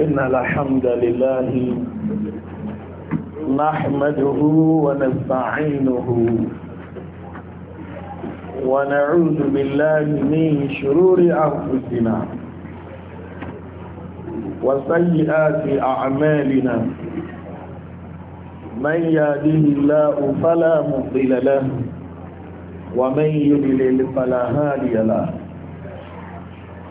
إن الحمد لله نحمده ونستعينه ونعوذ بالله من شرور أنفسنا وسيئات أعمالنا من يهده الله فلا مضل له ومن يضلل فلا هادي له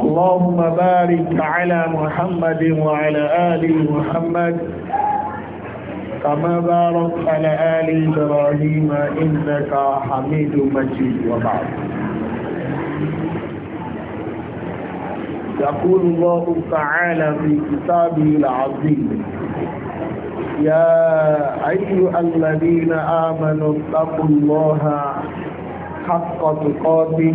اللهم بارك على محمد وعلى آل محمد كما بارك على آل إبراهيم إنك حميد مجيد وبعد يقول الله تعالى في كتابه العظيم يا أيها الذين آمنوا اتقوا الله حق تقاته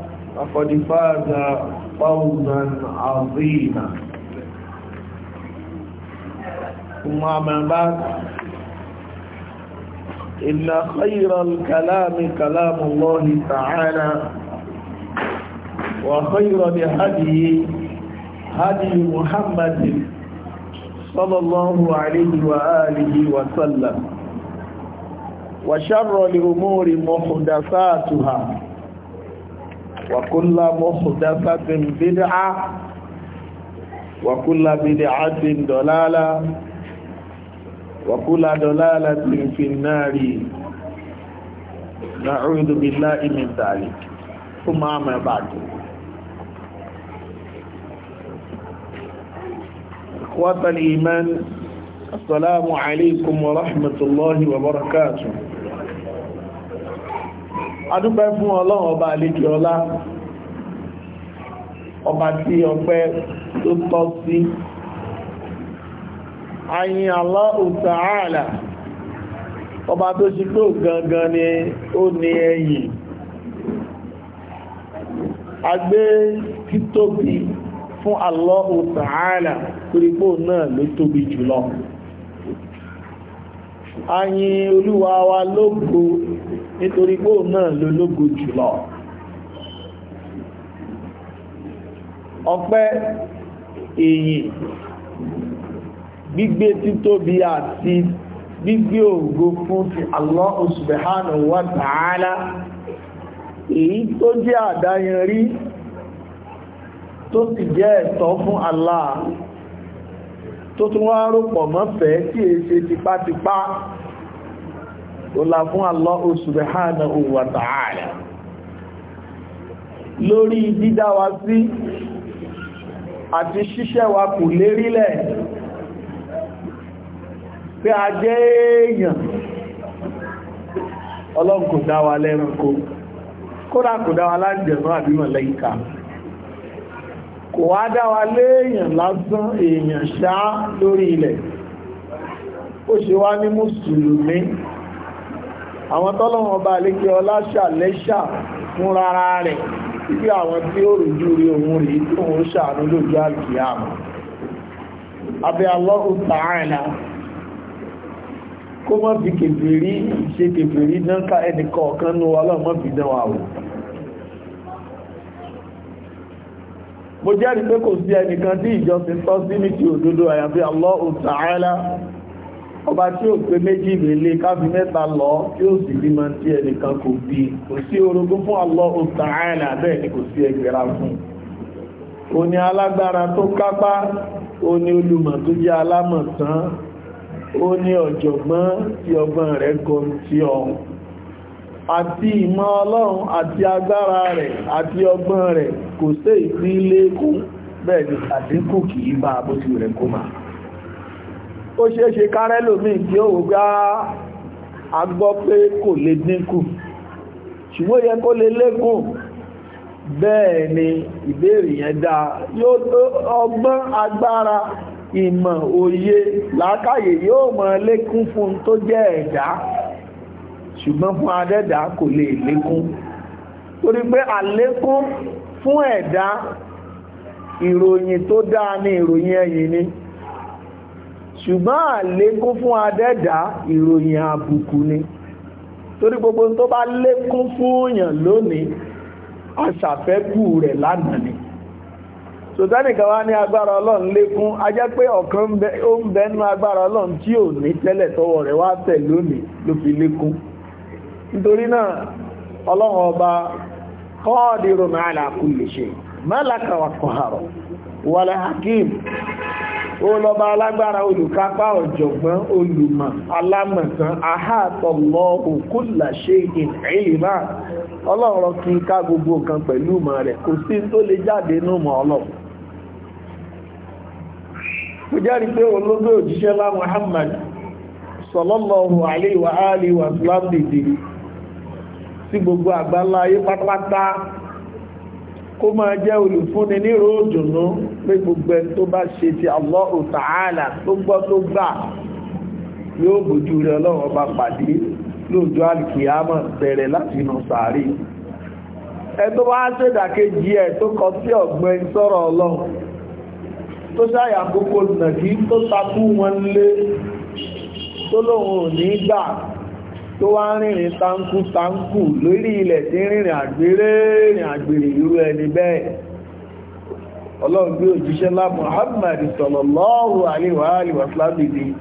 فقد فاز فوزا عظيما ثم ما بعد إن خير الكلام كلام الله تعالى وخير لهدي هدي محمد صلى الله عليه وآله وسلم وشر الأمور محدثاتها وكل مخدفة بدعة وكل بدعة ضلالة وكل ضلالة في النار نعوذ بالله من ذلك ثم ما بعد إخوة الإيمان السلام عليكم ورحمة الله وبركاته adúpẹ́ fún ọlọ́run ọba àlejò ọlá ọba tí ọpẹ́ tó tọ́ sí ayin Allahu Ta'ala ọba tó ṣe tó gangan ni ó ní ẹ̀yìn agbé títóbi fún Allahu Ta'ala torípò náà ló tóbi jùlọ. ayin olúwa wa lógo nítorí pé òun náà ló lógo jùlọ ọpẹ́ èyìn gbígbé títóbi àti gbígbé ògo fún ti Allah subhanahu wa ta'ala èyí tó jẹ́ àdáyẹnrí tó sì jẹ́ ẹ̀tọ́ fún Allah tó tún wá rúpọ̀ mọ́fẹ́ tí è ṣe tipátipá tó la fún Allahu subhanahu wa ta'ala lórí dídá wa sí àti ṣíṣẹ́ wa kù lérílẹ̀ pé a jẹ́ èèyàn ọlọ́run kò dá wa lẹ́ranko kódà kò dá wa láǹjẹ̀nú àbí kò wá dá wa léèyàn lásán èèyàn ṣá lórí ilẹ̀ ó ṣe wá ní mùsùlùmí àwọn tọ́lọ́wọ́n bá lékè ọlá ṣàlẹ́ṣà fún rárá rẹ̀ bí àwọn tí ó rújú rí òun rí tó ń ṣàánú lójú àkíyàmù abẹ́ Allahu Ta'ala kó mọ́ fi kèfèrí ṣe kèfèrí náà ká mo jẹ́rìí pé kò sí ẹnìkan tí ìjọsìn tọ́ sí ní ti òdodo àyàfi Allahu Ta'ala ọba tí ó pé méjì lélẹ̀ káfí mẹ́ta lọ tí ó sì bímọ tí ẹnìkan kò bí kò sí orogún fún Allahu Ta'ala bẹ́ẹ̀ ni kò sí ẹgbẹ̀rá fún o ní alágbára tó kápá o ní olùmọ̀ tó jẹ́ alámọ̀tán o ní ọ̀jọ̀gbọ́n tí ọgbọ́n rẹ̀ gọ̀ọ́ tí ọ̀hún àti ìmọ̀ ọlọ́run àti agbára rẹ̀ àti ọgbọ́n rẹ̀ kò sí ìpín lékún bẹ́ẹ̀ ni àdínkù kì í bá bó ti rẹ̀ kó máa ó ṣeé ṣe kárẹ́ lómi tí ó gbá a pé kò lè dínkù ṣùgbọ́n yẹ kó lè lékún bẹ́ẹ̀ ni ìbéèrè yẹn dáa yóò tó ọgbọ́n agbára ìmọ̀ òye làákàyè yóò mọ̀ lékún fún tó jẹ́ ẹ̀dá ṣùgbọ́n fún adẹ́dà kò lè lékún torí pé àlékún fún ẹ̀dá ìròyìn tó dáa ní ìròyìn ẹ̀yìn ni ṣùgbọ́n àlékún fún adẹ́dà ìròyìn àbùkù ni torí gbogbo tó bá lékún fún èèyàn lónìí aṣàfẹ́kù rẹ̀ lánàá ni sọ̀tánìkan wá ní agbára ọlọ́run lékún a jẹ́ pé ọ̀kan ó ń bẹ́nu agbára ọlọ́run tí ò ní tẹ́lẹ̀ tọwọ́ rẹ̀ wá tẹ̀ lónìí ló fi lékún nítorí náà ọlọ́run ọba qadirun ala kulli shay malaka wa hakim olọba alágbára olùkápá ọ̀jọ̀gbọ́n olùmọ̀ alámọ̀tán ahátọ̀lọ́hù kulla shay'in ilma kí ká gbogbo kan pẹ̀lú ìmọ̀ rẹ̀ kò sí tó lè jáde nínú ìmọ̀ sí gbogbo àgbálá ayé pátápátá kó máa jẹ́ olùfúnni ní ròdùnú pé gbogbo ẹni tó bá ṣe ti Allahu Ta'ala tó gbọ́ tó gbà yóò bójú rẹ̀ ọlọ́run ọba pàdé lóòjọ́ alìkìyàmọ̀ bẹ̀rẹ̀ láti inú sàárì ẹ tó bá ṣèdàkejì ẹ tó kọ sí ọ̀gbẹ́ sọ̀rọ̀ ọlọ́run tó ṣàyàkókò nàkí tó takú wọn lé tó lóun ò ní gbà tó wá rìnrìn tánkù lórí ilẹ̀ tí rìnrìn àgbèrè rìn àgbèrè irú ẹni bẹ́ẹ̀ ọlọ́run gbé òjíṣẹ́ lá Muhammad sallallahu alaihi wa alihi wa sallam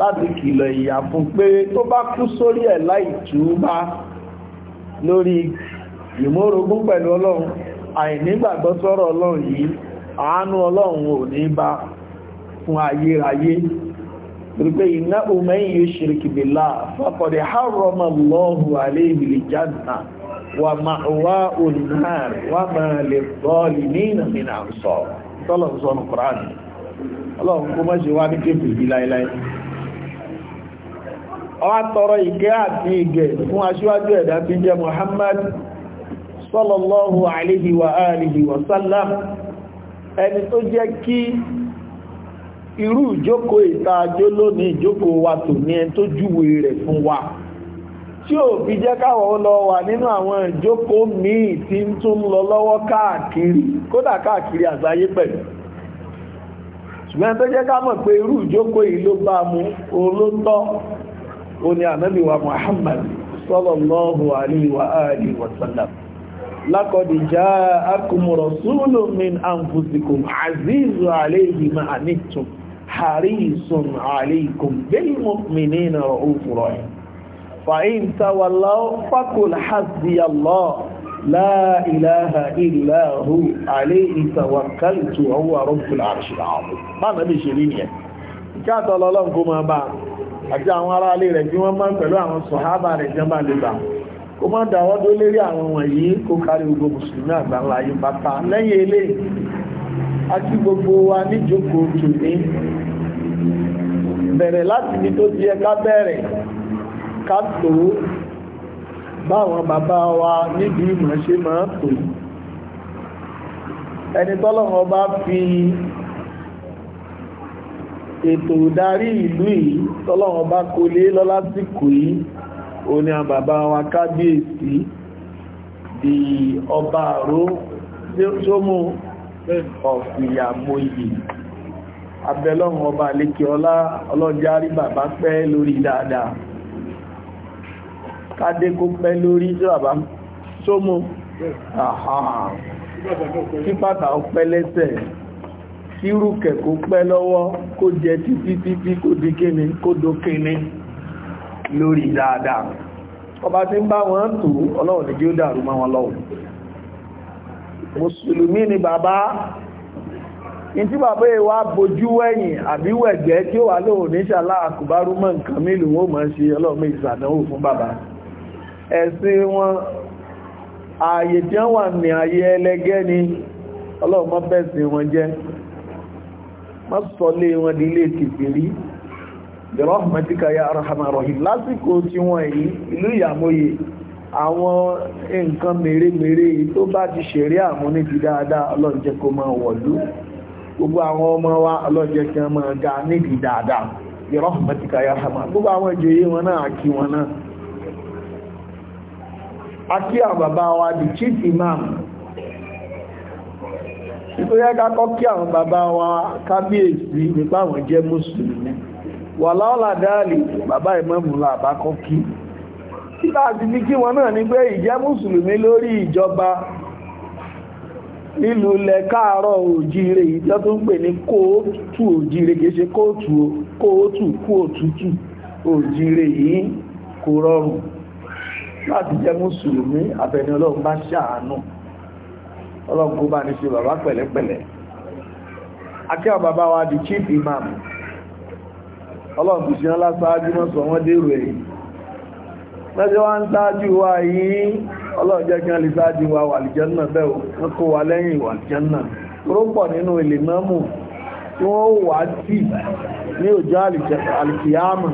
láti kìlọ̀ ìyà fún pé tó bá kú sórí ẹ̀ láì túbá lórí ìmórogún pẹ̀lú ọlọ́run àìnígbàgbọ́ sọ́rọ̀ ọlọ́run yìí àánú ọlọ́run ò ní bá fún ayérayé pípẹ́ iná umar yóò ṣirkì bílá fàkọ̀dẹ̀ harọ́mà lọ́hù aléìbìlì jánnà wà máa onáà wà máa lè bọ́ọ̀lì ní ìnàmìnà sọ tọ́lọ̀ sọ́nù kùránì ọlọ́run kó mọ́ ṣe wá ní kéèkì yìí láíláí ọwá tọrọ ìgẹ́ àti ìgẹ́ fún aṣíwájú ẹ̀dá tí jẹ́ Muhammad sallallahu alaihi wa alihi wa sallam ẹni tó jẹ́ kí irú ìjókòó ìta ajó lónìí ìjókòó wa tò ní ẹni tó júwe rẹ̀ fún wa tí ò fi jẹ́ káwọ̀ lọ wà nínú àwọn ìjókòó míì tí ń tún lọ lọ́wọ́ káàkiri kódà káàkiri àgbáyé pẹ̀lú ṣùgbọ́n tó jẹ́ ká mọ̀ pé irú ìjókòó yìí ló bá mu olóńtọ́ oní ànábì wa Muhammad sallallahu alaihi wa wa sallam laqad ja'akum alayhi harisun aleikum bil mu'minina ra'ufur rahim fa'in tawallaw fakul hasbiyallah la ilaha illa hu alayhi tawakkaltu huwa rabbul arshil azim bá nàbí ṣe rí nìyẹn ìkẹ́ àtọ́lọ́lọ́ kó máa bá àti àwọn ará alé rẹ̀ tí wọ́n máa ń pẹ̀lú àwọn sọ̀hábà rẹ̀ jẹ́mbà lébà kó máa dáwọ́ dó lérí àwọn wọ̀nyí kó kárí gbogbo mùsùlùmí àgbáńlá yìí pátá lẹ́yìn ilé àti gbogbo wa níjókòó tòní bẹ̀rẹ̀ láti ní tó ti yẹ ká bẹ̀rẹ̀ ká tó báwọn bàbá wa níbi ìmọ̀ ṣe máa tó ẹni tọ́lọ́wọ́ bá fi ètò ìdarí ìlú yìí tọ́lọ́wọ́ bá kó lé lọ́lásìkò yìí o ní àwọn bàbá wa kábíyèsí di ọba àró tí ó mú ọ̀fìyàmóyè abẹ́lọ́run ọba àlékè ọlá ọlọ́járí bàbá pẹ́ lórí dáadáa kádé kó pẹ́ lórí tí bàbá sómú kí pàtà ó pẹ́ lẹ́sẹ̀ kí rúkẹ̀ kó pẹ́ lọ́wọ́ kó jẹ títí títí kó di kíni kó dókíní lórí dáadáa ọba tí ń bá wọn tù ọlọ́run ní kí dàrú mọ́ wọn lọ́wọ́ in tí bàbá ìwà bojú wẹ̀yìn àbíwẹ̀gbẹ́ tí ó wà lóò níṣàlá àkùbárú mọ́ nǹkan mílù wọ́n mọ́ sí ọlọ́mọ ìsàdánwò fún bàbá ẹ̀sìn wọn ààyè tí wọ́n wà ní ayé ẹlẹ́gẹ́ ni ọlọ́mọ ya arahama rahim lásìkò tí wọ́n yìí ìlú ìyàmóye àwọn nǹkan mèremère tó bá ti ṣeré àmúnibí dáadáa ọlọ́njẹ́ kó máa wọ̀lú gbogbo àwọn ọmọ wa ọlọ́jẹ́ kí wọ́n máa ga nídìí dáadáa ìrọ́ mẹ́tíkà ya gbogbo àwọn ìjòyè wọn náà kí wọn náà a kí àwọn bàbá wa di chief imam nítorí ẹgbàkọ́ kí àwọn bàbá wa kábíyèsí nípa àwọn jẹ́ mùsùlùmí wà láọ́lá dáàlì bàbá kí kí wọn náà nílùú ilẹ̀ káàárọ̀ òjíire yìí tó tún pè ní kóòtù òjíire kìí ṣe kóòtù kóòtù kóòtútù òjíire yìí kò rọrùn láti jẹ́ mùsùlùmí àfẹni ọlọ́run bá ṣàánú ọlọ́run kó bá ní ṣe bàbá pẹ̀lẹ́pẹ̀lẹ́ akẹ́wà bàbá wa di chief imam ọlọ́run kò ṣe ńlá sáájú mọ́sàn wọ́n dèrò ẹ̀yìn mẹ́jọ wá ń sáájú wa yìí ọlọ́run jẹ́ kí wọ́n lè sáájú wa wà lìjẹ́nà bẹ́ẹ̀ wọ́n kó wa lẹ́yìn wà lìjẹ́nà rọ́pọ̀ nínú ilé mọ́mù tí wọ́n wà tí ní ọjọ́ alìkìyàmù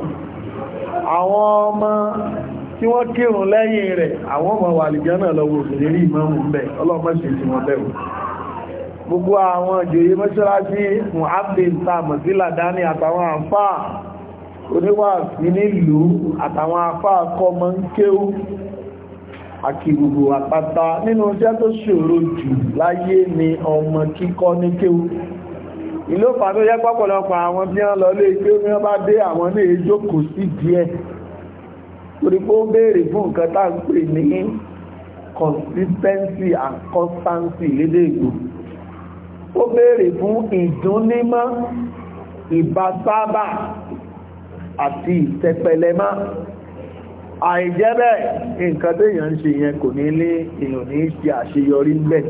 àwọn ọmọ tí wọ́n kírun lẹ́yìn rẹ̀ àwọn ọmọ wà lìjẹ́nà lọ́wọ́ òṣèlérí mọ́mù bẹ́ẹ̀ ọlọ́run gbogbo àwọn ìjòyè mọ́ṣáláṣí fún abdul tam sílàdání àtàwọn àfáà oníwà sí nílùú àtàwọn àfáà kọ́ mọ́ ń kéwú àkí gbogbo àpáta nínú iṣẹ́ tó ṣòro jù láyé ni ọmọ kíkọ́ ní kéwú ìlófà tó yẹ pọ́pọ̀lọpọ̀ àwọn tí wọ́n lọ lé pé omi wọ́n bá dé àwọn ní èjókòó sí díẹ̀ torí pé ó béèrè fún nǹkan tá à ń pè ní consistency and constancy lédè ó béèrè fún ìdúnnímọ́ ìbásábà àti ìtẹpẹlẹmọ́ àìjẹ́bẹ̀ nǹkan tó èèyàn ń ṣe yẹn kò ní lé èèyàn ní ṣe àṣeyọrí ńlẹ̀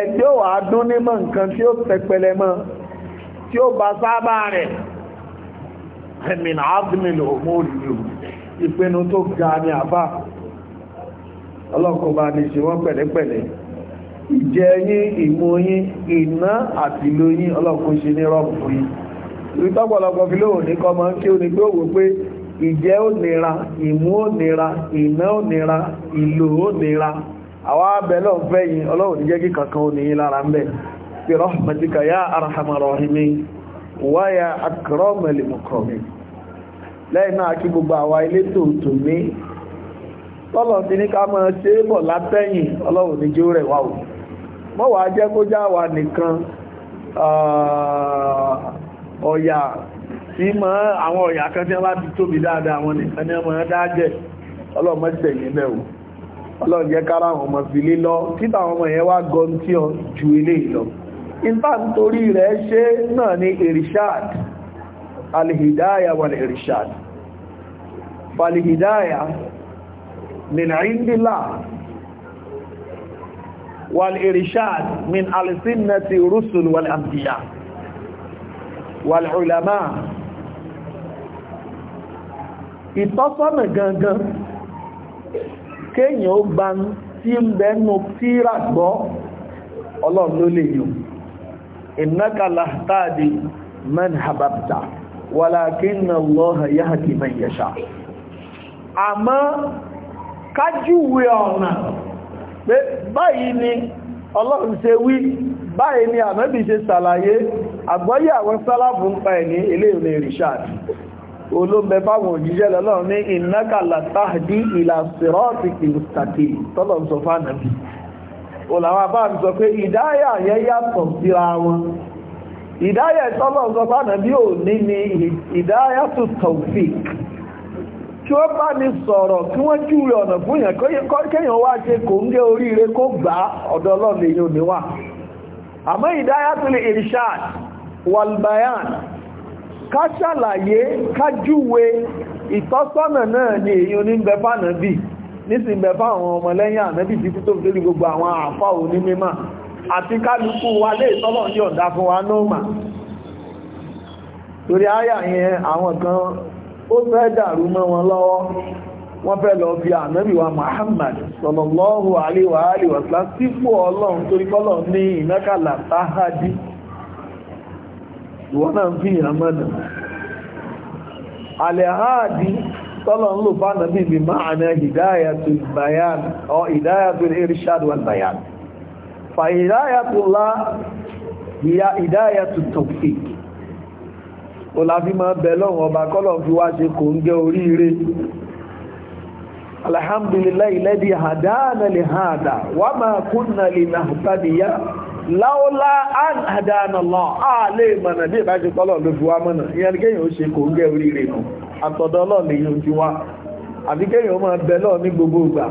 ẹjọ́ wà á dún nímọ̀ nǹkan tí ó tẹpẹlẹ mọ́ tí ó bá sábà rẹ̀ ẹ̀mìn àádùmìlò mórìlò ìpinnu tó ga ní àbá ọlọ́kọ̀ọ́bá ní ṣe wọ́n pẹ̀lẹ́pẹ̀lẹ́ ìjẹ yín ìmú yín ìná àti ìlò yín ọlọ́kọ̀ọ́ ṣe ní rọ́pù yín ìrítọ́pọ̀lọpọ̀ fi lóòrùn ní kọmọ kí ó ní pé ó pé ìjẹ ó nira ìmú ó nira ìná ó nira ìlò ó nira àwọn abẹ́ fẹ́ yìí ọlọ́run jẹ́ kí kankan ó ní lára ya arhamar rahimin wa ya akramal kí gbogbo àwa elétò tò ní tọ́lọ̀ ní ká máa ṣe é bọ̀ látẹ́yìn ọlọ́run jẹ́ rẹ̀ mọ́wàá jẹ́ kó já wa nìkan ọ̀yà ìmọ̀ àwọn ọ̀yà kan tí wọ́n bá ti tóbi dáadáa wọn nìkan ní ọmọ dájẹ́ ọlọ́mọ tẹ̀yìn bẹ̀rù ọlọ́run jẹ́ kára àwọn ọmọ fi lé lọ títà àwọn ọmọ yẹn wá gọn tí ọ ju ilé lọ ìta nítorí rẹ̀ ṣe náà ni irishad alihidaya wal irishad falihidaya min indila wal irishad min alisinati rusul wal amdiya wal ìtọ́sọ́nà gangan kéèyàn ó gba tí ń bẹnu tíra gbọ́ ọlọ́run ló lè yùn ìnákàlá man hababta walakinna Allaha yahdi man yasha àmọ́ kájúwe ọ̀nà pé báyìí ni ọlọ́run ṣe wí báyìí ni ànábì ṣe ṣàlàyé àgbọ́yé àwọn pa ẹni ilé olóńbẹ báwọn òjíṣẹ́ lọ́lọ́run ní innaka latahdi ila sirati mustaqim tọ́lọ̀ ń sọ fánàbí olàwọn bá ń sọ pé ìdáyà yẹn yàtọ̀ síra wọn ìdáyà tọ́lọ̀ ń sọ fánàbí ò ní ni ìdáyà tó tawfiq tí wọ́n bá ní sọ̀rọ̀ kí wọ́n júwe ọ̀nà fún yẹn kéèyàn wá ṣe kò wal ká ṣàlàyé ká júwe ìtọ́sọ́nà náà ni èyí oníbẹ̀ fánàbí nísìn bẹ̀ fáwọn ọmọlẹ́yìn ànábì títí tó fi gbogbo àwọn àfá òní àti kálukú wa lè tọ́lọ̀ ní ọ̀dá fún wa nọ́ọ̀mà torí kan ó fẹ́ dàrú mọ́ wọn lọ́wọ́ wọ́n fẹ́ Muhammad sípò ọlọ́run torí kọ́lọ̀ ní ìwọ́n náà ń fi ìyàn mọ́nà alẹ́háàdì tọ́lọ̀ ń lò fánà bí bí máa na hidayatul bayan o hidayatul irshad wal bayan fa hidayatullah hiya hidayatul tawfiq o la fi máa bẹ̀ lọ́wọ́ ọba kọ́lọ̀ fi wá ṣe kò ń gẹ oríire alhamdulillahi alladhi hadana láọ́lá àdánàlá ààlè ìmọ̀nà bí ìbájú tọ́lọ̀ ló fi wá mọ́nà ìyẹn kéyàn ó ṣe kò ń gẹ́ oríire nù àtọ̀dọ́lọ̀ lè yóò ti wá àbí kéyàn ó máa bẹ lọ ní gbogbo ìgbà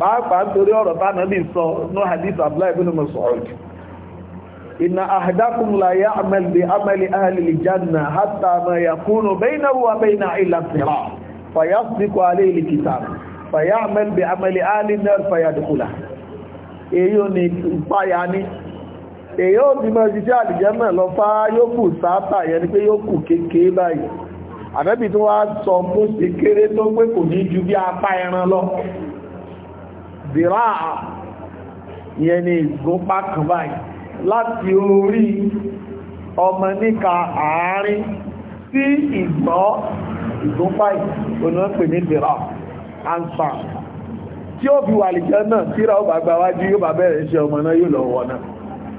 pàápàá torí ọ̀rọ̀ tánà bí sọ ní hadith abdullahi bin Mas'ud inna ahadakum la ya'mal bi amali ahli al-janna hatta ma yakunu èyí ò ní ìpáyà ní èyàn ò bímọ ṣiṣẹ́ àlìjẹ́mọ̀ lọ fá yóò kù sáátà yẹn ni pé yóò kù kékeré báyìí àbẹ́bí tí wọ́n á sọ fún sí kéré tó pé kò ní ju bí apá ẹran lọ dìrá yẹn ni ìgúnpá kan báyìí láti orí ọmọ níka àárín sí ìgbọ́ ìgúnpá ìgbóná pè ní dìrá ansa tí ó fi wà àlìjẹ́ náà tíra ó bàgbà wájú yóò bàbẹ̀rẹ̀ iṣẹ́ ọmọ náà yóò lọ wọ̀ náà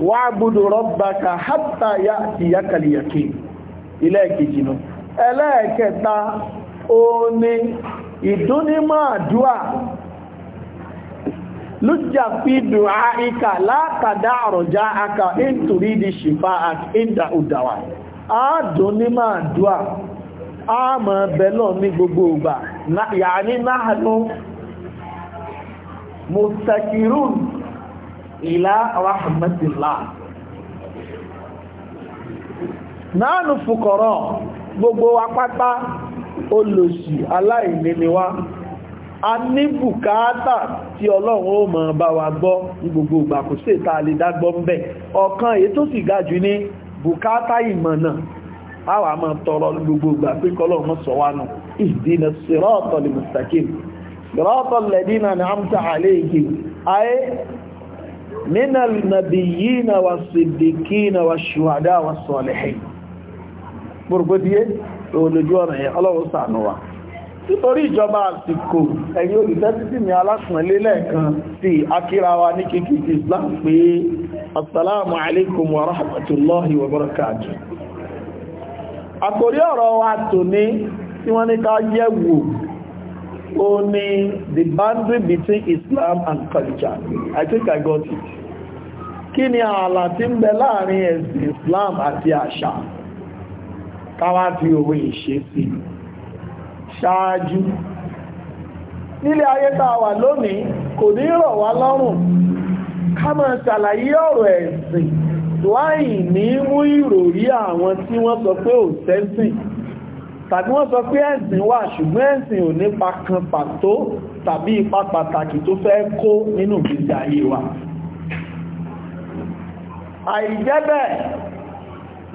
wa'budu rabbaka hatta ya'tiyaka al-yaqin ilé kejì náà ẹlẹ́ẹ̀kẹta ó ní ìdúnímọ̀dúà lújà fi dùá ikà látàdá àrọ̀já aka nítorí di ṣìfà àti ìdà òdàwà àdúnímọ̀dúà àmọ́ bẹ̀lọ́ ìlà rahmatillah N'anu fukọrọ gbogbo apápá olòṣì aláìní ni a ní bùkátà tí ọlọ́run ó máa bá wa gbọ́ ní gbogbo ìgbà kò sí ìta lè dágbọ́ ń bẹ̀ ọ̀kan èyí tó sì ga jù ní bùkátà ìmọ̀nà a wà máa gbogbo ìgbà pé kọlọ́run sọ minal nabiyina wa siddiqina wa shuhada wa salihin gbogbodíé olójú ọ̀nà yẹn ọlọ́run ṣàánú wa nítorí ìjọba àsìkò ẹ̀yin olùtẹ́sítì ní aláṣùnlé lẹ́ẹ̀kan sí akíra wa ní kíkí ti Islam pé assalamu alaikum wa rahmatullahi wa barakatuh àkórí ọ̀rọ̀ wa tòní tí wọ́n ní ká yẹ̀wò ó the boundary between Islam and culture I think I got it kí ni ààlà tí ń bẹ láàrin ẹ̀sìn Islam àti àṣà káwá fi òwe ìṣe sí ṣáájú nílé ayé tá a wà lónìí kò ní rọ̀ wá lọ́rùn ká ṣàlàyé ọ̀rọ̀ ẹ̀sìn láì ní mú ìròrí àwọn tí wọ́n sọ pé ò sẹ́sìn tàbí wọ́n sọ pé ẹ̀sìn wà ṣùgbọ́n ẹ̀sìn ò nípa kan pàtó tàbí ipa pàtàkì tó fẹ́ kó nínú ìgbésí ayé wa àìjẹ́bẹ̀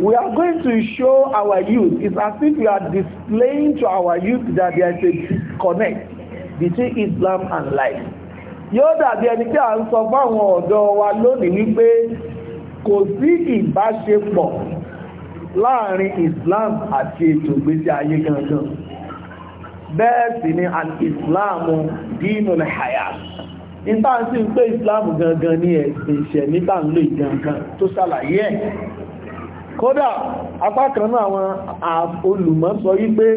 we are going to show our youth it's as if we are displaying to our youth that there is a disconnect between Islam and life yóò dàbí ẹni tí a ń sọ fáwọn ọ̀dọ́ wa lónìí wípé kò sí ìbáṣepọ̀ láàrin Islam àti ètò ìgbésí ayé gangan bẹ́ẹ̀ sì ni Islamu islam dinul hayat ìta sí pé Islam gangan ní ẹ̀sìn ìṣẹ̀ nígbà ń lò ìgangan tó ṣàlàyé ẹ̀ kódà apákanú àwọn olùmọ̀ sọ wípé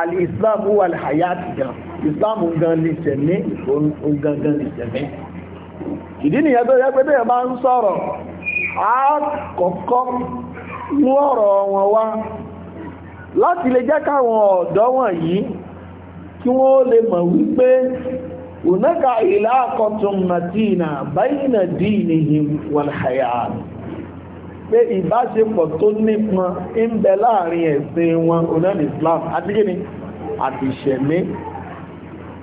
al Islamu wà al-hayat gan Islamu gan lè ṣẹ̀mí ìgbòǹgangan lè ṣẹ̀mí ìdí nìyẹn tó yẹ pé bẹ́ẹ̀ bá ń sọ̀rọ̀ mú ọ̀rọ̀ wọn wá láti lè jẹ́ káwọn ọ̀dọ́ wọ̀nyí kí wọ́n lè mọ̀ wípé ònáka ìlà àkọtún nàdínà na dínihim wàlhàyà pé ìbáṣepọ̀ tó ń bẹ láàrin wọn Islam àti ìṣẹ̀mí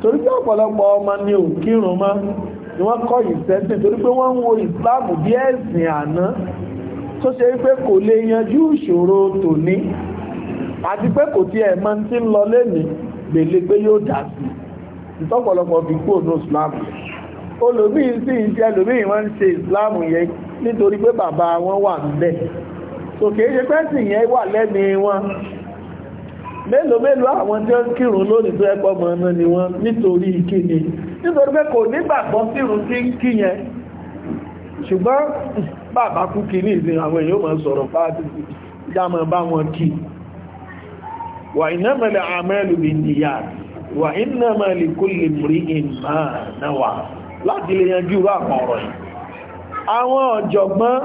torí pé ọ̀pọ̀lọpọ̀ ọmọ ni ò kírun mọ́ ni wọ́n kọ́ ìṣẹ́sìn torí pé wọ́n ń wo Islam bí ẹ̀sìn àná tó ṣe wípé kò lè yanjú ìṣòro tòní àti pé kò tiẹ̀ mọ tí ń lọ lẹ́nìí gbèlè pé yóò dà sí ìtọ́pọ̀lọpọ̀ fi kú ònú Islam olùmíín sì ń ṣe ẹlòmíín wọ́n ń ṣe Islam yẹn nítorí pé bàbá wọn wà níbẹ̀ so kìí ṣe pẹ́sì yẹn wà lẹ́ni wọn mélòó mélòó àwọn tí ó kírun lónìí tó ẹ̀pọ̀ mọ̀ ọ́nà ni wọ́n nítorí kíni nítorí pé kò nígbàgbọ́ kírun tí kí yẹn ṣùgbọ́n bàbá kú kí ní ìsìn àwọn èèyàn mọ̀ sọ̀rọ̀ fáàtì jámọ̀ bá wọn kí wà innama al-a'malu bin-niyyat wà innama likulli imri'in ma nawa láti lè yanjú àwọn ọ̀rọ̀ yìí àwọn ọ̀jọ̀gbọ́n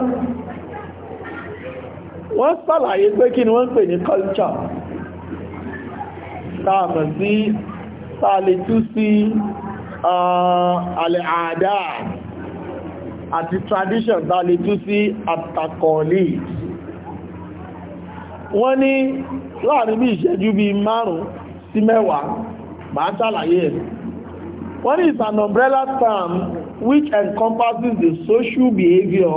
wọ́n sàlàyé pé kí ni wọ́n ń pè ní culture táàmù sí tààlẹ̀tú sí ah, àti tradition tá lè tú sí àtàkọ̀ọ̀lì wọ́n ní láàrin bí ìṣẹ́jú bí márùn-ún sí mẹ́wàá máa ṣàlàyé ẹ̀ wọ́n ní is an umbrella term which encompasses the social behavior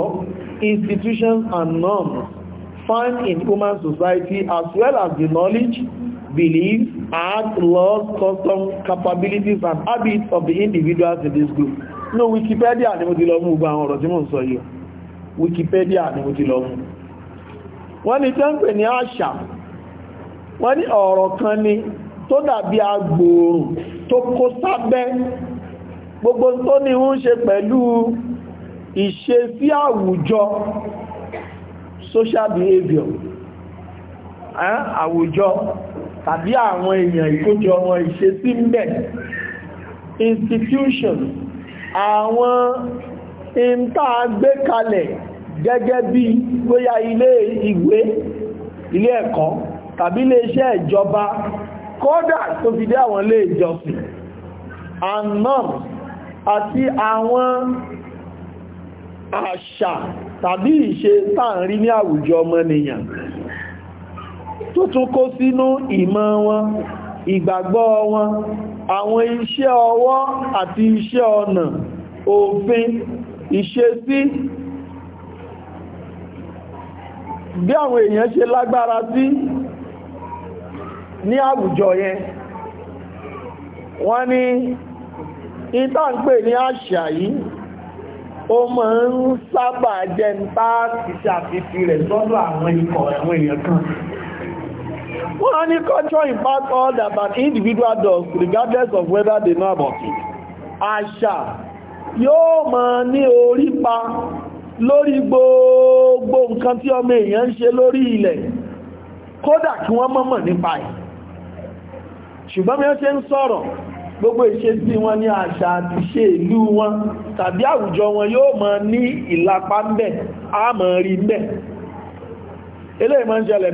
institutions and norms found in human society as well as the knowledge beliefs, acts, laws, customs, capabilities, and habits of the individuals in this group no wikipedia ni mo ti lọ mú gbogbo àwọn ọ̀rọ̀ tí mo ń sọ wikipedia ni mo ti lọ mú wọ́n ni tẹ́ ń pè ní àṣà wọ́n ní ọ̀rọ̀ kan ni tó dàbí agbòòrùn tó kó sábẹ́ gbogbo tó ní ń ṣe pẹ̀lú ìṣe sí àwùjọ social behavior àwùjọ tàbí àwọn èèyàn ìkójọ wọn ìṣe sí mẹ́ institutions àwọn ìntà gbé kalẹ̀ gẹ́gẹ́ bí bóyá ilé ìwé ilé ẹ̀kọ́ tàbí ilé iṣẹ́ ìjọba kódà tó fi dé àwọn ilé ìjọsìn anon àti àwọn àṣà tàbí ìṣe táàrí ní àwùjọ ọmọnìyàn tó tún kó sínú ìmọ̀ wọn ìgbàgbọ́ wọn àwọn iṣẹ́ ọwọ́ àti iṣẹ́ ọnà òfin ìṣesí bí àwọn èèyàn ṣe lágbára sí ní àwùjọ yẹn wọ́n ní ìta ń pè ní àṣà yìí ó mọ̀ ń sábà jẹ́ ń tá ti ṣàfihì rẹ̀ sọ́dọ̀ àwọn ikọ̀ àwọn èèyàn kan Well, any culture impacts all that an individual does, regardless of whether they know about it. Àṣà yóò máa ní orí pa lórí gbogbo nǹkan tí ọmọ èèyàn ń ṣe lórí ilẹ̀, kódà kí wọ́n mọ̀mọ̀ nípa ẹ̀. Ṣùgbọ́n mi ó ṣe ń sọ̀rọ̀, gbogbo ìṣesí wọn ní àṣà àti ṣe ìlú wọn tàbí àwùjọ wọn yóò máa ní ìlapa ń bẹ̀, a máa rí ń bẹ̀. Eléyìí máa ń ṣẹlẹ̀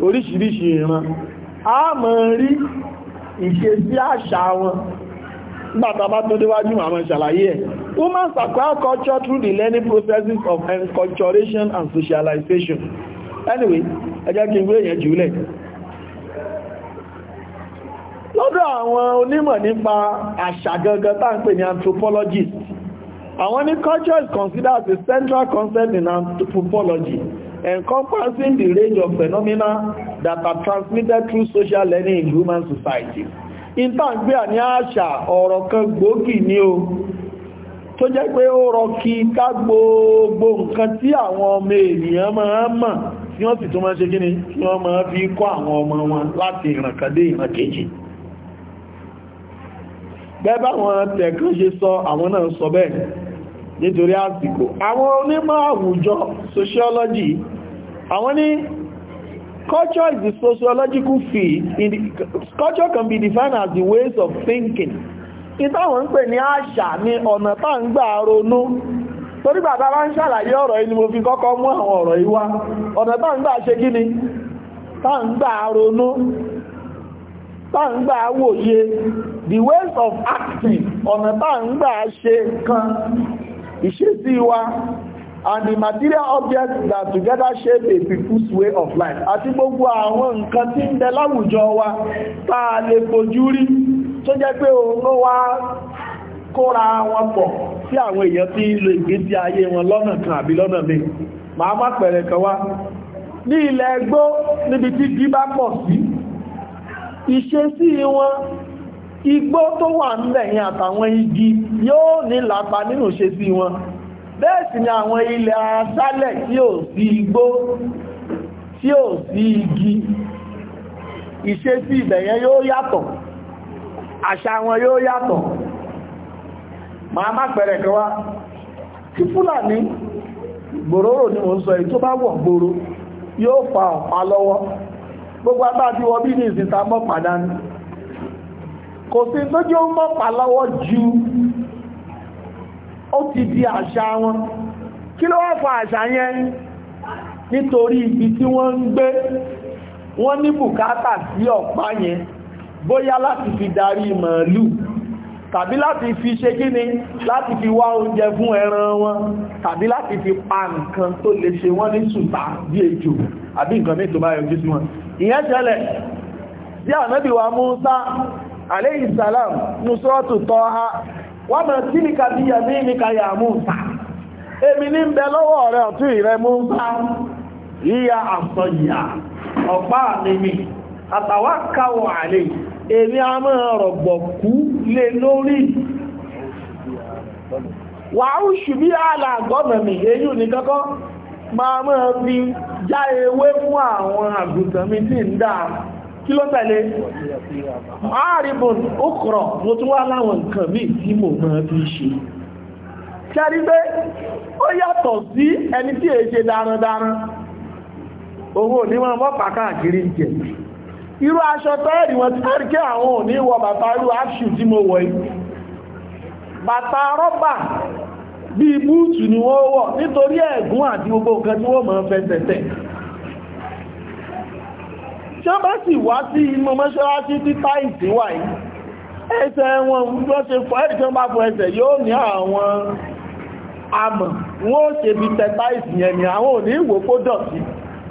oríṣiríṣi ìran a mọ̀ rí ìṣe sí àṣà wọn nígbàtà bá tó déwájú àmọ́ ìṣàlàyé ẹ̀ women's acquire culture through the learning processes of enculturation and socialization anyway ẹjẹ́ kí n gbé èyàn jùlẹ̀ lọ́dọ̀ àwọn onímọ̀ nípa àṣà gangan tá ń pè ní anthropologist àwọn ní culture is considered as a central concept in anthropology encompassing the range of phenomena that are transmitted through social learning in human society. ìtàǹgbé ní àṣà ọ̀rọ̀ kan gbòógì ni o tó jẹ́ pé ó rọ kí ká gbogbo nǹkan tí àwọn ọmọ ènìyàn máa ń mọ̀ tí wọ́n sì tó máa ṣe gíní tí wọ́n máa fi kọ́ àwọn ọmọ wọn láti ìrànkàdé ìrànkèjì bẹ́ẹ̀ bá wọn ṣe sọ àwọn náà sọ bẹ́ẹ̀ nítorí àsìkò àwọn onímọ̀ àwùjọ sociology àwọn ní culture is the sociological field culture can be defined as the ways of thinking ìtàwọn ń pè ní àṣà ní ọ̀nà tá ń gbà ronú torí bàbá bá ń ṣàlàyé ọ̀rọ̀ yìí ni mo fi kọ́kọ́ mú àwọn ọ̀rọ̀ yìí wá ọ̀nà tá ń gbà ṣe kí ni tá ń gbà ronú tá ń gbà wòye the ways of acting ọ̀nà tá ń gbà ṣe kan ìṣesí wa and the material objects that together shape a people's way of life àti gbogbo àwọn nǹkan tí ń bẹ láwùjọ wa tá a lè fojú rí tó jẹ́ pé òun ló wá kóra wọn pọ̀ tí àwọn èèyàn tí ń lo ìgbésí ayé wọn lọ́nà kan àbí lọ́nà mi màá má pẹ̀rẹ̀ kan wá ní ilẹ̀ ẹgbó níbi tí bí bá pọ̀ sí ìṣesí wọn igbó tó wà nílẹ̀ yẹn àtàwọn igi yóò ní nínú ṣe sí wọn bẹ́ẹ̀ sì ni àwọn ilẹ̀ aṣálẹ̀ tí ò sí igbó tí ò sí igi ìṣe ibẹ̀ yẹn yóò yàtọ̀ àṣà wọn yóò yàtọ̀ màá má pẹ̀rẹ̀ kan wá ni mo sọ èyí tó bá wọ̀ yóò gbogbo bí ní pàdánù kò sí tójú mọ́ pàlọ́wọ́ ju ó ti di àṣà wọn kí ló wá fa àṣà yẹn nítorí ibi tí wọ́n ń gbé wọ́n ní bùkátà sí ọ̀pá yẹn bóyá láti fi darí màálù tàbí láti fi ṣe kí ni láti fi wá oúnjẹ fún ẹran wọn tàbí láti fi pa nǹkan tó lè ṣe wọ́n ní sùtà bí ejò àbí nǹkan mẹ́tò bá yọjú sí wọn ìyẹn ṣẹlẹ̀ bí alayhi salam nusratu tọ́ha wọ́n mọ̀ sí ní kàbí yàmí ní Musa Emi ní bẹ lọ́wọ́ rẹ̀ ọ̀tún ìrẹ Musa yíya a mọ́ rọ̀gbọ̀kú lé lórí wàá ṣùbí àlàgọ́mọ̀ mi mọ́ fi já ewé mi kí ló tẹ̀lé ààrìbùn ókùrọ̀ mo tún wá láwọn nǹkan míì tí mo máa fi ṣe kẹrí pé ó yàtọ̀ sí ẹni tí èé ṣe darandaran owó onímọ̀ mọ́pàá káàkiri jẹ irú aṣọ tẹ́ẹ̀rì wọn ti tẹ́rì kí àwọn òní wọ bàtà irú aṣù tí mo wọ̀ bàtà rọ́bà bí búùtù ni wọ́n wọ̀ nítorí ẹ̀gún àti gbogbo nǹkan tí wọ́n mọ̀ fẹ́ tẹ̀tẹ̀ tí wọ́n bá sì wá sí inú mọ́ṣáláṣí tí táìsì wà yìí ẹsẹ̀ wọn ló ṣe fọ́ ẹ̀rì tí wọ́n bá fọ ẹsẹ̀ yóò ní àwọn amọ̀ wọ́n ó ṣe bí tẹ táìsì yẹn ni àwọn ò ní ìwò kó dọ̀tí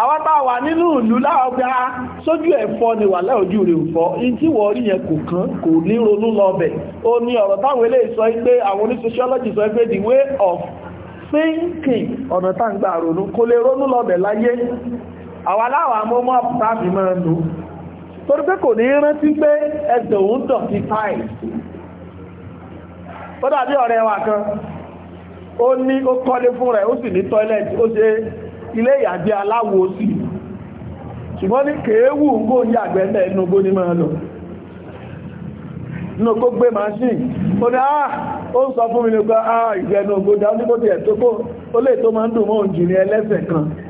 àwọn bá wà nínú ìlú láọgbá ah, sójú ẹ̀fọ́ ni wà lẹ́ojú rẹ̀ òfọ́ in tí wọ́n rí yẹn kò kán kò ní ronú lọ́bẹ̀ ó ní ọ̀rọ̀ táwọn ilé sọ pé àwọn oní sociology sọ pé the way of thinking ọ̀nà táǹgbà ronú kò lè ronú lọ́bẹ̀ láyé àwọn aláwọ̀ amómọ́ máa lò torí pé kò ní rántí pé ẹsẹ̀ òun dọ̀ sí ó dàbí ọ̀rẹ́ wa kan ó ní ó kọ́lé fún rẹ̀ ó sì ní tọ́ílẹ̀tì ó ṣe ilé ìyàgbé aláwo sí ṣùgbọ́n ní kèéwù gbé ó ní o ah! ń sọ fún mi nípa àà ah, ìgbẹ́ inú ní kó tiẹ̀ tó kó lè tó máa ń dùn mọ́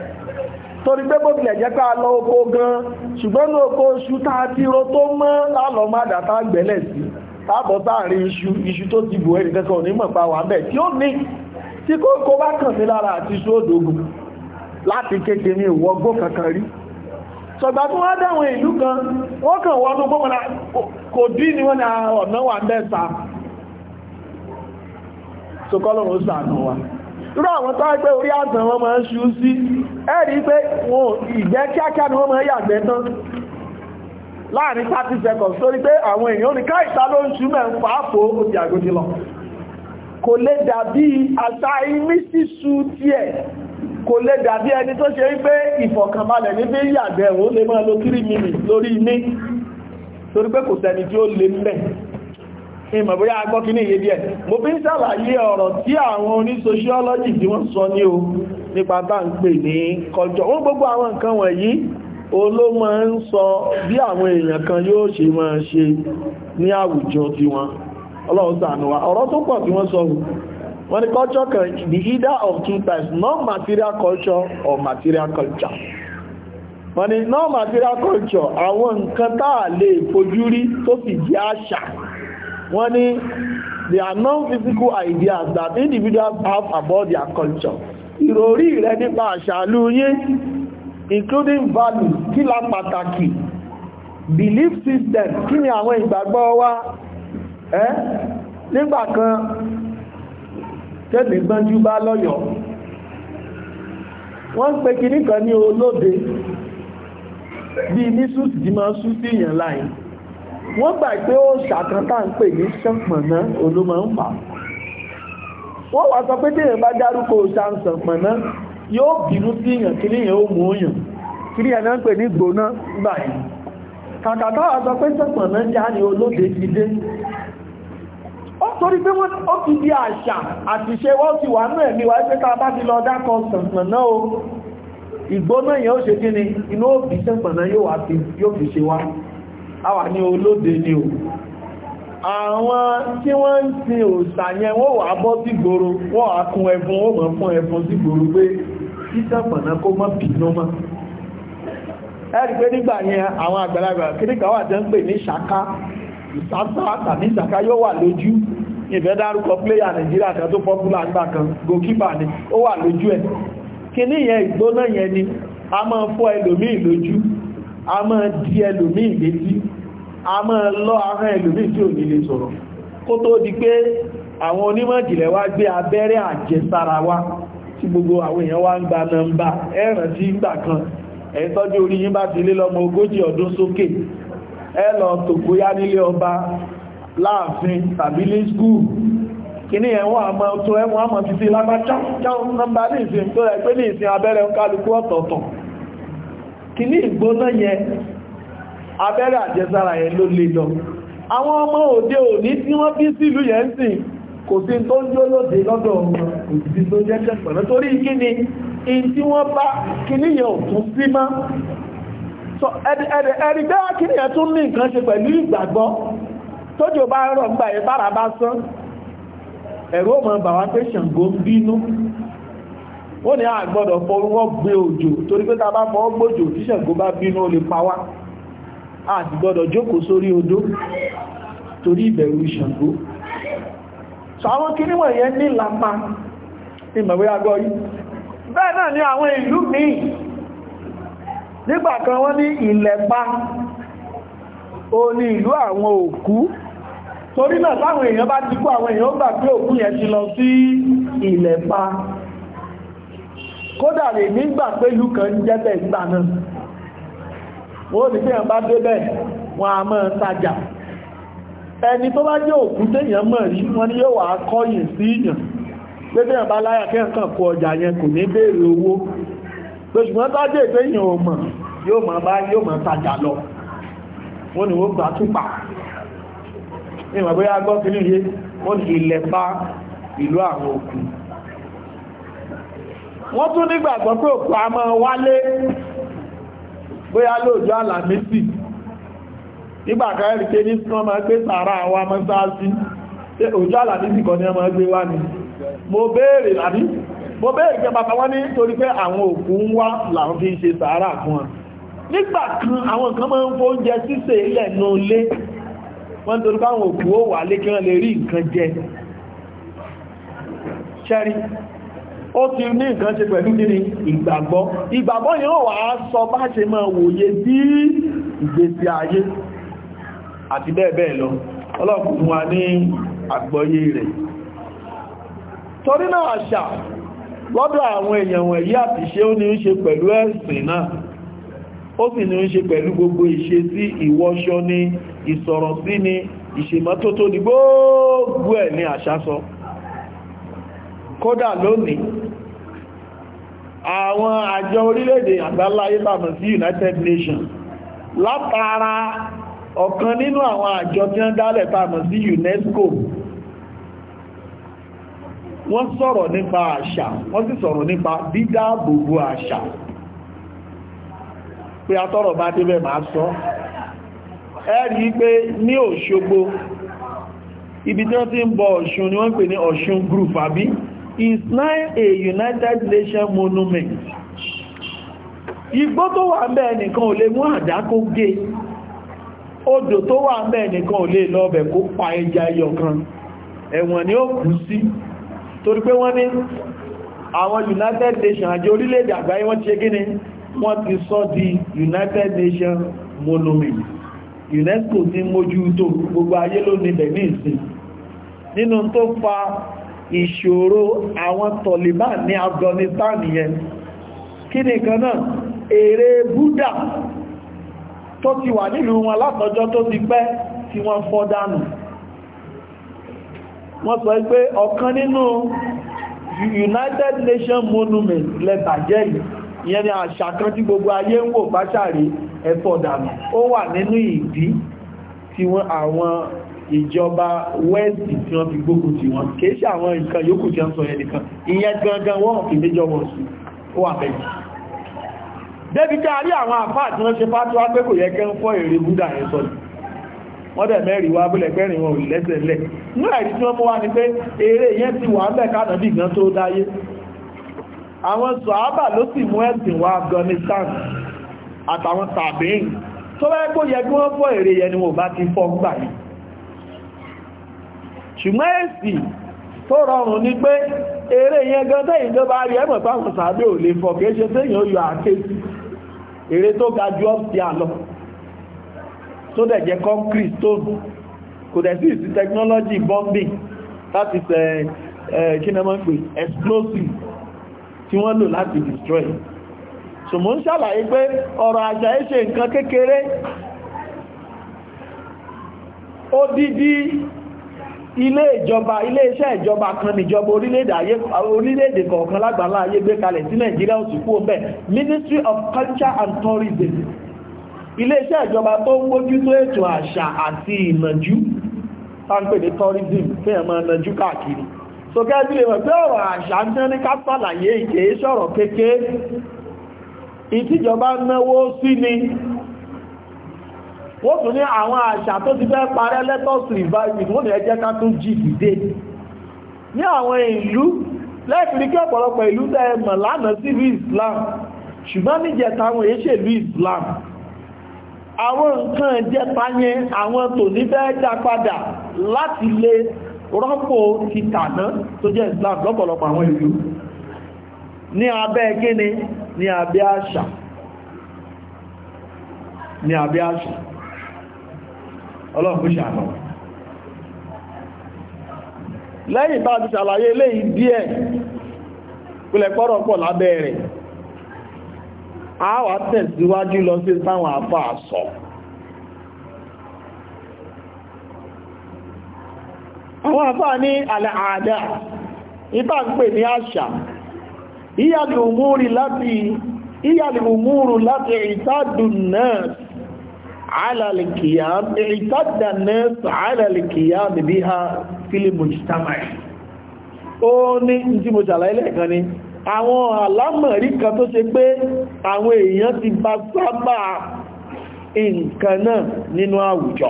torí pé bó tilẹ̀ jẹ́ ká lọ oko gan ṣùgbọ́n ní oko iṣu tá a ti ro tó mọ́ lálọ́ má dà tá gbẹ́lẹ̀ sí tábọ̀ sáàrin iṣu iṣu tó ti bù ẹnì kankan onímọ̀ pa wà bẹ́ẹ̀ tí ó ní tí kò kó bá kàn sí lára àti iṣu òdògùn láti kéde ní ìwọ́gbó kankan rí ṣọ̀gbà tí wọ́n dáwọn ìlú kan wọ́n kàn wọ́n tó gbọ́mọ̀lá kò dí ni wọ́n ní ọ̀nà wà bẹ́ẹ̀ sá so kọ́lọ́run ó sàánú irú àwọn tó ẹgbẹ́ orí àtàn wọn máa ń ṣú sí ẹ̀rí pé wọn ìgbẹ́ kíákíá ni wọ́n máa yàgbẹ́ tán láàrin 30 seconds torí pé àwọn èèyàn ní káìsá ló ń ṣú mẹ́ ń pàápò òbí àgójì lọ kò lè dàbí àṣà imí sísú tiẹ̀ kò lè dàbí ẹni tó ṣe wípé ìfọ̀kànbalẹ̀ ní bí yàgbẹ́ òun lè máa lo 3 minutes lórí imí torí pé kò sẹ́ni tí ó lè mẹ́ ìmọ̀ bóyá agbọ́kíní yé díẹ̀ mo fi ń sàlàyé ọ̀rọ̀ tí àwọn oní sociology tí wọ́n sọ ní o nípa bá ń pè ní culture wọ́n gbogbo àwọn nǹkan wọ̀nyí olómọ ń sọ bí àwọn èèyàn kan yóò ṣe máa ṣe ní àwùjọ tí wọ́n ọlọ́run ọ̀rọ̀ tó pọ̀ tí wọ́n sọ wọ́n ní culture kan the either of two types non-material culture or material culture wọ́n ní non-material culture àwọn nǹkan táà lè fojú rí tó sì jẹ́ àṣà wọ́n ní the non-physical ideas that individuals have about their culture ìròrí rẹ nípa àṣàlú yín including values kí la pàtàkì belief system kí ni àwọn ìgbàgbọ́ wa ẹ́ nígbàkan tẹ́lì gbọ́njú bá lọ́yọ̀ wọ́n ń pe kìníkan ní olóde bí ní súsì jí máa súsì wọ́n gbà pé ó ṣàkántà ń pè ní ṣànpọ̀nná olómọ ń wọ́n wá sọ pé téèyàn bá dárúkọ ṣàǹsànpọ̀nná yóò bínú sí kí níyàn ó mú èèyàn kí níyàn náà ń pè ní gbóná gbà yìí kàkà táwa sọ pé já ni olóde ti dé ó torí pé wọ́n ti àṣà àti wọ́n ti wà náà ní wáyé pé tá a bá ti lọ dákọ̀ o ìgbóná yẹn àwà ní olóde ni o àwọn tí wọ́n ń sin òòṣà yẹn wọ́n wà bọ́ sí gboro wọ́n wà kún ẹfun ó mọ̀ fún ẹfun sí gboro pé títàpàná kó mọ́ bínú mọ́ ẹ̀rì pé nígbà yẹn àwọn àgbàlagbà kíríkà wà tẹ́ ń pè ní ṣàká ìsásá tàbí ìsàká yóò wà lójú ìfẹ́ dárúkọ pléyà nàìjíríà kan tó pọ́pùlà nígbà kan gòkípà ni ó wà lójú ẹ̀ kí ní a máa di ẹlòmí ìgbésí a máa lọ ahọ́n ẹlòmí tí ò ní lè sọ̀rọ̀ kó tó di pé àwọn onímọ̀ ìjìnlẹ̀ wá gbé abẹ́rẹ́ àjẹsára wá tí gbogbo àwọn èèyàn wá ń gba nọ́mbà ẹ̀ràn tí ń gbà kan ẹ̀tọ́jú orí yín bá ti lé lọ́mọ ogójì ọdún sókè ẹ lọ tò bóyá nílé ọba láàfin tàbí ní skúù kìní ẹ̀wọ́n àmọ́ tó ẹ̀wọ́n àmọ́ títí lágbàjá nọ́mbà ní ìsìn tó rẹ̀ pé ní ìsìn abẹ́rẹ́ ń kálukú ọ̀tọ̀ọ̀tọ̀ kì ní ìgbóná yẹn abẹ́rẹ́ àjẹsára yẹn ló lè lọ àwọn ọmọ òde òní tí wọ́n bí sílùú yẹn sìn kò sí tó ń jó lóde lọ́dọ̀ wọn kò sí tó jẹ́ kẹsàn-án torí kí ni in tí wọ́n bá kí ní yẹn ò tún sí mọ́ ẹ̀rì bẹ́ẹ̀ kí ni yẹn tún ní nǹkan ṣe pẹ̀lú ìgbàgbọ́ tójò bá rọ̀ ń ẹ̀rọ ọmọ bàwá pé Ṣàngó bínú wọ́n ní àgbọ́dọ̀ fọwọ́ gbé òjò torí pé tàbá fọ́ gbójò tí Ṣàngó bá bínú ó lè pa wá àti gbọ́dọ̀ jókòó sórí odó torí ìbẹ̀rù Ṣàngó so àwọn kí níwọ̀n yẹn ní lápá ní mẹ̀wé agọ́ yìí bẹ́ẹ̀ náà ni àwọn ìlú míì nígbà kan wọ́n ní Ìlẹ̀pá o ní ìlú àwọn òkú torí náà táwọn èèyàn bá ti kú àwọn èèyàn gbà pé òkú yẹn ti lọ sí Ìlẹ̀pá kódà lè nígbà pé ìlú kan jẹ́bẹ̀ nígbà wọ́n ní tí bá débẹ̀ wọn a máa tajà ẹni tó bá jẹ́ òkú téèyàn mọ̀ rí wọn ni yóò wà á kọ́yìn sí ìyàn pé téèyàn bá láyà kí nǹkan kó ọjà yẹn kò ní béèrè owó pé ṣùgbọ́n bá jẹ́ ìpéyàn ò mọ̀ yóò máa bá yóò máa tajà lọ wọ́n ní wọ́n gbà túpà ìwọ̀n bóyá gbọ́ sí níye wọ́n ní ilẹ̀ pa ìlú àwọn òkú wọ́n tún nígbàgbọ́ pé òkú a máa wálé bóyá lóòjọ́ àlàmísì nígbà kan rí pé ní sán máa gbé sàárà wa mọ́sáàsí òjò àlàmísì kan ní ọmọ gbé wá ni mo béèrè àbí mo béèrè pé bàbá wọn ní torí pé àwọn òkú ń wá làwọn fi ń ṣe sàárà fún wọn nígbà kan àwọn kan máa ń fó oúnjẹ sísè ilẹ̀ nù lé wọ́n torí báwọn òkú ó wà lé kí wọ́n lè rí nǹkan jẹ ó ti ní nǹkan ṣe pẹ̀lú kí ni ìgbàgbọ́ ìgbàgbọ́ yìí ó wà á sọ bá ṣe máa wòye bí ìgbésí ayé àti bẹ́ẹ̀ bẹ́ẹ̀ lọ ọlọ́kùnrin wa ní àgbọ́yé rẹ̀ torí náà àṣà lọ́dọ̀ àwọn èèyàn wọ̀nyí àti ṣe ó ní ń ṣe pẹ̀lú ẹ̀sìn náà ó sì ní ń ṣe pẹ̀lú gbogbo ìṣe sí ìwọṣọ ni ìsọ̀rọ̀ sí ni ìṣèmọ́tótó ni gbogbo ẹ̀ ní àṣà sọ kódà lónìí àwọn àjọ orílẹ̀-èdè àgbáláyé bàmọ̀ sí United Nations látara ọ̀kan nínú àwọn àjọ tí wọ́n dálẹ̀ bàmọ̀ sí UNESCO wọ́n sọ̀rọ̀ nípa àṣà wọ́n sì sọ̀rọ̀ nípa dídáàbòbò àṣà pé atọ́rọ̀ bá débẹ̀ máa sọ ẹ rí pé ní Òṣogbo ibi tí wọ́n ti ń bọ Ọ̀ṣun ni wọ́n pè ní Ọ̀ṣun group àbí is now a United Nations monument igbó tó wà ńbẹ̀ nìkan ò lè mú àdá gé odò tó wà ńbẹ̀ nìkan ò lè lọ kó pa ẹja ẹyọ kan ẹ̀wọ̀n ni ó kú sí torí pé wọ́n ní àwọn United Nations àjọ orílẹ̀-èdè àgbáyé wọ́n ti ṣe gíní wọ́n ti sọ di United Nations monument UNESCO ti mójú tó gbogbo ayé ló níbẹ̀ ní ìsìn nínú tó fa ìṣòro àwọn Taliban ní Afghanistan yẹn kí nìkan náà èrè Buddha tó ti wà nílùú wọn látọjọ́ tó ti pẹ́ tí wọ́n fọ́ dànù wọ́n sọ pé ọ̀kan nínú United Nations Monument lẹ́tà jẹ́ ìyẹn ni àṣà kan tí gbogbo ayé ń wò bá ṣàrí ẹ̀fọ́ dànù ó wà nínú ìdí tí wọ́n àwọn ìjọba west tí wọ́n fi gbógun tì wọ́n kìí ṣe àwọn nǹkan yòókù tí wọ́n sọ yẹn nìkan ìyẹn gangan wọ́n fi méjọ wọ́n sí ó wà bẹ́ẹ̀ débi ká rí àwọn àfáà tí wọ́n ṣe fátúwá pé kò yẹ kẹ́ ń fọ́ èrè búdà yẹn sọ́dọ̀ wọ́n dẹ̀ mẹ́rin wá bílẹ̀ pẹ́rin wọn ò lẹ́sẹ̀ lẹ̀ ní ẹ̀rí tí wọ́n mú wá ní pé eré yẹn ti wà ń bẹ̀ kánà bí gan tó dáyé àwọn sọ̀ábà ló sì mú ẹ̀sìn wá Afghanistan àtàwọn tàbíìn tó bẹ́ẹ̀ kó yẹ kí wọ́n fọ́ èrè yẹn ni wọ́n bá ti fọ́ gbà yìí ṣùgbọ́n èsì tó rọrùn ní pé eré yẹn gan tẹ́yìn tó bá rí ẹ̀mọ̀ pàwọn sàbẹ̀ ò lè fọ̀ kìí ṣe tẹ́yìn ó yọ àkéjì eré tó ga ju ọ́pì àlọ́ tó dẹ̀ jẹ́ concrete stone kò dẹ̀ sí ìsí technology bombing láti ṣe kínámọ́ pé explosive tí wọ́n lò láti destroy ṣùgbọ́n ṣàlàyé pé ọ̀rọ̀ àṣà ẹ̀ṣẹ̀ nǹkan odidi ilé ìjọba ilé iṣẹ́ ìjọba kan níjọba orílẹ̀-èdè kọ̀ọ̀kan lágbàlá ayé gbé kalẹ̀ nàìjíríà sì kú ministry of culture and tourism ilé iṣẹ́ ìjọba tó ń gbójú tó ètò àṣà àti ìnàjú táńpẹ̀ tourism fẹ́ káàkiri lè mọ̀ pé ọ̀rọ̀ àṣà ń tẹ́ ní ká sàlàyé sọ̀rọ̀ ìtìjọba ni wọ́n tún ní àwọn àṣà tó ti fẹ́ parẹ́ lẹ́tọ́sù revival wọ́n ní ẹ jẹ́ ká tún jí dìde ní àwọn ìlú lẹ́ẹ̀kìrí kí ọ̀pọ̀lọpọ̀ ìlú tẹ́ mọ̀ lánàá sí ìlú Islam ṣùgbọ́n ní jẹta àwọn èyí ṣe ìlú Islam àwọn nǹkan jẹta yẹn àwọn tò ní fẹ́ dá padà láti lè rọ́pò ti tó jẹ́ Islam lọ́pọ̀lọpọ̀ àwọn ìlú ní abẹ́ kíni ní abẹ́ àṣà ni abẹ́ àṣà ọlọ́pù ṣàánà lẹ́yìn bá ti ṣàlàyé eléyìí díẹ̀ pílẹ̀ pọ́rọ̀ pọ̀ lábẹ́ rẹ̀ a wà tẹ̀síwájú lọ sí táwọn àfà sọ àwọn àfà ní alẹ́ àádá ìbá ń pè ní àṣà ìyàlì òmúrù láti ìtàdùn náà على القيام nẹ́ẹ̀sì الناس على القيام بها في المجتمع. ní tí mo ṣàlàyé lẹ́ẹ̀kan ni àwọn alámọ̀rí kan tó ṣe pé àwọn èèyàn ti bá sábà nǹkan náà nínú àwùjọ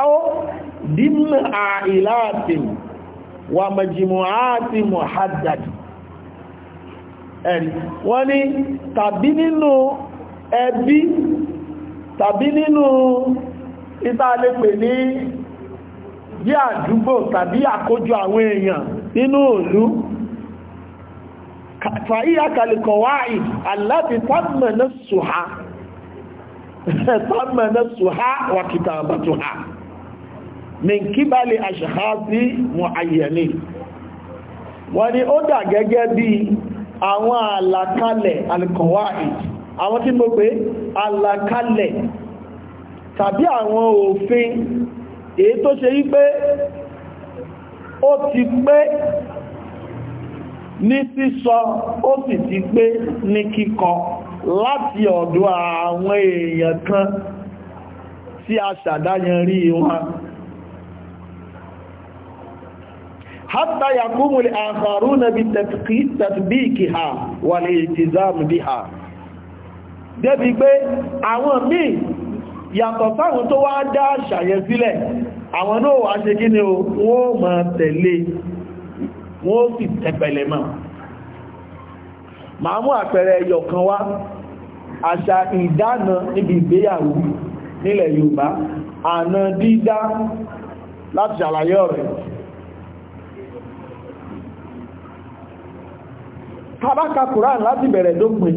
àó dínà àìláàtìn wà màjìmọ̀ àti mọ̀hádàdì ẹ̀rì wọ́n ní tàbí tàbí nínú ìtàlẹ́pẹ̀ ní bí àdúgbò tàbí àkójọ àwọn èèyàn nínú òlú fàíyà kàlìkọ̀wáì aláti tàbí sùhá tàbí sùhá wà kìtà àbàtùhá min kíbàlì àṣàhásí mọ̀ayẹ̀ni wọ́n ni ó dà gẹ́gẹ́ bí àwọn àlàkalẹ̀ alìkọ̀wáì àwọn tí mo pé àlàkalẹ̀ tàbí àwọn òfin èyí tó ṣe wípé ó ti pé ní sísọ ó sì ti pé ní kíkọ láti ọ̀dọ̀ àwọn èèyàn kan tí a ṣàdáyanrí wọn hatta yakumul akharuna bi tatbiqiha wal iltizam biha débi pé àwọn míì yàtọ̀ sáwọn tó wá dá àṣàyẹ sílẹ̀ àwọn náà wà ṣe kí ni wọ́n máa tẹ̀lé wọ́n sì tẹ̀pẹ̀lẹ̀ mọ́ màá mú àpẹẹrẹ ẹyọ kan wá àṣà ìdáná níbi ìgbéyàwó nílẹ̀ Yorùbá àna dídá láti ṣàlàyé ọ̀rẹ́ tabaka Quran láti bẹ̀rẹ̀ dópin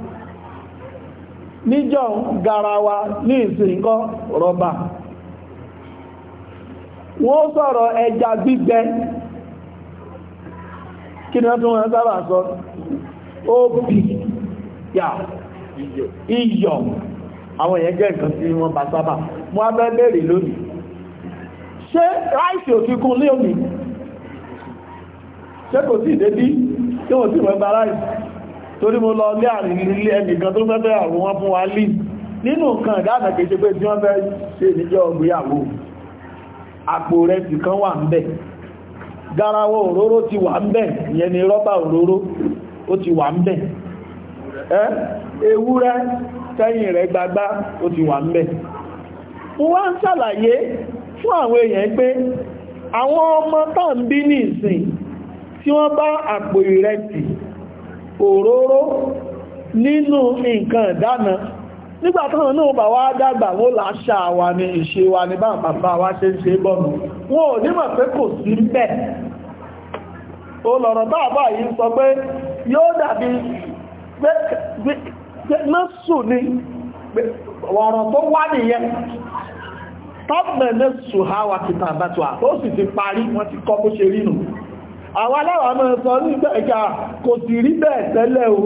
níjọ́ garawa ní ìsìnkọ́ rọ́bà wọ́n sọ̀rọ̀ ẹja gbígbẹ kí ni wọ́n tún wọ́n sábà sọ óbì yà iyọ̀ àwọn èèyàn jẹ́ nǹkan tí wọ́n bá sábà wọ́n abẹ́ bẹ̀rẹ̀ lónìí ṣé ráìsì òfikún lónìí ṣé kò sí ìdébí tí wọ́n ti wọ́n bá ráìsì torí mo lọ lé àrí nílé ẹnìkan tó fẹ́fẹ́ àwọn wọn fún wa lì nínú nǹkan ìdáàdà kìí pé tí wọ́n fẹ́ ṣe níjọ́ ọgbéyàwó àpò rẹ̀ sì kan wà ń bẹ̀ garawa òróró ti wà ń bẹ̀ ìyẹn ni rọ́bà òróró ó ti wà ń bẹ̀ ẹ́ ewúrẹ́ tẹ́yìn rẹ̀ gbagbá ó ti wà ń bẹ̀ mo wá ń ṣàlàyé fún àwọn èèyàn pé àwọn ọmọ tá bí ní tí wọ́n bá àpò ìrẹsì òróró nínú nǹkan ìdáná nígbà táwọn náà bá wá dàgbà wọ́n láṣà wa ní ìṣe wa ní báwọn bàbá wa ṣe ń ṣe bọ́nù wọn ò nímọ̀ pé kò sí bẹ́ẹ̀ o lọ̀rọ̀ bàbá yìí sọ pé yóò dàbí nọ́sù ni ọ̀rọ̀ tó wá nìyẹn tọ́pẹ̀ nọ́sù ha wa kìtàbàtà ó sì ti parí wọ́n ti kọ́ bó àwọn aláwà mọ́ sọ ní ìgbẹ̀ẹ̀kà kò sì rí bẹ́ẹ̀ tẹ́lẹ̀ o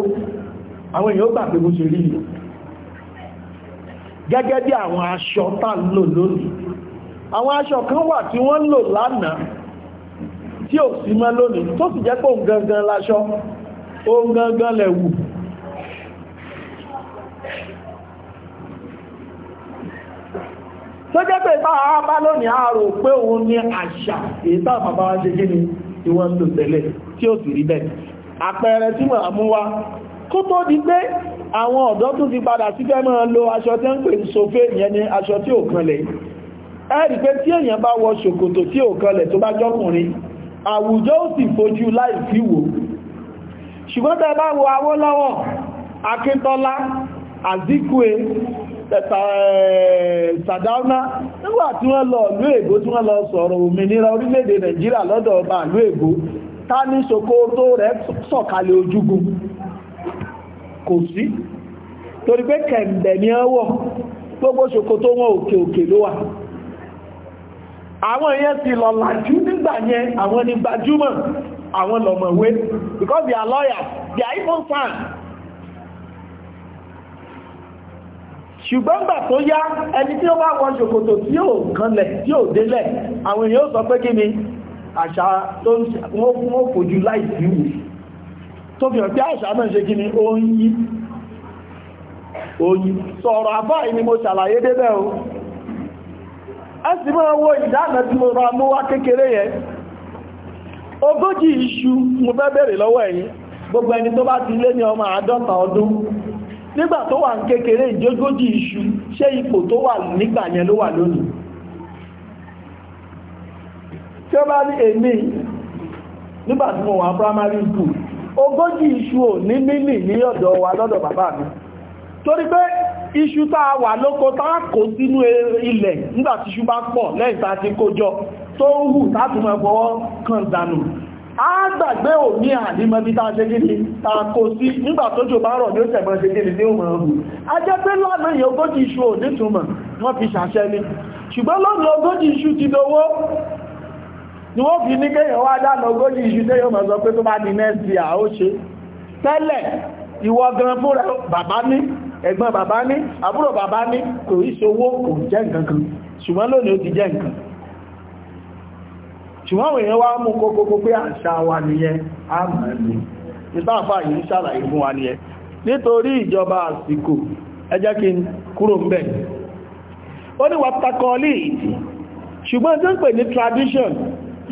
àwọn èèyàn gbà pé mo ṣe rí ìlú gẹ́gẹ́ bí àwọn aṣọ tá ń lò lónìí àwọn aṣọ kan wà tí wọ́n lò lánàá tí ò sí mọ́ lónìí tó sì jẹ́ pé òun gangan láṣọ òun gangan lẹ̀wù tó jẹ́ pé bá a bá lónìí a rò pé òun ní àṣà èyí tá bàbá wa ṣe kí ni tí wọ́n ń lò tẹ́lẹ̀ tí ó sì rí bẹ́ẹ̀ àpẹẹrẹ tí màá mú wá kó tó di pé àwọn ọ̀dọ́ tún ti padà sí fẹ́ máa lo aṣọ tí ń pè ní sofé ìyẹn ni aṣọ tí ò kanlẹ̀ ẹ̀rì pé tí èèyàn bá wọ ṣòkòtò tí ò kanlẹ̀ tó bá jọ́kùnrin àwùjọ ó sì fojú láì fi wò ṣùgbọ́n tẹ́ bá wo Awólọ́wọ̀ Akíntọ́lá Azikwe Eh, sàdáúná nígbà tí wọ́n lọ ìlú tí wọ́n lọ sọ̀rọ̀ òmìnira orílẹ̀-èdè nàìjíríà lọ́dọ̀ ọba ìlú ta ní ṣòkòtò rẹ̀ sọ̀kalẹ̀ ojúgun kò sí torí pé kẹ̀ǹdẹ̀ ní ọwọ́ gbogbo ṣòkòtò wọn òkè òkè ló wà àwọn èèyàn ti lọ làjú nígbà yẹn àwọn gbajúmọ̀ àwọn lọ̀mọ̀wé because they are lawyers they are ṣùgbọ́n gbà tó yá ẹni tí ó bá wọ ṣòkòtò tí ó kanlẹ̀ tí ó délẹ̀ àwọn èèyàn sọ pé kí ni àṣà tó ń fojú láìsí wù tó fi hàn pé àṣà náà ṣe kí ni ó ń yí oyin sọ̀rọ̀ àbáyìí ni mo ṣàlàyé débẹ̀ o a sì máa wo ìdáná tí mo ra mú wá kékeré yẹn ogójì iṣu mo fẹ́ bèèrè lọ́wọ́ ẹ̀yin gbogbo ẹni tó bá ti lé ní ọmọ àádọ́ta ọdún nígbà tó wà ń kékeré ìjógójì iṣu ṣé ipò tó wà nígbà yẹn ló wà lónìí tí ó bá ní èmi nígbà tí mo wà primary school ogójì iṣu ò ní mílì ní ọ̀dọ̀ wa lọ́dọ̀ bàbá mi torí pé iṣu tá a wà lóko tá a sínú ilẹ̀ nígbà tí iṣu bá pọ̀ lẹ́yìn tá a ti kó jọ tó ń hù tá a tún fọwọ́ kan dànù a gbàgbé òní àdímọ̀ bí táa ṣe gíní tàkò sí nígbà tó jò bá rọ̀ ní ó tẹ̀mọ̀ ṣe gíní ní òmò ọ̀hún a jẹ́ pé lọ́nà yẹn ogójì iṣu ò nítumọ̀ wọ́n fi ṣàṣẹ ni ṣùgbọ́n lọ́nà ogójì iṣu ti dowó ni wọ́n fi ní kéèyàn wá dáná ogójì iṣu tẹ́ yóò mọ̀ sọ pé tó bá ní nẹ́ẹ̀sì àóṣe tẹ́lẹ̀ ìwọ gan fúnra bàbá ní ẹ̀gbọ́n bàbá ní àbúrò bàbá ní kò í ṣowó kò jẹ́ nǹkan kan ṣùgbọ́n ṣùgbọ́n àwọn èèyàn wá mú kókókó pé àṣà wa nìyẹn a mọ̀ ní ìtàfà yìí ṣàlàyé fún wa nìyẹn nítorí ìjọba àsìkò ẹ jẹ́ kí n kúrò ń bẹ̀ ó ní wàtàkọ́ọ̀lì ṣùgbọ́n tó ń pè ní tradition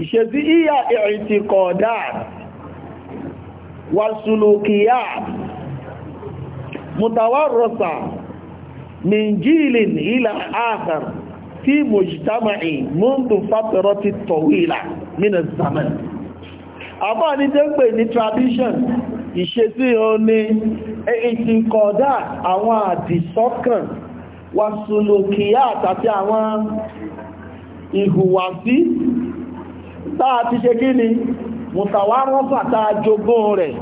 ìṣesí ìyà ìrìntì fi mujtama'i mundu fatrati tawila min az-zaman àbá ní tó ní tradition ìṣesí òun ni ìtìkọ̀dá àwọn àdìsọ́kàn wa sùlùkìyà àtàtí àwọn ìhùwàsí táà ti ṣe kí ni mùtàwárán fàtà jogún rẹ̀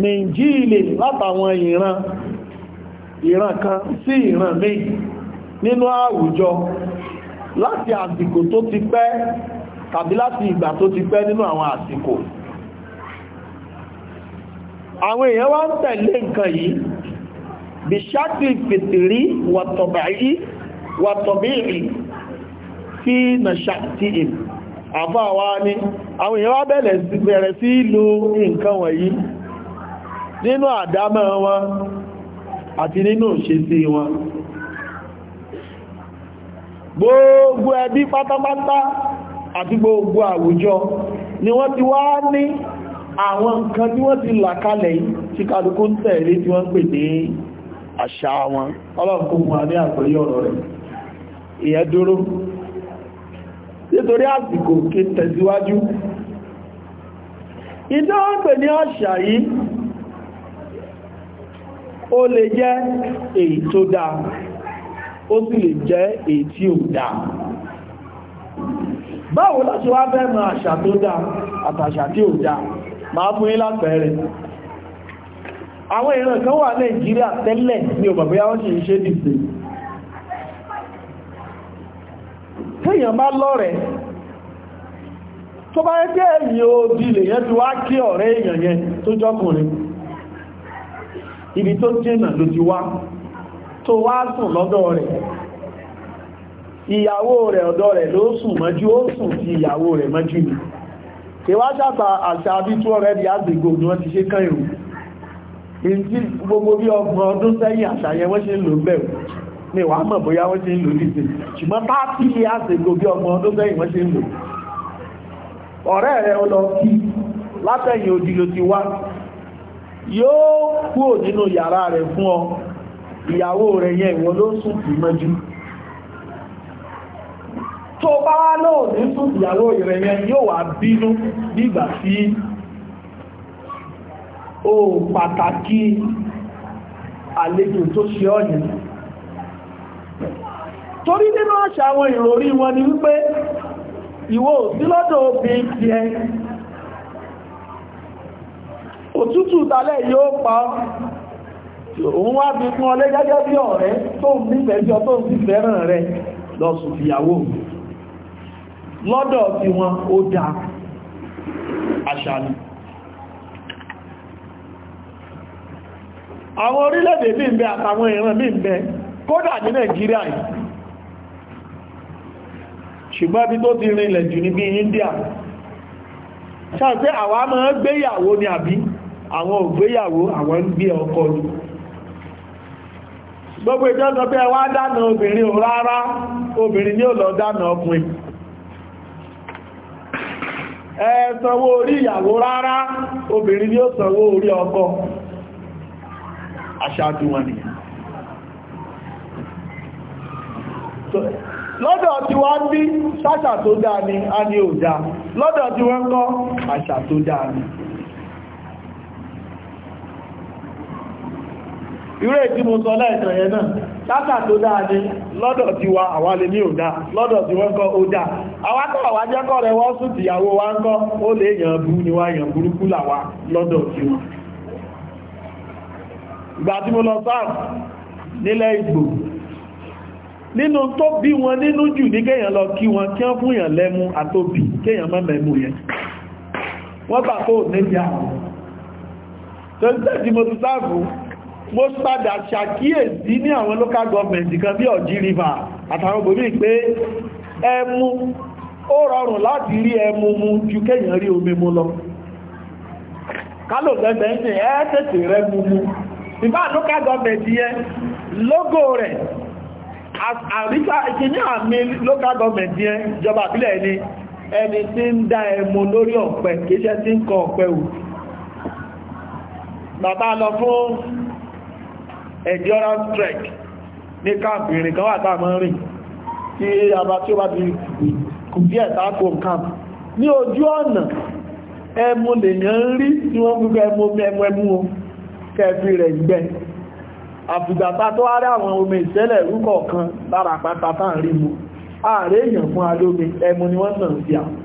mìjíìlè látàwọn ìran ìran kan sí ìran míì nínú àwùjọ láti àsìkò tó ti pẹ́ tàbí láti ìgbà tó ti pẹ́ nínú àwọn àsìkò àwọn èèyàn wá ń tẹ̀lé nǹkan yìí bí ṣáàtì fìtìrí wàtọ̀bìrì fi nà ṣáàtì ìm àfá wa ní àwọn èèyàn wá bẹ̀rẹ̀ sí lo nǹkan wọ̀nyí nínú àdámọ́ wọn àti nínú òṣèṣe wọn gbogbo ẹbí pátápátá àti gbogbo àwùjọ ni wọ́n ti wá ní àwọn nǹkan tí wọ́n ti là yìí tí kálukú ń tẹ̀lé tí wọ́n pè ní àṣà wọn ọlọ́pùpù ní àgbẹ̀yẹ ọ̀rọ̀ rẹ̀ ìyẹn nítorí àsìkò ó sì lè jẹ́ èyí tí ò dáa báwo la ṣe wá fẹ́ mọ àṣà tó dáa àtàṣà tí ò dáa máa fún yín lápẹẹrẹ àwọn ìran kan wà Nàìjíríà tẹ́lẹ̀ ní ọ̀bàbí àwọn ṣe ń ṣe dìde téèyàn bá lọ́rẹ̀ tó bá yẹ́ èyí ó dìlè yẹn ti wá kí ọ̀rẹ́ èèyàn yẹn tó jọ́kùnrin ibi tó jìnà ló ti wá tó wá sùn lọ́dọ̀ rẹ̀ ìyàwó rẹ̀ ọ̀dọ̀ rẹ̀ ló sùn mọ́jú ó sùn ti ìyàwó rẹ̀ mọ́jú ni ìwá ṣàtà àṣà bí tó rẹ̀ di àgbègbè òdún wọn ti ṣe kán ìrù ìdí gbogbo bí ọgbọ̀n ọdún sẹ́yìn àṣà yẹn wọ́n ṣe ń lò bẹ̀rù ní ìwà mọ̀ bóyá wọ́n ṣe ń lò nìsẹ̀ ṣùgbọ́n bá tí ilé àṣègbò bí ọgbọ̀n ọdún sẹ́yìn wọ́n ṣe ń lò ọ̀rẹ́ rẹ̀ lọ kí látẹ̀yìn òdì ló ti wá yóò kúrò nínú yàrá rẹ̀ fún ọ ìyàwó rẹ̀ yẹn ìwọ̀n ló sùn tì mọ́jú tó bá náà ní sùn ìyàwó rẹ̀ yẹn yóò wá bínú nígbà sí o pàtàkì àlejò tó ṣe ọ̀yìn torí nínú àṣà àwọn ìròrí wọn ni wípé ìwọ òsí lọ́dọ̀ obìnrin ti ẹ òtútù tálẹ̀ yóò pa ọ́ òun wá fi fún ọlé gẹ́gẹ́ bí ọ̀rẹ́ tó ń nífẹ̀ẹ́ sí ọ tó ń sì fẹ́ràn rẹ lọ́sùn ìyàwó lọ́dọ̀ tí wọn ó dá àṣà àwọn orílẹ̀-èdè bí ń bẹ àtàwọn ìran bí ń bẹ kódà ní Nàìjíríà yìí ṣùgbọ́n bí tó ti rinlẹ̀ jù ní bí India ṣáà àwọn àwa máa gbéyàwó ni àbí àwọn ògbéyàwó àwọn ń gbé ọkọ ní. gbogbo ìjọ sọ pé wá dáná obìnrin ò rárá obìnrin ni ó lọ dáná ọkùnrin ẹ sanwó orí ìyàwó rárá obìnrin ni ó sanwó orí ọkọ aṣáájú wọn ni lọ́dọ̀ tí wọ́n bí sáṣà tó dáa ni a ní ò dáa lọ́dọ̀ tí wọ́n kọ́ àṣà tó dáa ni ìrẹ́ tí mo sọ lẹ́ẹ̀tọ̀ yẹn náà tátà tó dáa ní lọ́dọ̀ tí wa àwa lè ní òdá lọ́dọ̀ tí wọ́n kọ́ ó dáa àwa jẹ́kọ́ rẹ̀ wọ́n sùn tìyàwó wa ń kọ́ ó lè yàn bú ni wá yàn burúkú làwa lọ́dọ̀ tí wọn ìgbà tí mo lọ sáàf nílẹ̀ Ìgbò nínú tó bí wọn nínú jù ní kéèyàn lọ kí wọn kí wọ́n fún yàn lẹ́mu àtòbí kéèyàn má mẹ́mu yẹn wọ́n bà kó níbi àwọn tó ń tẹ́ tí mo ti sáàfù mo padà ṣàkíyèsí ní àwọn local government kan bí ọ̀jí river àtàwọn bòmí pé ẹmu ó rọrùn láti rí ẹmu mu ju kéèyàn rí omi mu lọ kálò tẹ́tẹ́ ń sìn ẹ́ tètè rẹ mu mu ìbá local government yẹn logo rẹ̀ àríkà ìkíní àmì local government yẹn ìjọba àbílẹ̀ ẹni ẹni tí ń dá ẹmu lórí ọ̀pẹ kìí ṣe tí ń kọ ọ̀pẹ ò bàbá lọ fún endurance strike. ní káàpì ìrìn kan wà táàmù rìn tí a bá tí ó bá ti kù díẹ̀ tààkù camp ní ojú ọ̀nà ẹmu lèyàn ń rí tí wọ́n gbogbo ẹmu ẹmu ẹmu o kẹfì rẹ̀ gbẹ àfìgbàta tó wá rí àwọn omi ìṣẹ̀lẹ̀ rúkọ̀ kan lára pátá tàà rí mu ààrẹ èèyàn fún alómi ẹmu ni wọ́n náà sí àwọn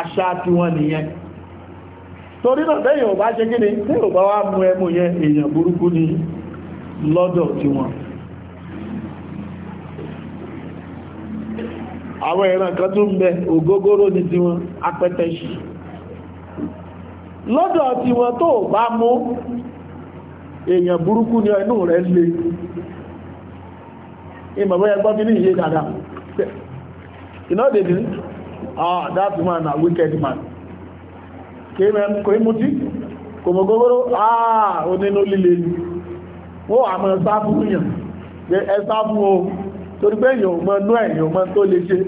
àṣà tí wọ́n nìyẹn torí náà bẹ́yìn ọba ṣe gíní tí ò bá wá mú ẹmú yẹ èèyàn burúkú ní lọ́dọ̀ tí wọn àwọn ìran kan tún bẹ ògógóró ní tí wọn apẹtẹṣì lọ́dọ̀ tí wọn tó bá mú èèyàn burúkú ní inú rẹ̀ lè man na wicked man kò mutí kò mọ̀ gbogbo àà onínú líle ni wọ́n àmọ́ sáfù yàn pé ẹ sáfù o torí pé èyàn mọ́ inú èyàn mọ́ tó lè ṣe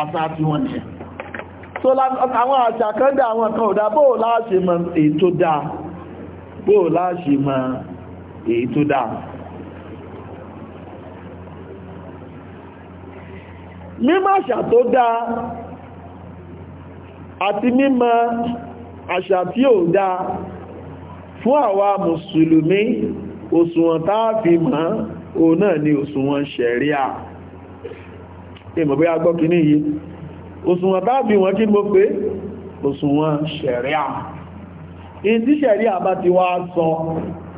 àṣà tí wọ́n ni so àwọn àṣà dá àwọn kan ọ̀dá bóò láàṣe mọ́ èyí tó dáa tó dáa àti mímọ̀ àṣà tí ò dáa fún àwa mùsùlùmí òṣùwọ̀n táà fi mọ̀ òun náà ni òṣùwọ̀n ṣẹ̀ríà ìmọ̀ bí a gbọ́ kìíní yìí òṣùwọ̀n táà fi wọ́n kí mo pé òṣùwọ̀n ṣẹ̀ríà in tí ṣẹ̀ríà bá ti wá sọ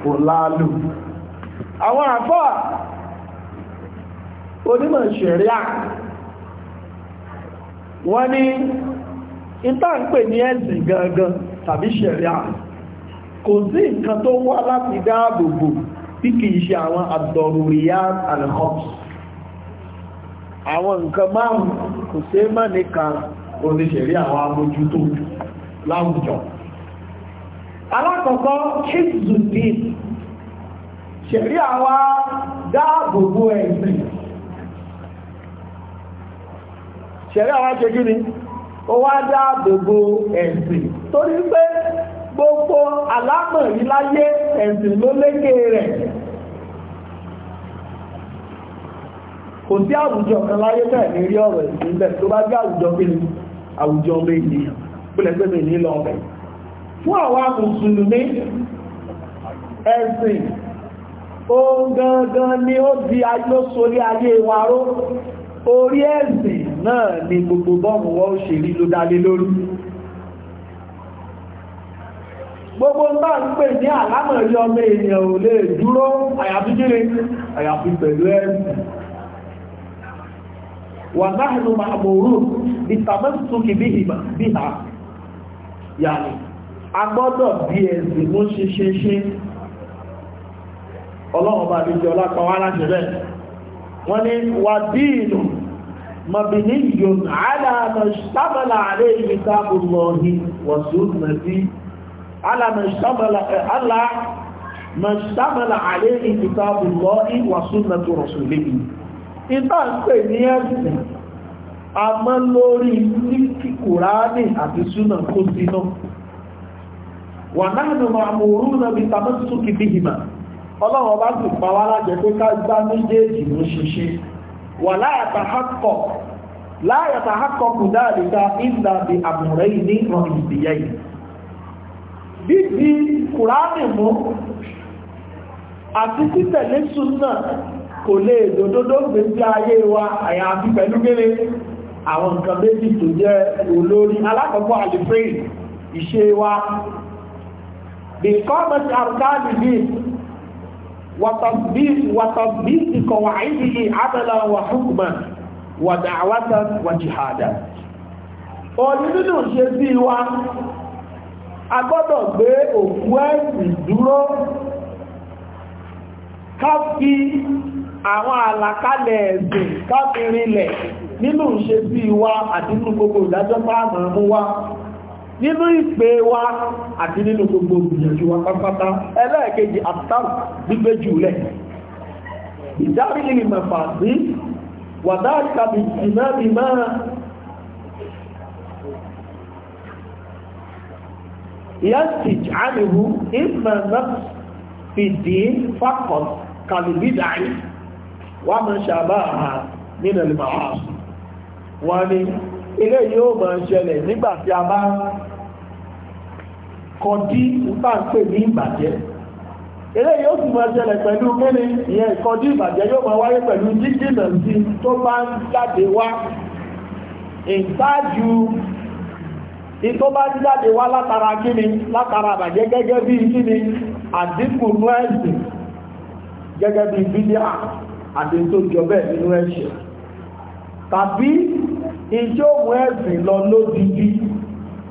kò láàlù àwọn àfọ́ onímọ̀ ṣẹ̀ríà wọ́n ní ìta ń pè ní ẹ̀sìn gangan tàbí ṣẹ̀ríà kò sí nǹkan tó wá láti dáàbòbò bí kìí ṣe àwọn àdọ̀rùyá alhọ́ps àwọn nǹkan márùn kò sí má nìkan oníṣẹ̀rí àwọn amójútó láwùjọ alákọ̀ọ́kọ́ kìtùdín ṣẹ̀rí àwa dáàbòbò ẹ̀sìn ṣẹ̀rí àwa ṣe kí ni ó wá dáàbò bo ẹ̀sìn torí pé gbogbo alámọ̀rí láyé ẹ̀sìn ló lékè rẹ̀ kò sí àwùjọ kan láyé bẹ́ẹ̀ ní rí ọ̀rọ̀ ìsìn bẹ́ẹ̀ tó bá gbé àwùjọ pé àwùjọ ọmọ ènìyàn pẹ̀lẹ́gbẹ́ mi ní lọ rẹ̀ fún àwa mùsùlùmí ẹ̀sìn ó gangan ni ó di ayé sórí ayé wa ró orí ẹ̀sìn náà ni gbogbo bọ́ọ̀mù wọ́n ṣe rí ló dálé lórí gbogbo bá ń pè ní àlámọ̀rí ọmọ ènìyàn ò lè dúró àyàfi jíre àyàfi pẹ̀lú ẹ̀sìn wà náàrùn màmúrù ìtàmẹ́sùkì bí ìhà yàní agbọ́dọ̀ bí ẹ̀sìn mú ṣeṣeṣe ọlọ́run bá bí jọ lápá wọ́n ní wà dínú مبني على ما اشتمل عليه كتاب الله وسنتي على ما اشتمل على ما اشتمل عليه كتاب الله وسنة رسوله ìta ń pè ní ẹ̀sìn a mọ́ lórí ní kìkùránì àti súnà kó sínú wà náà nù ma mòrú náà bí tàbí súnkì bí ìmà ọlọ́run ọba sì pàwárá jẹ́ pé ká gbá méjèèjì ló ṣiṣẹ́ ولا يتحقق لا يتحقق ذلك إلا بأمرين رئيسيين bíbí kùránì mú àti títẹ̀lé súnà kò lè dòdódó gbèsè ayé wa àyàfi pẹ̀lú gẹ́lé àwọn nǹkan méjì tó jẹ́ olórí alákọ̀ọ́kọ́ àlèfẹ́ ìṣe wa bí وتطبيق قواعده عدلا وحكما ودعوة وجهادا òní nínú ṣe sí wa a gbọ́dọ̀ gbé òkú ẹ̀sìn dúró ká fi àwọn àlàkalẹ̀ ẹ̀sìn ká fi nínú ṣe sí wa àti nínú gbogbo ìdájọ́ pàmọ́ mú wa nínú ìpè wa àti nínú gbogbo ìgbìyànjú wa pátápátá ẹlẹ́ẹ̀kejì àtàrù gbígbé jùlẹ̀ ìdárí ìlú mẹ́fà sí wàdáríkà bí ìnáàbí máa yẹ́sìj ánìhù ìmọ̀nà fìdí fákọ̀t kàlùbídàí wà mọ́ sàbáà nínú ìmọ̀ wọ́n ni ilé yóò máa ṣẹlẹ̀ nígbà tí a bá kọjí ìpàǹpẹ̀ ní ìbàjẹ́ ilé yóò sì máa ṣẹlẹ̀ pẹ̀lú kíni ìyẹn ìkọjí ìbàjẹ́ yóò máa wáyé pẹ̀lú jíjìnà sí tó bá ń jáde wá ìtajú tó bá ń jáde wá látara kíni látara àbàjẹ́ gẹ́gẹ́ bí kíni àdínkù nú ẹ̀sìn gẹ́gẹ́ bí bídíà àti tó jọ bẹ́ẹ̀ nínú ẹ̀ṣẹ̀ tàbí ìjọ òun ẹ̀sìn lọ lódìdí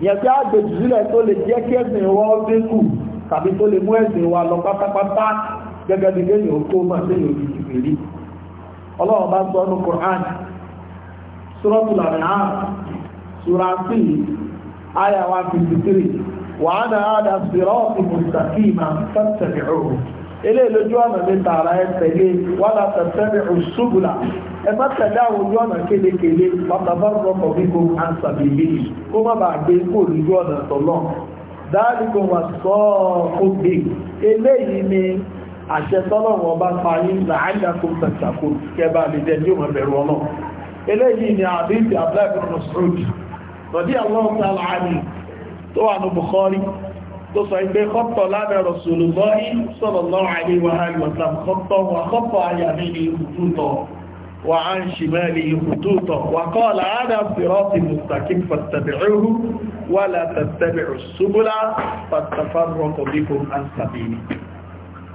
yẹ̀fẹ́ àgbèjì sílẹ̀ tó lè jẹ́ kí ẹ̀sìn wọ́n dínkù tàbí tó lè mú ẹ̀sìn wa lọ pátápátá gẹ́gẹ́ bí lẹ́yìn okó máa lẹ́yìn òjijì pèrí ọlọ́run bá sọ ọ́nù Qur'an Suratul An'am sura sí àyà 153 wa ana hada sirati mustaqima fattabi'uhu eléyìí lójú ọ̀nà mi tààrà ẹ̀ tẹ̀lé wala tattabi'u subula ẹ má tẹ̀lé àwọn ojú ọ̀nà kélékèlé pàtàkì rọpò bíbo àǹsàbí yìí kó má bàa gbé kó ojú ọ̀nà tọ̀lọ́ dáàbìkò wà sọ ògbè eléyìí ni àṣẹ tọ́lọ́wọ́ bá parí làájàkó tàṣàkó kẹba àlejẹ tí wọ́n bẹ̀rù ọlọ́ eléyìí ni àbíjì abdullahi masoud rọ̀dí àwọn ọ̀tá láàrin tó wà ní Bukhari tó sọ ìgbé kọ́tọ̀ lábẹ́ Rasulullahi sallallahu alaihi wa sallam kọ́tọ̀ wà kọ́tọ̀ ayàmí ni ìrùtútọ̀ وعن شماله خطوطا وقال هذا صراط مستقيم فاتبعوه ولا تتبعوا السبل فتفرق بكم عن سبيله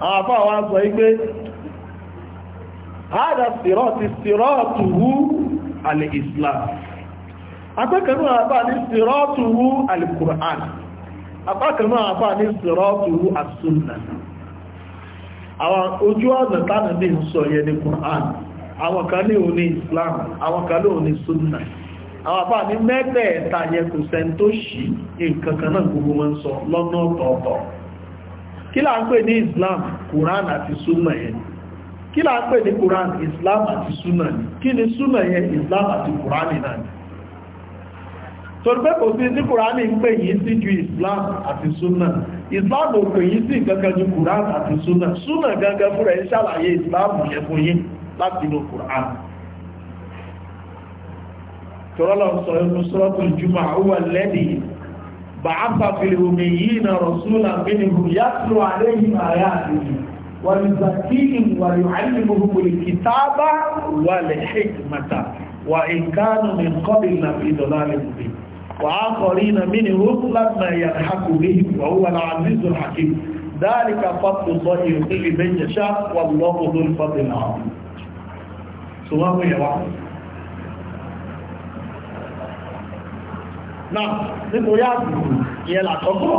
عفا وعن هذا الصراط صراطه الإسلام أتكلم عن صراطه القرآن أتكلم عن صراطه السنة àwọn ojú ọ̀nà tánàbí ń sọ yẹ àwọn kan ní Islam àwọn kan ní òní sunna àwọn àpá ní mẹ́tẹ̀ẹ̀ta yẹn kò sẹ́n tó ṣì náà gbogbo wọn sọ lọ́nà ọ̀tọ̀ọ̀tọ̀ kí là ń Islam Quran àti sunna yẹn kí là ń pè Quran Islam àti sunna ni kí ni sunna yẹn Islam àti Quran náà ni torí pé kò sí sí ń pè ju islam àti Sunna. islam ò pè yìí sí gangan ju kùránì àti gangan fúnra ẹ islam yẹn fún yín láti inú Qur'an tọ́lọ́lọ́ sọ inú suratul Jumu'ah huwa alladhi ba'atha fil ummiyina rasulan minhum yatlu alayhim ayatihi wa yuzakkihim wa yu'allimuhumul kitaba wal hikmata wa in kanu min qabli lafī ḍalālin mubīn وآخرين منهم لما يلحق بهم وهو العزيز الحكيم ذلك فضل الله يقل من يشاء والله ذو الفضل العظيم so wọ́n mú ìyẹ̀wá náà nítorí àbùkù ìyẹn làkọ́kọ́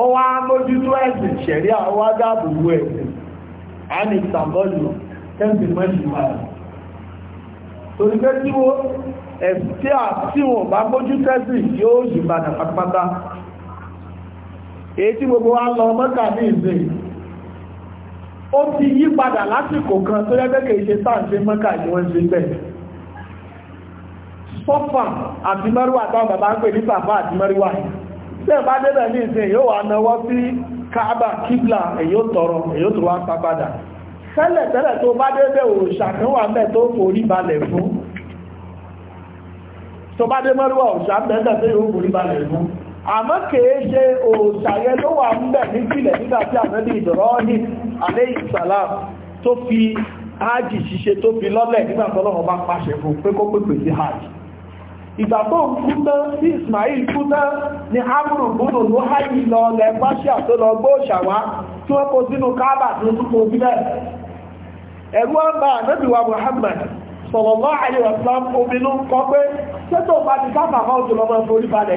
ó wá mójútó ẹ̀sìn ṣẹ̀rí àwọn adábùkù ẹ̀sìn a ní ìtàbọ́lù tẹ́sì mẹ́sì máa torí pé tí wọ́n ẹ̀sìn tí wọ́n bá mójú tẹ́sì yóò yìí padà pátápátá èyí tí gbogbo wa lọ mọ́kà ní ìsìn ó ti yí padà lásìkò kan tó yẹ́ kẹ́kẹ́ ìṣe sáàṣe mọ́kà ní wọ́n ṣe bẹ́ẹ̀ sọ́fà àti mẹ́rùwà táwọn bàbá ń pè ní bàbá àti mẹ́rùwà tẹ́ bá débẹ̀ ní ìsìn yóò wà náwọ́ sí káàbà kíblà èyí ó tọrọ èyí ó tó wá pa padà àmọ́ kèé ṣe òòṣàyẹ ló wà ń bẹ̀ nípìlẹ̀ nígbà tí àmẹ́lì salam tó fi hajj ṣíṣe tó fi lọ́lẹ̀ nígbà tí Ọlọ́run bá pàṣẹ fún sí hajj ìgbà tó ń kú tán sí Ismail kú tán ni hamru gbúdù ló lọ lẹ pàṣẹ tó lọ tí wọ́n kó sínú tó tún kó ẹ̀rú Muhammad kọ pé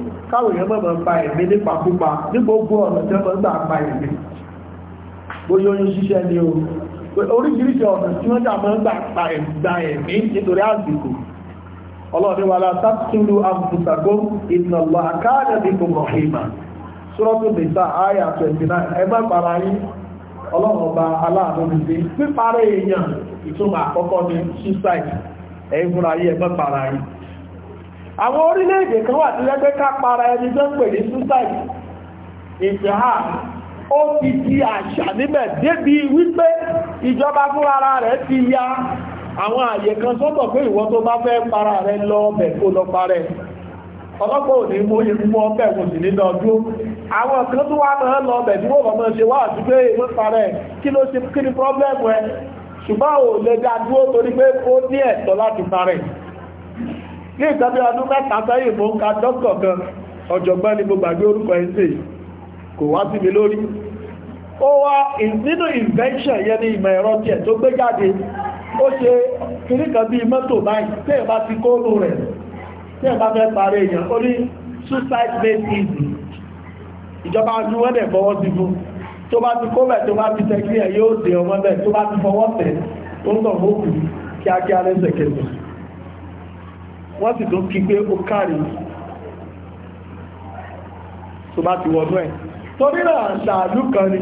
káwọn èèyàn mọ̀mọ̀ pa ẹ̀mí nípa púpa ní gbogbo ọ̀nà tí wọ́n gbà pa ẹ̀mí bóyá oyún ṣiṣẹ́ ni o oríṣiríṣi ọ̀nà tí wọ́n jà máa ń gbà gba ẹ̀mí nítorí àsìkò ọlọ́ọ̀ni wà láta túlù àmùsàgó ìnàlọ́ àkáàdà bí kò mọ̀ ìmà sọ́rọ́tù 29 ẹ má para yín ọlọ́run ọba aláàánú mi sí píparẹ́ èèyàn ìtumọ̀ àkọ́kọ́ ní suicide ẹ̀yìn àwọn orílẹ̀-èdè kan wà tí lẹ́gbẹ́ ká para ẹni tó ń pè ní suicide ìjọha ó ti di àṣà níbẹ̀ débi wípé ìjọba fúnra rẹ̀ ti ya àwọn àyè kan sọ́tọ̀ pé ìwọ tó bá fẹ́ para rẹ̀ lọ ọbẹ̀ kó lọ parẹ́ ọlọ́pọ̀ ò ní mú irúgbó ọbẹ̀ kò sì nínú ọdún àwọn kan tó wá náà lọ ọbẹ̀ tí wọ́n mọ̀ ṣe wá àti pé ìwé parẹ́ kí ló ṣe kí ni pọ́blẹ́mù ẹ ṣùgbọ́n ò lè dá dúró torí pé ó ní ẹ̀tọ́ láti parẹ́ ní ìtàbí ọdún mẹ́ta sẹ́yìn mo ń ka dọ́kọ̀ kan ọ̀jọ̀gbọ́n ni mo gbàgbé orúkọ ẹ̀sẹ̀ kò wá sí mi lórí ó wá nínú invention yẹn ní ìmọ̀ ẹ̀rọ tiẹ̀ tó gbé jáde ó ṣe kìríkan bí mọ́tò báyìí tí ẹ̀ bá ti kóònù rẹ̀ tí ẹ̀ bá fẹ́ parí èèyàn ó ní suicide made easy ìjọba ní wọ́n dẹ̀ fọwọ́ sí fún tó bá ti kó bẹ̀ tó bá ti tẹ̀kí ẹ̀ yóò dé ọmọ bẹ̀ tó bá wọ́n sì tún kí pé ó kárí tó bá ti wọ́nú ẹ̀ torí náà ṣàlú kan ni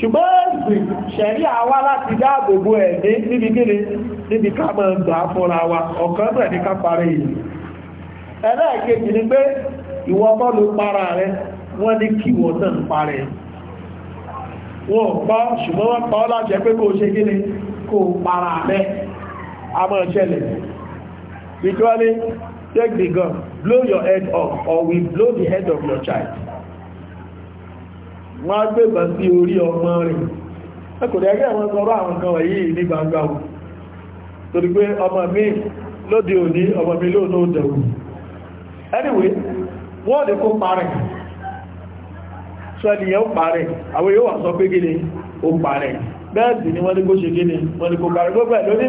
ṣùgbọ́n ẹ̀sìn ṣẹ̀rí àwa láti dáàbò bo ẹ̀mí níbi gíní níbi ká mọ̀ gbà fúnra wa ọ̀kan bẹ̀ ní ká parí yìí ẹlẹ́ẹ̀kejì ni pé ìwọ bọ́ọ̀lù para rẹ wọ́n ní kí wọ́n náà parẹ́ wọ́n pọ́ ṣùgbọ́n wọ́n pọ́ láti ẹ pé kó ṣe gíní kó para rẹ a mọ̀ ṣẹlẹ̀ literally take the gun blow your head off or we blow the head of your child wọ́n á gbébà sí orí ọmọ rẹ̀ ẹ kò dẹ̀ àwọn sọ̀rọ̀ àwọn kan wọ̀nyí ní gbangba o torí pé ọmọ mi lóde òní ọmọ mi lóòdó òdẹ̀wò anyway wọ́n lè kó parẹ̀ sọ́nìyàn ó parẹ̀ àwọn yóò wà sọ pé gíní ó parẹ̀ bẹ́ẹ̀ sì ni wọ́n ní kó ṣe gíní wọ́n ní kó parẹ̀ gbogbo ẹ̀ lónìí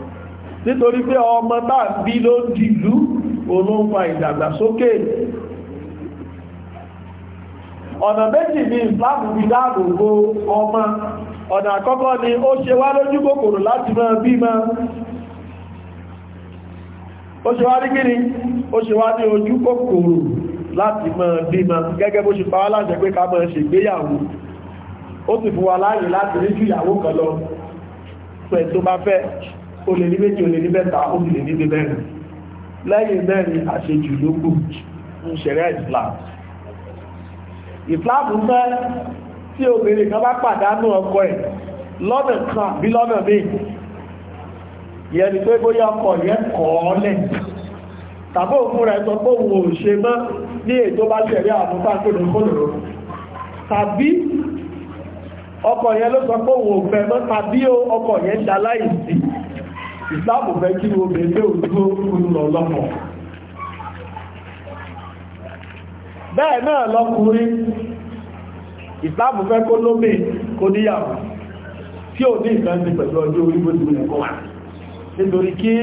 nítorí pé ọmọ bá bí ló dìlú olóńpa ìdàgbàsókè ọ̀nà méjì ni Islam fi dáàbò bo ọmọ ọ̀nà àkọ́kọ́ ni ó ṣe wá lójú kòkòrò láti máa bímọ ó ṣe wá ní gíní ó ṣe wá ní ojú kòkòrò láti máa bímọ gẹ́gẹ́ bó ṣe pa wá láṣẹ pé ká máa ṣègbéyàwó ó sì fún wa láàyè láti rí ju ìyàwó kan lọ pẹ̀ tó bá fẹ́ o lè ní méjì o lè ní mẹ́ta o lè ní mẹ́rin lẹ́yìn mẹ́rin àṣejù ló kù ń ṣẹ̀rẹ́ Islam Islam fẹ́ tí obìnrin kan bá pàdánù ọkọ ẹ̀ lọ́nà kan bí lọ́nà míì ìyẹn ni pé bóyá ọkọ yẹn kọ̀ ọ́ lẹ̀ tàbí òfin rẹ̀ sọ pé òun ò ṣe mọ́ ní ètò bá ṣẹ̀rẹ́ àwọn fáfẹ́lẹ̀ kọ́lọ̀rọ̀ tàbí ọkọ yẹn ló sọ pé òun ò fẹ́ mọ́ tàbí ọkọ yẹn dá láìsí ìsìláàmù fẹ́ kí obìnrin lé òdúró fún lọ lọ́pọ̀ bẹ́ẹ̀ náà lọ́kùnrin ìsìláàmù fẹ́ kó lómi kó níyàwó tí ò ní ìfẹ́ ti pẹ̀lú ọjọ́ orí bó ti wùlẹ̀ kọ́ wà nítorí kí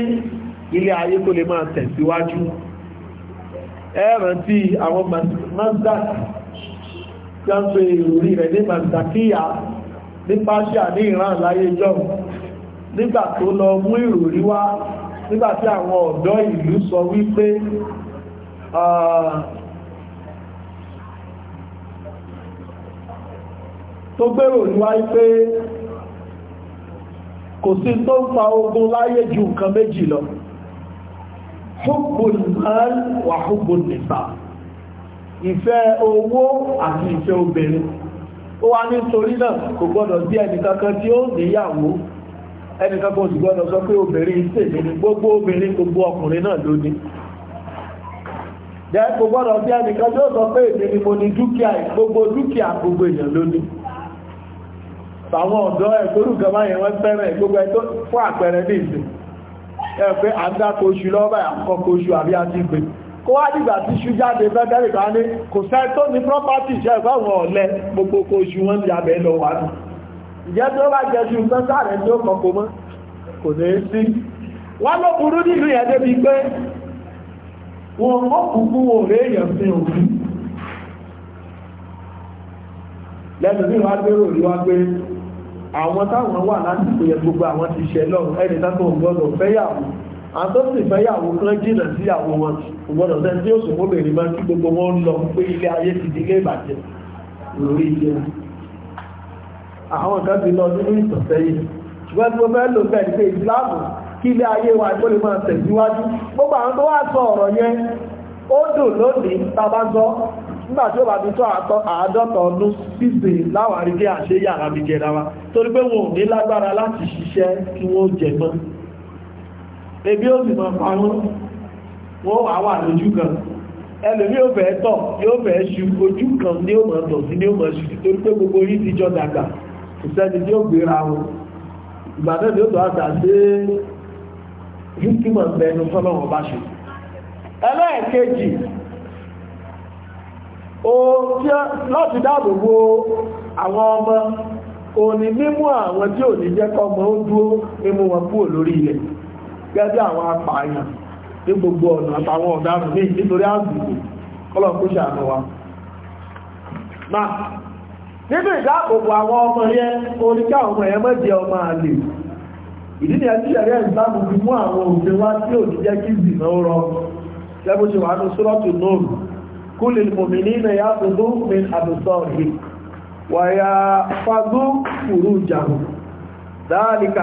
ilé ayé kó lè máa tẹ̀síwájú ẹ̀rẹ̀ tí àwọn mazdaki tí wọ́n pe ìròrí rẹ̀ ní mazdakiya ní pàṣíà ní ìran láyé jọ́rùn nígbà tó lọ mú ìròrí wá nígbà tí àwọn ọ̀dọ́ ìlú sọ wípé tó gbèrò ní wáyé pé kò sí tó ń fa ogun láyé ju nǹkan méjì lọ hubbul mal wà hubbun nisa ìfẹ́ owó àti ìfẹ́ obìnrin ó wá nítorí náà kò gbọ́dọ̀ sí ẹnìkankan tí ó níyàwó ẹnìkan kò sì gbọ́dọ̀ sọ pé obìnrin tèmi ni gbogbo obìnrin gbogbo ọkùnrin náà ló ní jẹ́ kò gbọ́dọ̀ sí ẹnìkan tó sọ pé èmi ni mo ní dúkìá gbogbo dúkìá gbogbo èèyàn ló ní àwọn ọ̀dọ́ ẹ̀kọ́rù gọmá yẹn wọ́n fẹ́rẹ̀ gbogbo ẹ̀tọ́ fún àpẹẹrẹ ní ìsìn ẹ̀ pé àdákò oṣù lọ́bàá àkọ́kọ́ oṣù àbí àti ìgbè kó wá dìgbà tí ṣú jáde fẹ́fẹ́rẹ̀ bá ní kò sẹ́ tó ní property ṣẹ́ fáwọn ọ̀lẹ gbogbo oṣù wọn ti abẹ́ wà náà ìjẹ́ tó bá jẹ́ ju nǹkan sáré tó kọ̀kọ̀ mọ́ kò ní sí wọ́n ló burú nínú yẹn débi pé wọn ó kú fún fi hàn lẹ́nu bí wọ́n gbérò rí wá pé àwọn táwọn wà láti pé gbogbo àwọn ti ṣẹ lọ ẹni táwọn gbọ́dọ̀ fẹ́yàwó àwọn sì fẹ́yàwó kan jìnnà sí àwọn wọn gbọ́dọ̀ sẹ́ni tí ó sùn mọ́bìnrin máa kí gbogbo wọn lọ pé ilé ayé ti di ilé ìbàjẹ́ lórí ilé àwọn kan ti lọ nínú ìtọ̀sẹ́yìn ṣùgbọ́n tí mo fẹ́ lò bẹ́ẹ̀ pé ìsìláàmù kí ilé ayé wa ìkó lè máa tẹ̀síwájú gbogbo àwọn tó wá sọ ọ̀rọ̀ yẹn ó dùn lónìí tàbá sọ nígbà tí ó bá ti tó àádọ́ta ọdún síse láwárí bí àṣẹ yàrá mi jẹra wa torí pé wọn ò ní lágbára láti ṣiṣẹ́ kí wọ́n jẹ mọ́ ebi ó sì máa parún wọ́n wà wà lójú kan ẹlòmí ò fẹ́ tọ̀ yóò fẹ́ ṣu ojú kan ní ó máa tọ̀ sí ní ó máa ṣu torí pé gbogbo yìí ti jọ dàgbà ìsẹ́ni tí ó gbéra wọn ìgbà náà ni ó tó àgbà dé hikima mẹ́nu tọ́lọ́wọ́ bá ṣe ẹlẹ́ẹ̀kejì láti dáàbò bo àwọn ọmọ òní mímú àwọn tí ò ní jẹ́ kọ́mọ ó dúró mímú wọn kúrò lórí ilẹ̀ gẹ́gẹ́ àwọn apààyàn ní gbogbo ọ̀nà àtàwọn ọ̀daràn ní kó ṣàánú wa. nínú ìdáàbòbò àwọn ọmọ yẹn oníkà ọmọ yẹn mọ́ ọmọ àlè ìdí ni ẹtí ẹ̀rẹ́ ìbámu fi mú àwọn òfin wá tí ò kí ìzìnà ó rọ wà ní nóòrù kú lè mọ̀mí ní ilẹ̀ mi rí wàyà jàmù dáàlìkà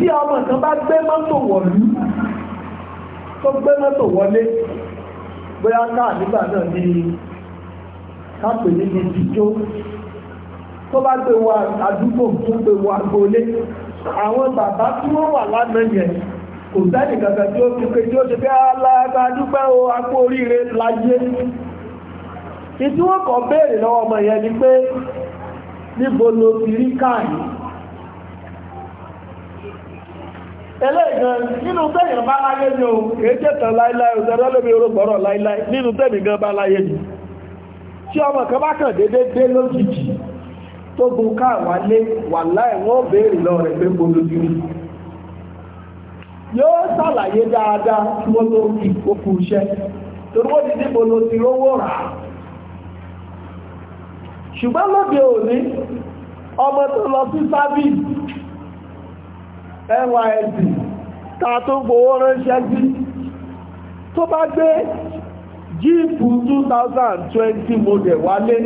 tí ọmọ kan bá gbé mọ́tò wọ̀lú tó gbé mọ́tò wọlé bóyá káà nígbà náà ní kápè níbi ìdíjó tó bá gbé wa àdúgbò tó gbé wa gbolé àwọn bàbá tí wọ́n wà lánàá yẹn kò sẹ́ni kankan tí ó fi pé tí ó ṣe fẹ́ alága dúpẹ́ o apó oríire láyé ìdí wọn kàn béèrè lọ́wọ́ ọmọ yẹn ni pé níbo lo ti rí káà yìí ẹlẹ́gan nínú bá láyé ní nínú tẹ́mì gan bá láyé ní tí ọmọ kan bá kàn dédé dé tó gun káà wálé wà láì wọ́n bèèrè lọ rẹ̀ pé kò lójú rí yóò dáadáa tí wọ́n tó iṣẹ́ torí wọ́n ti rà ṣùgbọ́n lóde òní ọmọ tó lọ NYSC ta tó gbowó ránṣẹ́ sí tó bá gbé jíìpù 2020 model wálé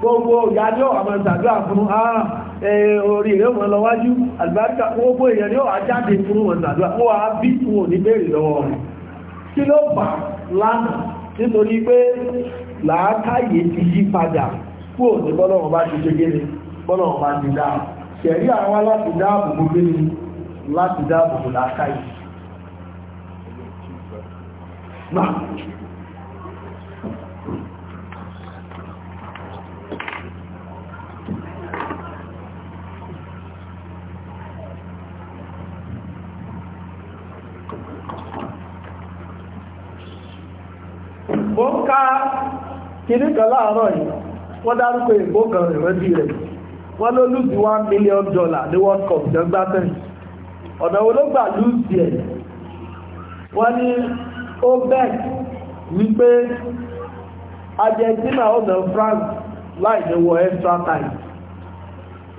gbogbo ìyájọ́ àmọ́sàdúrà fún àà ah, orí rẹ̀ wọ́n lọ́wájú àlùbáríkà gbogbo èèyàn yóò àjáde fún wọn sàdúrà wọ́n wá bí fún òní bèèrè lọ́wọ́ rẹ̀ kí ló bà lánàá nítorí pé làákàyè ti yí padà kú òní bọ́lọ́wọ́n bá ti ṣe gẹ́ni bọ́lọ́wọ́n bá ti dáa kẹ̀rí àwọn láti bụ gbéni láti dáàbòbò làákàyè Bọ́ká kìníkà láàárọ̀ yìí, wọ́n dárúkọ ìgbókan ìrẹ́bí rẹ̀. wọ́n ló lùsì one million dollar ní world cup jẹ́ gbá tẹ́yìn ọ̀nà wo ló gbà lùsì ẹ̀ wọ́n ní ó bẹ́ẹ̀ wípé Argentina ọ̀nà France láì ní wọ extra time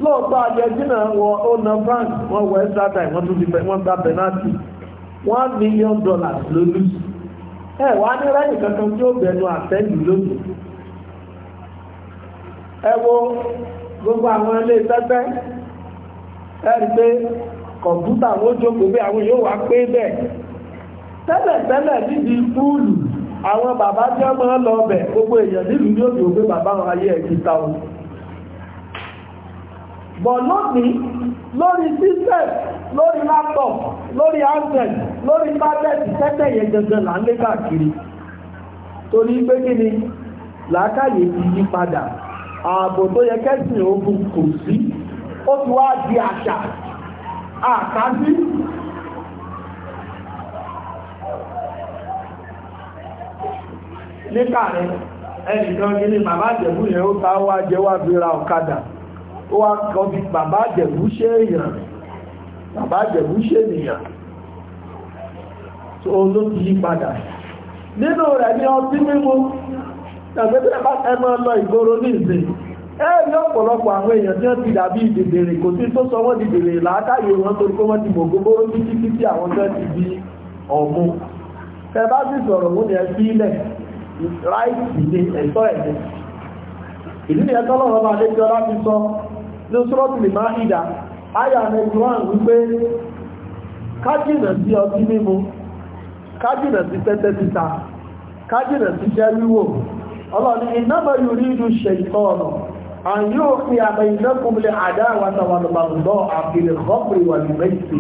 lóòótọ́ Argentina wọ France wọ́n wọ extra time wọ́n tún ti wọ́n one million dollars ló lùsì ẹ̀ wá ní rẹ́yìn kankan tí ó bẹ̀ẹ́nu àtẹ́lù lónìí ẹ wo gbogbo àwọn ilé tẹ́tẹ́ ẹ̀rí pé kọ̀mpútà wọ́n jókòó bí àwọn yóò wá pé bẹ̀ tẹ́lẹ̀tẹ́lẹ̀ níbi púùlù àwọn bàbá tí wọ́n máa lọ bẹ̀ gbogbo èèyàn nílùú ní òbí òbí bàbá wọn ayé ẹ̀kí táwọn bọ̀ lónìí lórí system lórí laptop lórí handset lórí tablet tẹ́tẹ̀ yẹn gangan là ń lé káàkiri torí pé kí ni làákàyè ti yí padà ààbò tó yẹ kẹ́sìn ogun kò sí ó ti wá di àṣà àkájú níkà rẹ̀ ẹnìkan ní bàbá àjẹ̀bú yẹn ó ta wá jẹ́ wá fi ra ọ̀kadà ó wá kọ́ bí bàbá àjẹ̀bú ṣe èèyàn bàbá àjẹ̀bú ṣe èèyàn tó ló ti yí padà nínú rẹ̀ ní ọtí mímú ẹ̀sẹ̀tẹ̀ bá ẹmọ lọ ìgboro ní ìsìn ẹ̀rí ọ̀pọ̀lọpọ̀ àwọn èèyàn tí wọ́n ti dàbí ìdèdèrè kò sí tó sọ wọ́n di wọn torí kó wọ́n ti mọ̀ gbogbo títí di ọ̀mú ẹ bá sì sọ̀rọ̀ mú ni ẹ fi ilẹ̀ ní ẹ̀tọ́ ìdí ni lọ́rọ̀ sọ ní lè ìdá wípé kájìnà sí ọtí mímu kájìnà sí tẹ́tẹ́ títa kájìnà sí wíwò ọlọ́ni ìnáma yóò rí ìdú ṣẹ̀tọ́ ọ̀nà àwọn yóò fi àmà ìnákùnlẹ̀ àdáwàtà wà lọ́bàbọ̀ àfihàn ọkùnrin wà ní mẹ́sì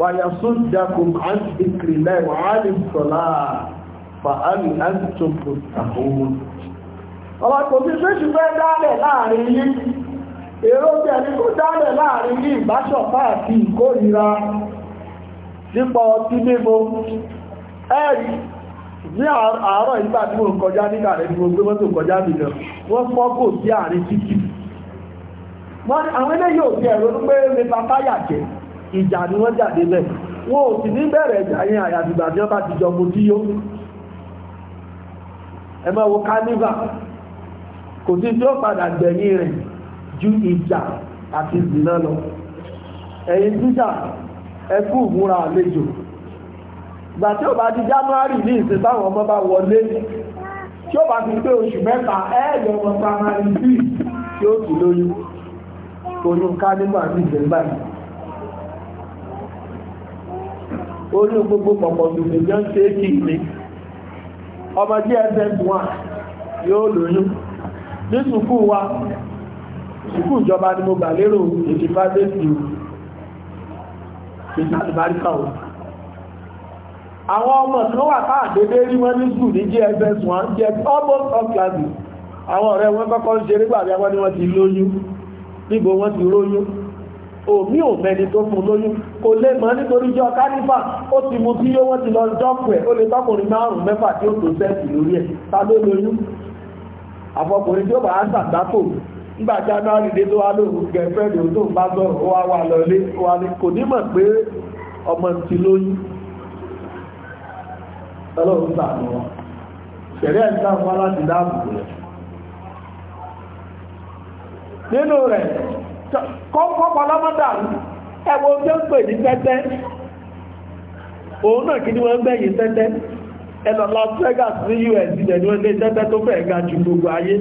wà yà sódàkùn àti ìkìrìlẹ̀ wà á lè sọ̀lá fàálì àti tó kò sàkóhun ọba ní àárọ̀ ìgbà tí wọ́n kọjá nígbà rẹ̀ wọ́n gbé mọ́tò kọjá nìkan wọ́n fọ́kò sí àárín títì àwọn ilé yóò fi ẹ̀rọ pé mẹ́ta táyà jẹ́ ìjà ni wọ́n jáde bẹ̀ wọ́n ò sì ní bẹ̀rẹ̀ àyàdìgbà ní ọba wo ìgbà tí ó bá di January ní ìsìn táwọn ọmọ bá wọlé tí ó bá ti pé oṣù mẹ́ta ẹ̀ẹ́dẹ̀ ọmọ primary three tí ó ti lóyún oyún ká nígbà ní ìjẹ́gbà yìí oyún gbogbo pọ̀pọ̀ tuntun jọ ń ṣe é kí ni ọmọ DSS one yóò lóyún ní sùkú wa sùkú ìjọba ni mo gbà lérò èdè fásitì ìjọba àdìbáríkà òun àwọn ọmọ kan wà táà dédé rí wọ́n ní school ní jfs 1 jfs almost all classes àwọn ọ̀rẹ́ wọn kọ́kọ́ ń ṣe nígbà wọ́n wọ́n ti lóyún níbo wọ́n ti lóyún omi ò mẹ́ni tó fún lóyún kò lè mọ́ nítorí jọ kánífà ó ti mú tí yóò ti lọ jọ́pù ẹ̀ ó lè tọ́kùnrin márùn-ún mẹ́fà tí ó tó lórí ẹ̀ ọlọ́run sàánú wọn ṣẹ̀rẹ́ ẹ̀ta wọn láti dáàbò rẹ̀ nínú rẹ̀ kọ́kọ́ pọlọ́mọ́dà ẹwọ tó ń pè ní tẹ́tẹ́ òun náà kí ni wọ́n gbẹ̀yìn tẹ́tẹ́ ẹlọ Las Vegas ní US ilẹ̀ ni wọ́n dé tẹ́tẹ́ tó fẹ́ ga ju gbogbo ayé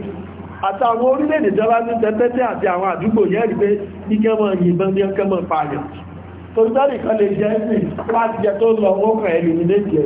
àtàwọn orílẹ̀-èdè jọba ní tẹ́tẹ́tẹ́ àti àwọn àdúgbò yẹ́rì pé ní kẹ́mọ̀ yìnbọn ní ọkẹ́mọ̀ pààyàn tó sọ́rì kan lè jẹ́ sí láti jẹ tó lọ wọ́n kàn ẹ̀lú ní lè jẹ́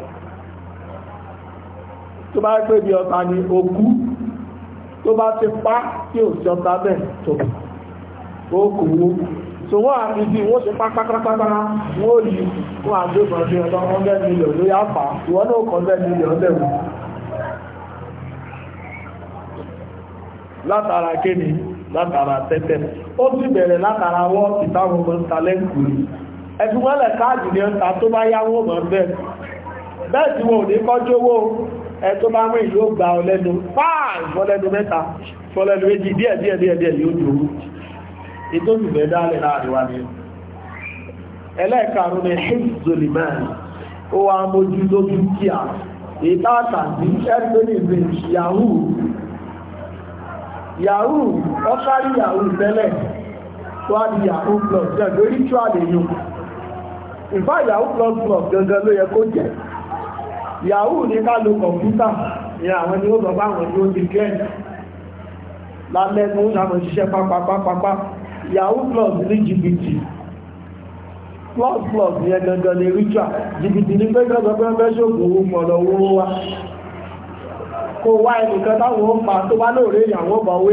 tó bá gbé bí ọta ni okú tó bá ti pa tí ò sí ọta bẹ́ẹ̀ tó okú wo so wọ́n àti bí wọ́n ṣe pápákápápá wọ́n yí wọ́n àgbébọn sí ọdọ́ 100 million ló yá fà ìwọ́n náà kọ́ 100 million lẹ́wọ̀n látara kéni látara tẹ́tẹ́ ó sì bẹ̀rẹ̀ látara wọ́n ti táwọn ọmọ ń ta lẹ́kùnrin ẹ̀fún wọ́n lẹ̀ káàdì ní ọ̀ta tó bá yáwó mọ̀ bẹ́ẹ̀ bẹ́ẹ̀ tí wọ́n ò ní kọ́jówó ẹ tó bá rìn yóò gba ọlẹ́nu fáàì fọ́lẹ́nu mẹ́ta fọ́lẹ́nu méjì díẹ̀ díẹ̀ díẹ̀ díẹ̀ yóò dúró ètò ìbẹ̀ dálẹ̀ láàrin wa ni ẹlẹ́ẹ̀karùn ni hezoliman ó wá mójú tó dúkìá ìtàtà sí ẹ́tọ́nì ìrìn yahoo di yahoo plus jẹ́ lórí tíwàlẹ̀ yóò ìfá yahoo plus plus gangan ló yẹ kó jẹ́ yahoo ní ká kọmputa kọ̀mpútà ní àwọn ni ó lọ bá tí ó ti gẹ́ lálẹ́ mú àwọn ṣiṣẹ́ yahoo plus ní jìbìtì plus plus ní ẹgbẹ̀gbẹ̀ ní ní pé owó mọ̀lọ̀ owó kò wá táwọn ó pa tó bá lóòrè ìyàwó bọ̀ owó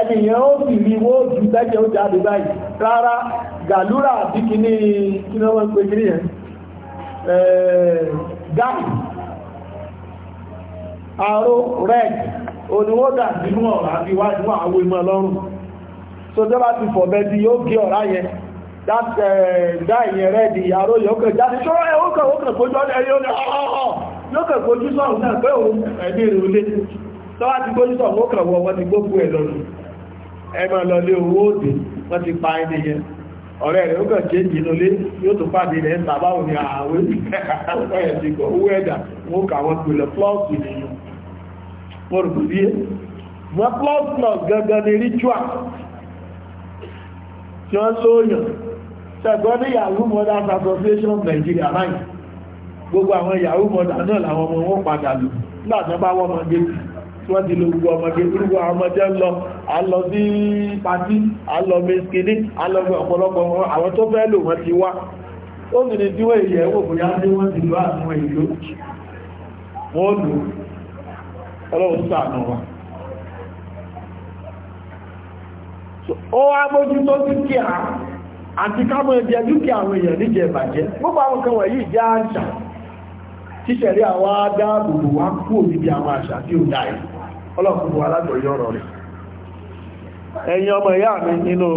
ẹnìyàn ó rí owó ju ó jáde báyìí rárá gàlúrà kí ni wọ́n pe gáà aro red oníwọ́dà nínú ọ̀rá bí wá nínú àwọn so jọba ti fọ̀bẹ́ tí yóò gé ọ̀rá yẹn dáìyẹn eh, red aró yóò jáde ṣọ́rọ̀ ẹ̀ ó kẹ̀ ó kẹ̀ yóò ní ọ̀ọ̀ yóò kẹ̀ fojú náà pé òun ẹ̀mí ìrùlé tọ́wá ti fojú sọ̀rọ̀ wọ́n ti lọ́rùn ọ̀rẹ́ rẹ̀ ó kàn ṣe jìnulé yóò tó pàdé rẹ̀ ń tàbá òní àwẹ́ ẹ̀ẹ́dìgbọ̀ owó ẹ̀dà wọ́n kà wọ́n plọ́ọ̀sì nìyàn wọ́n wọ́n plọ́ọ̀sì náà gangan ní ritual tí wọ́n sóòyàn ṣẹ̀gbọ́n ní Yahoo Mothers Association of Nigeria ráyìn gbogbo àwọn Yahoo Mothers náà làwọn ọmọ wọn padà lù a lọ sí pàtí a lọ skidi a lọ fẹ́ ọ̀pọ̀lọpọ̀ àwọn tó fẹ́ lò wọ́n ti wá ó sì ní tí wọ́n èyẹ wò ti lọ àti àwọn èèyàn ìbàjẹ́ gbogbo àwọn kan wọ̀nyí jẹ́ àṣà tíṣẹ̀rí àwọn adáàbòbò wá kú àwọn àṣà tí ó ẹ̀yin ọmọ ìyá mi nínú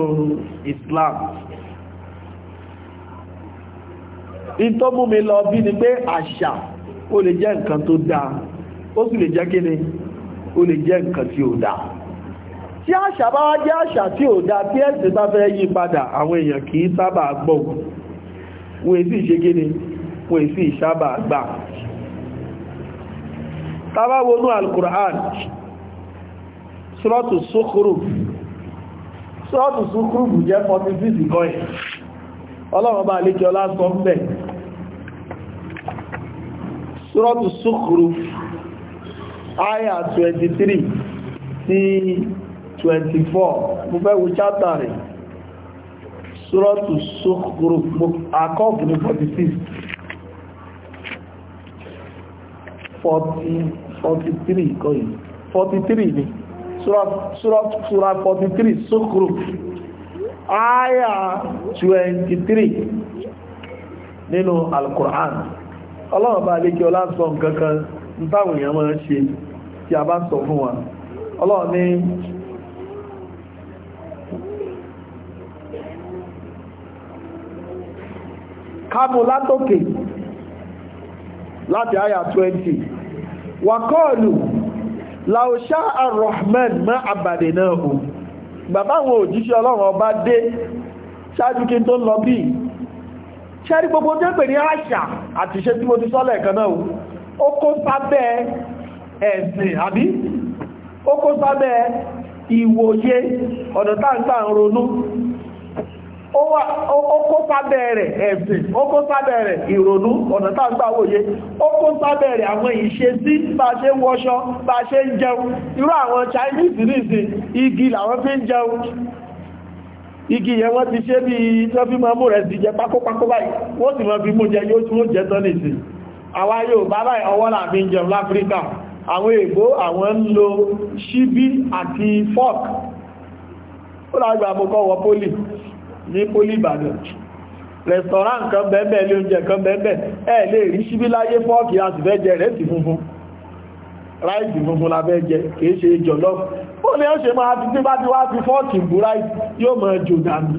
Islam in tó mú mi lọ bí ni pé àṣà o lè jẹ́ nǹkan tó dáa ó sì lè jẹ́ kí ni o lè jẹ́ nǹkan tí ó dáa tí àṣà bá jẹ́ àṣà tí ó dáa tí ẹ̀sìn bá fẹ́ yí padà àwọn èèyàn kì í sábà gbọ́ wọ́n èsì ṣe kí ni wọ́n èsì sábà gbà tá bá Al-Qur'an Suratu Zukhruf ṣọ́ọ̀tù súnkúrùbù jẹ́ 46 kọ́ ẹ̀ ọlọ́run bá lè kí ọlá sọ ń bẹ̀ ṣọ́ọ̀tù súnkúrù àyà 23 sí 24 mo fẹ́ wo chátà rẹ̀ ṣọ́ọ̀tù súnkúrù àkọ́ọ̀kù ní 46 40 43 kọ́ 43 ni sura 43 sukuru aya 23 nínú al-Qur'an ọlọ́run bá lékẹ́ ọlásọ nǹkankan táwọn èèyàn máa ń ṣe tí a bá sọ fún wa ọlọ́run ní kábù látòkè láti àyà 20 wàkọ́ọ̀lù laosha arrahman ma abàdè náà o bàbá àwọn òjíṣẹ́ ọlọ́run ọba dé ṣáájú kí n tó lọ bí ṣẹ́rí gbogbo tó pè ní àṣà àti ṣe tí mo ti sọ́lẹ̀ kan náà ó kó sábẹ́ ẹ̀sìn àbí ó kó sábẹ́ ìwòye ọ̀nà táǹtà ń ronú ó kó sábẹ́ rẹ̀ ẹ̀sìn ó kó sábẹ́ rẹ̀ ìrònú ọ̀nà tágbà wòye ó kó sábẹ́ rẹ̀ àwọn ìṣesí bá ṣe ń wọṣọ bá ṣe ń jẹun irú àwọn Chinese nìsìn igi làwọn fi ń jẹun igi yẹn wọ́n ti ṣe bí wọ́n fi máa mú rẹ̀ sí jẹ pákópákó báyìí wọ́n sì máa fi mú jẹ yóò tún ó jẹ tán nìsìn àwa yóò bá báyìí ọwọ́ làbí ń jẹun láfíríkà àwọn èèbó àwọn ń ní pólí ìbàdàn restaurant kan bẹ́ẹ̀bẹ̀ ilé oúnjẹ kan bẹ́ẹ̀bẹ̀ ẹ lè rí síbí láyé fọ́ọ̀kì a sì fẹ́ jẹ rẹ́sì funfun ráìsì funfun la fẹ́ jẹ kìí ṣe jọ̀lọ́fù ó ní ó ṣe máa ti tí bá ti wá fi fọ́ọ̀kì bú ráìsì yóò máa jò dànù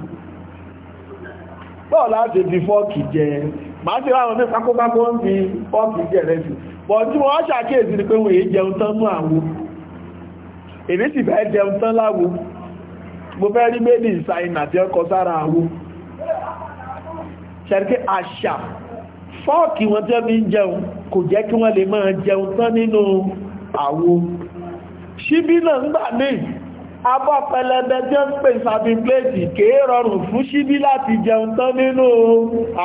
bọ́ọ̀ láti fi fọ́ọ̀kì jẹ máa ti ráwọn ní pákópákó ń fi fọ́ọ̀kì jẹ rẹ́sì bọ̀ tí wọ́n ṣàkíyèsí ni pé wọ́n èé jẹun tán mú àwo èmi sì fẹ́ jẹun mo fẹ́ rí méjì ìsáyìn àti ọkọ̀ sára àwọ ṣẹ̀rẹ̀kẹ́ àṣà fọ́ọ̀kì wọn tẹ́ bí jẹun kò jẹ́ kí wọ́n lè máa jẹun tán nínú àwo ṣíbí náà ń gbà ní abọ́ pẹlẹbẹ tí ó ń pè sàbí pléètì kèé rọrùn fún ṣíbí láti jẹun tán nínú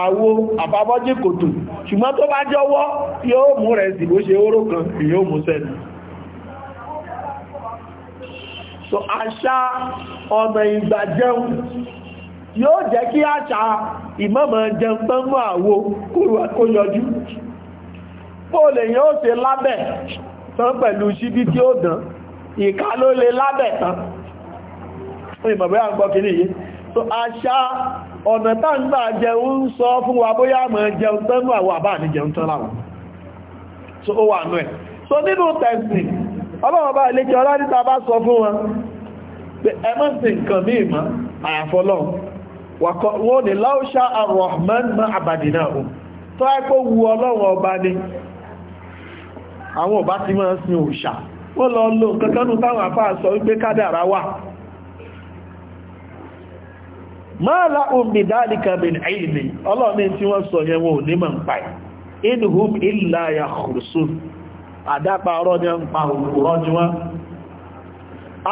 àwo àbábọ́jí ṣùgbọ́n tó bá jọwọ́ yóò mú rẹ̀ sí bó ṣe oró kan yóò mú sẹ́nu so àṣà ọ̀nà ìgbà jẹun yóò jẹ́ kí àṣà ìmọ̀mọ̀ jẹun tán mọ́ àwo kó yọjú pòlè yóò ṣe lábẹ̀ tán pẹ̀lú síbí tí ó dán ìká ló lè lábẹ̀ tán ìmọ̀bẹ̀ àgbọ́ kìí yìí so àṣà ọ̀nà táǹgbà jẹun ń sọ fún wa bóyá mọ̀ jẹun tán àwọ̀ àbáà ní jẹun tán láwọn so ó wà nú ẹ̀ so nínú tẹ̀sìn ọlọ́wọ́ bá ilé jẹ́ ọlọ́dítà bá sọ fún wọn pé ẹmọ́sì nǹkan mí ìmọ̀ àyàfọ́lọ́n wọ́n ni láúṣà arọ̀hman ma àbàdìnà ohun tó ẹ́kọ́ wu ọlọ́wọ́ ọba ní àwọn ọba ti máa sin òòṣà wọ́n lọ lò kankanú táwọn àfáà sọ wípé kádàrá wà máa láhùn mi inhum illa yakhrusun àdápa ọ̀rọ̀ ni ń pa òkúrọ́ ni wọ́n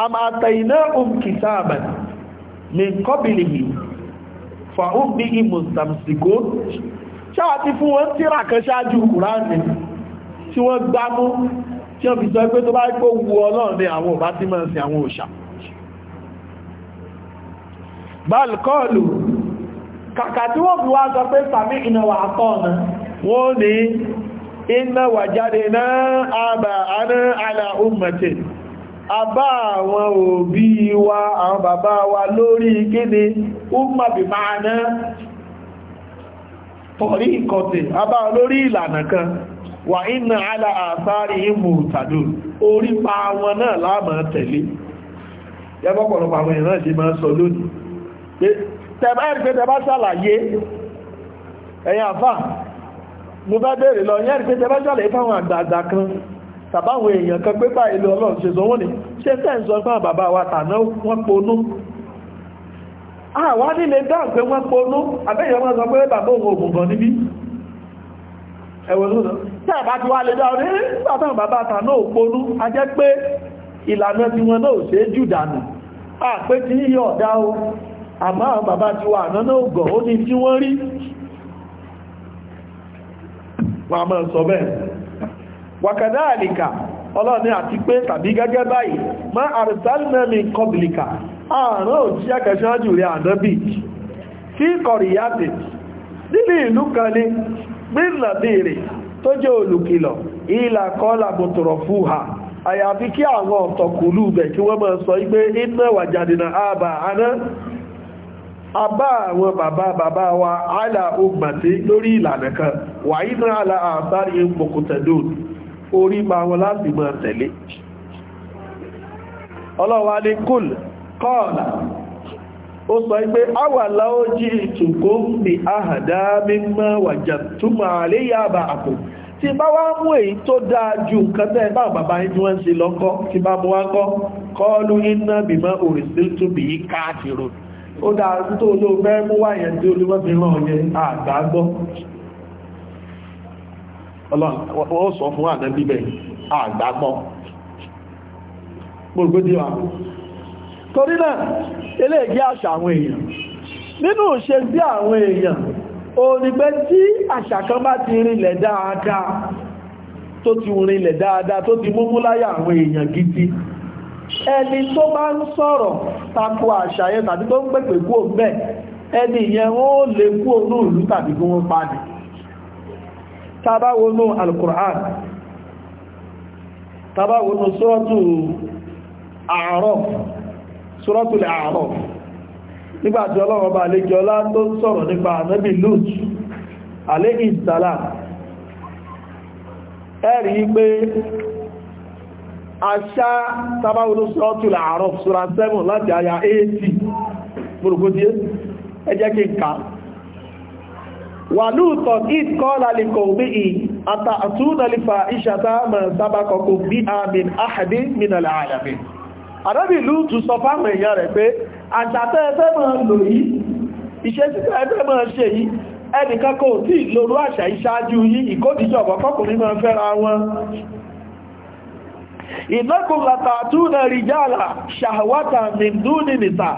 a máa tẹ̀yìnà ohun kìtà àbẹ̀ ní kọ́bìlì yìí fa ó bí i mùsàmsìkó ṣáà ti fún wọn tíra kan ṣáájú kùránì tí wọ́n gbámú tí wọ́n fi sọ pé tó bá kó wu ọlọ́run ní àwọn òbá tí iná wàjáde àbà àná àlà ummati àbá àwọn òbí wa àwọn bàbá wa lórí kíni umma máa ná tọ̀rí lori àbá lórí ìlànà kan wà inna àlà àsárí ìmù tàdù orí pa wọn náà láàmà tẹ̀lé yẹ́bọ́pọ̀lọpọ̀ àwọn sọ mo bá bẹ̀rẹ̀ lọ yẹ́rì pé tẹ́bá jàlẹ̀ fáwọn àgbààgbà kan tàbáwọn èèyàn kan pé bá ilé ọlọ́run ṣe sọ wọ́n ni ṣe tẹ́ ń sọ fún àbàbà wa tàná wọ́n ponú àwa nílé dáhùn pé wọ́n ponú àbẹ́yẹ̀ wọ́n sọ pé bàbá òun ògùn gan níbí ẹ̀wọ̀n lónà tẹ́ẹ̀bá ti wá lè dáhùn ní ìgbàtàn bàbá tàná ò ponú tí wọn dá o àmọ́ àwọn bàbá ti wà àná náà gọ̀ ó ní tí wọ́n rí wọ́n a sọ bẹ́ẹ̀ wàkàdá ọlọ́ni àti pé tàbí gẹ́gẹ́ báyìí ma àrùsálìmẹ́mì kọbìlìkà ààrùn òjíṣẹ́ kẹsànjú rẹ̀ ànábì tí kọ̀rìyàtì ìlú kan ní gbínlẹ̀dìrì tó jẹ́ olùkìlọ̀ ìlà kọ́lá bùtùrọ̀ ha àyàfi kí àwọn ọ̀tọ̀kùlù bẹ̀ kí wọ́n sọ ipé iná wàjàdìnà àbà aná a bá àwọn bàbá bàbá wa ala ogbàtí lórí ìlànà kan wà nínú ala àbárí mọ̀kútẹ̀lóòn orí ma wọn láti mọ̀ tẹ̀lé ọlọ́wà ní kùl kọ́ọ̀lá ó sọ pé awà láó jí ìtùkó ní àhàdá mímọ́ wàjà túnmọ̀ àléyà bà àpò tí bá wá mú èyí tó dáa ju nǹkan tẹ́ bá bàbá yín wọ́n sí lọ́kọ́ tí bá mú wá kọ́ kọ́ọ̀lú iná bìmọ́ òrìsìlítù bìí káàkiri ó dáa tó olóò fẹ́ mú wáyẹ̀ tí olúwọ́ fi rán ọ̀yẹ àgbàgbọ́ ọlọ́run sọ fún ànábì bẹ́ẹ̀ àgbàgbọ́ gbogbo díwà torí náà eléègí àṣà àwọn èèyàn nínú ṣe sí àwọn èèyàn onígbẹ́ tí àṣà kan bá ti rinlẹ̀ dáadáa tó ti rinlẹ̀ dáadáa tó ti múmú láyà àwọn èèyàn gidi ẹni tó bá ń sọ̀rọ̀ tako àṣàyẹ tàbí tó ń pèpè kú bẹ́ẹ̀ ẹni yẹn ó lè kú òun ìlú tàbí kí wọ́n pàdé tàbáwọnú al-Qur'an tàbáwọnú sọ́ọ̀tù nígbàtí ọlọ́run bá lè jọlá tó sọ̀rọ̀ nípa ẹ̀rí pé àṣà tàbáwọlú suratul A'raf sura 7 láti àyà 80 gbogbogbò ẹjẹ́ kí n ká wàlúùtọ̀ id kọ́lá lè kọ̀wé ì àtàtúnà lè fa ìṣàtà mọ̀ sábàkọ̀kọ̀ bí àmìn àhàdé mìnàlẹ̀ àyàmì àdábì lúùtù sọ fáwọn èèyàn rẹ̀ pé àṣàtẹ́ ẹfẹ́ mọ̀ lò yìí ìṣẹ́síkẹ́ ẹfẹ́ mọ̀ ṣe yìí ẹnìkan kò tí lórú àṣà ìṣáájú yìí ìnákùn látàtúnà rìjálà ṣàwátà mìndúnì nìta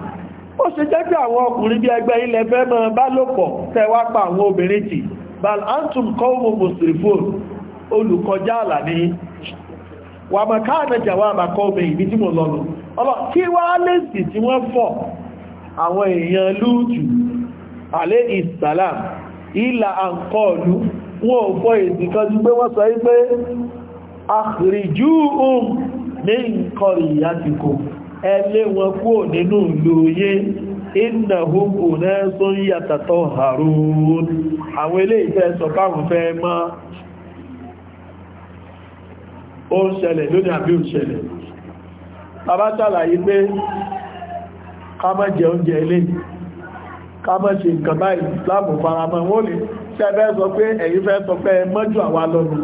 ó ṣe jẹ́ pé àwọn ọkùnrin bí ẹgbẹ́ ilẹ̀ fẹ́ mọ́ bá lòpọ̀ tẹwà pa àwọn obìnrin tì bal antum kọ́wọ́ mùsùlùmí olùkọjá àlà ní wà mọ̀káàmẹ́ jàwà àbàkọ́ omi ìbí tí mo lọ́nu ọlọ́ kí wá lèsì tí wọ́n fọ̀ àwọn èèyàn akhrijuhum min qaryatikum ẹ lé wọn kúrò nínú ìlú yín innahum unasun yatatahharun àwọn ilé ìfẹ́ sọ káwọn fẹ́ mọ́ ó ń ṣẹlẹ̀ lónìí àbí ò ṣẹlẹ̀ bàbá ṣàlàyé pé ká má jẹ oúnjẹ ilé ká má ṣe nǹkan báyìí láàmù faramọ́ wọ́n lè ṣẹ́fẹ́ sọ pé ẹ̀yin fẹ́ sọ pé mọ́jú àwa lọ́nà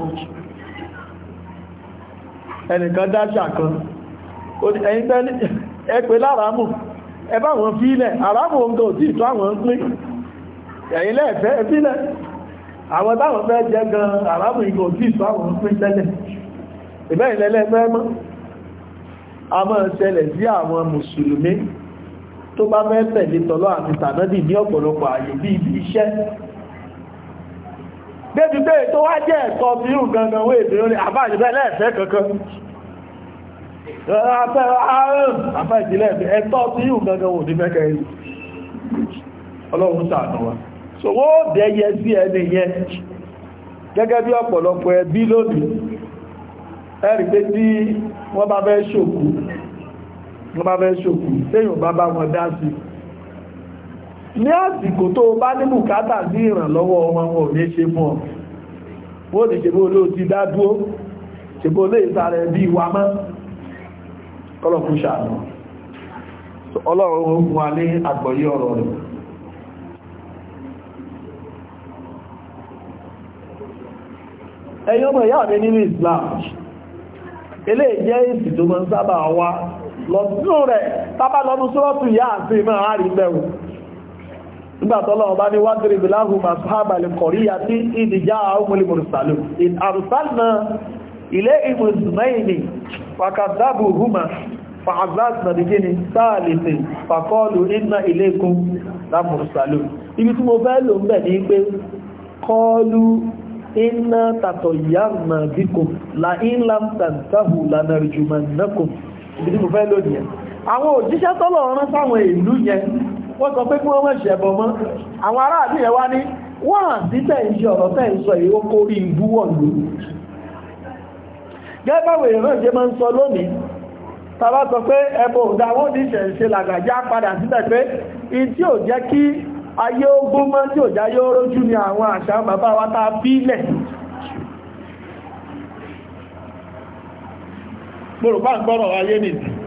ẹnìkan dáṣà kan ẹ̀yìn tẹ́lẹ̀ ẹ̀pẹ́ láràámù ẹbá wọn fílẹ̀ àràámù oúnjẹ ò tí ìtọ́ àwọn pín ẹ̀yìn lẹ́ẹ̀fẹ́ fílẹ̀ àwọn táwọn fẹ́ jẹ gan àràámù ìgbò tí ìtọ́ àwọn pín tẹ́lẹ̀ ìbẹ́ìlẹ́lẹ́fẹ́ mọ́ a máa ṣẹlẹ̀ sí àwọn mùsùlùmí tó bá fẹ́ tẹ̀lé tọ́lọ́ àti tànádì ní ọ̀pọ̀lọpọ̀ àyè bí ibi iṣẹ́ débi pé tó wá jẹ́ ẹ̀tọ́ bí irú gangan wé ìbí orí àbá lẹ́ẹ̀fẹ́ kankan àbá ìjìlẹ̀ ẹ̀tọ́ bí irú gangan wò ní mẹ́kẹ́ yìí ọlọ́run ṣàánú wa so wó dẹ́yẹ sí ẹni yẹn gẹ́gẹ́ bí ọ̀pọ̀lọpọ̀ ẹbí lónìí ẹ̀rì pé tí wọ́n bá fẹ́ ṣòkú wọ́n bá fẹ́ ṣòkú téèyàn bá bá wọn dá sí i ní àsìkò tó bá ní bùkátà sí ìrànlọ́wọ́ wọn wọn ò ní ṣe fún ọ wọ́n ní ṣe bó ló ti dá dúró ṣe bó lè sáré bí wa mọ́ kọ́lọ̀kú ṣàánú ọlọ́run ó fún wa ní àgbọ́yé ọ̀rọ̀ rẹ̀ ẹ̀yin ọmọ ìyá mi nínú Islam ilé ìjẹ́ èsì tó mọ́ sábà wá lọ́dún rẹ̀ tábà lọ́dún sọ́rọ̀tù ìyá àti ìmọ̀ àárín bẹ̀rù nígbàtọ́lọ́wọ́ bá ní wádìrí bìláhù masu hábàlì kọ̀rí àti ìdìjá àwọn olùmọ̀rùsàlù in arsalna ilé ìmùsùmẹ́ìní fàkàzábù húmà fàázásìnà dìgíní sáàlìsì fàkọlù iná ilékún lámùrùsàlù ibi tí mo fẹ́ lò ń bẹ̀ ní pé kọlu iná tàtọ̀ yàmà bíkùn la inlam tàntàhù lanarjumannakum ibi tí mo fẹ́ àwọn òjíṣẹ́ tọ́lọ̀ rán sáwọn ìlú yẹn wọ́n sọ pé kí wọ́n mọ̀ṣẹ̀ bọ̀ mọ́ àwọn aráàlú yẹn wá ní wọ́n àti tẹ̀yìnṣe ọ̀rọ̀ tẹ̀yìnṣọ èyí ó kórí ìbú wọ̀lú gẹ́gbàwò èèyàn jẹ́ sọ lónìí tàbá pé ẹbọ òdáwó ní ṣẹ̀ṣe ayé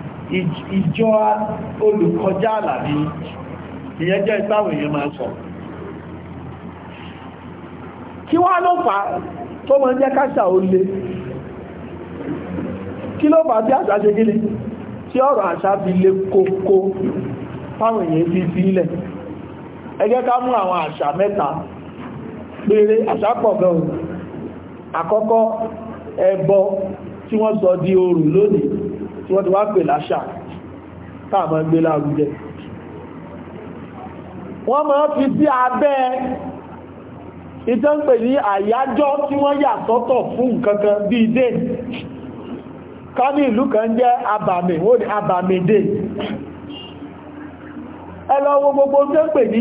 ìjọ olùkọjá àlàbí ìyẹn jẹ́ ìtàwẹ̀ yẹn máa sọ kí wọ́n ló fà tó mọ́ jẹ́ káṣà ó kí ló fà bí àṣà ṣe gílé tí ọ̀rọ̀ àṣà fi lé kókó fáwọn èèyàn fi sílẹ̀ ẹgẹ́ ká mú àwọn àṣà mẹ́ta péré àṣà pọ̀ tí wọ́n ti wá pè láṣà táà máa gbé lárugẹ wọ́n máa fi sí abẹ́ ìtọ́npè ní àyájọ́ tí wọ́n yà sọ́tọ̀ fún nǹkankan bí dé ká ní ìlú kan jẹ́ abàmì wọ́n ni abàmì dé ẹlọ́wọ́ gbogbo tọ́npè ní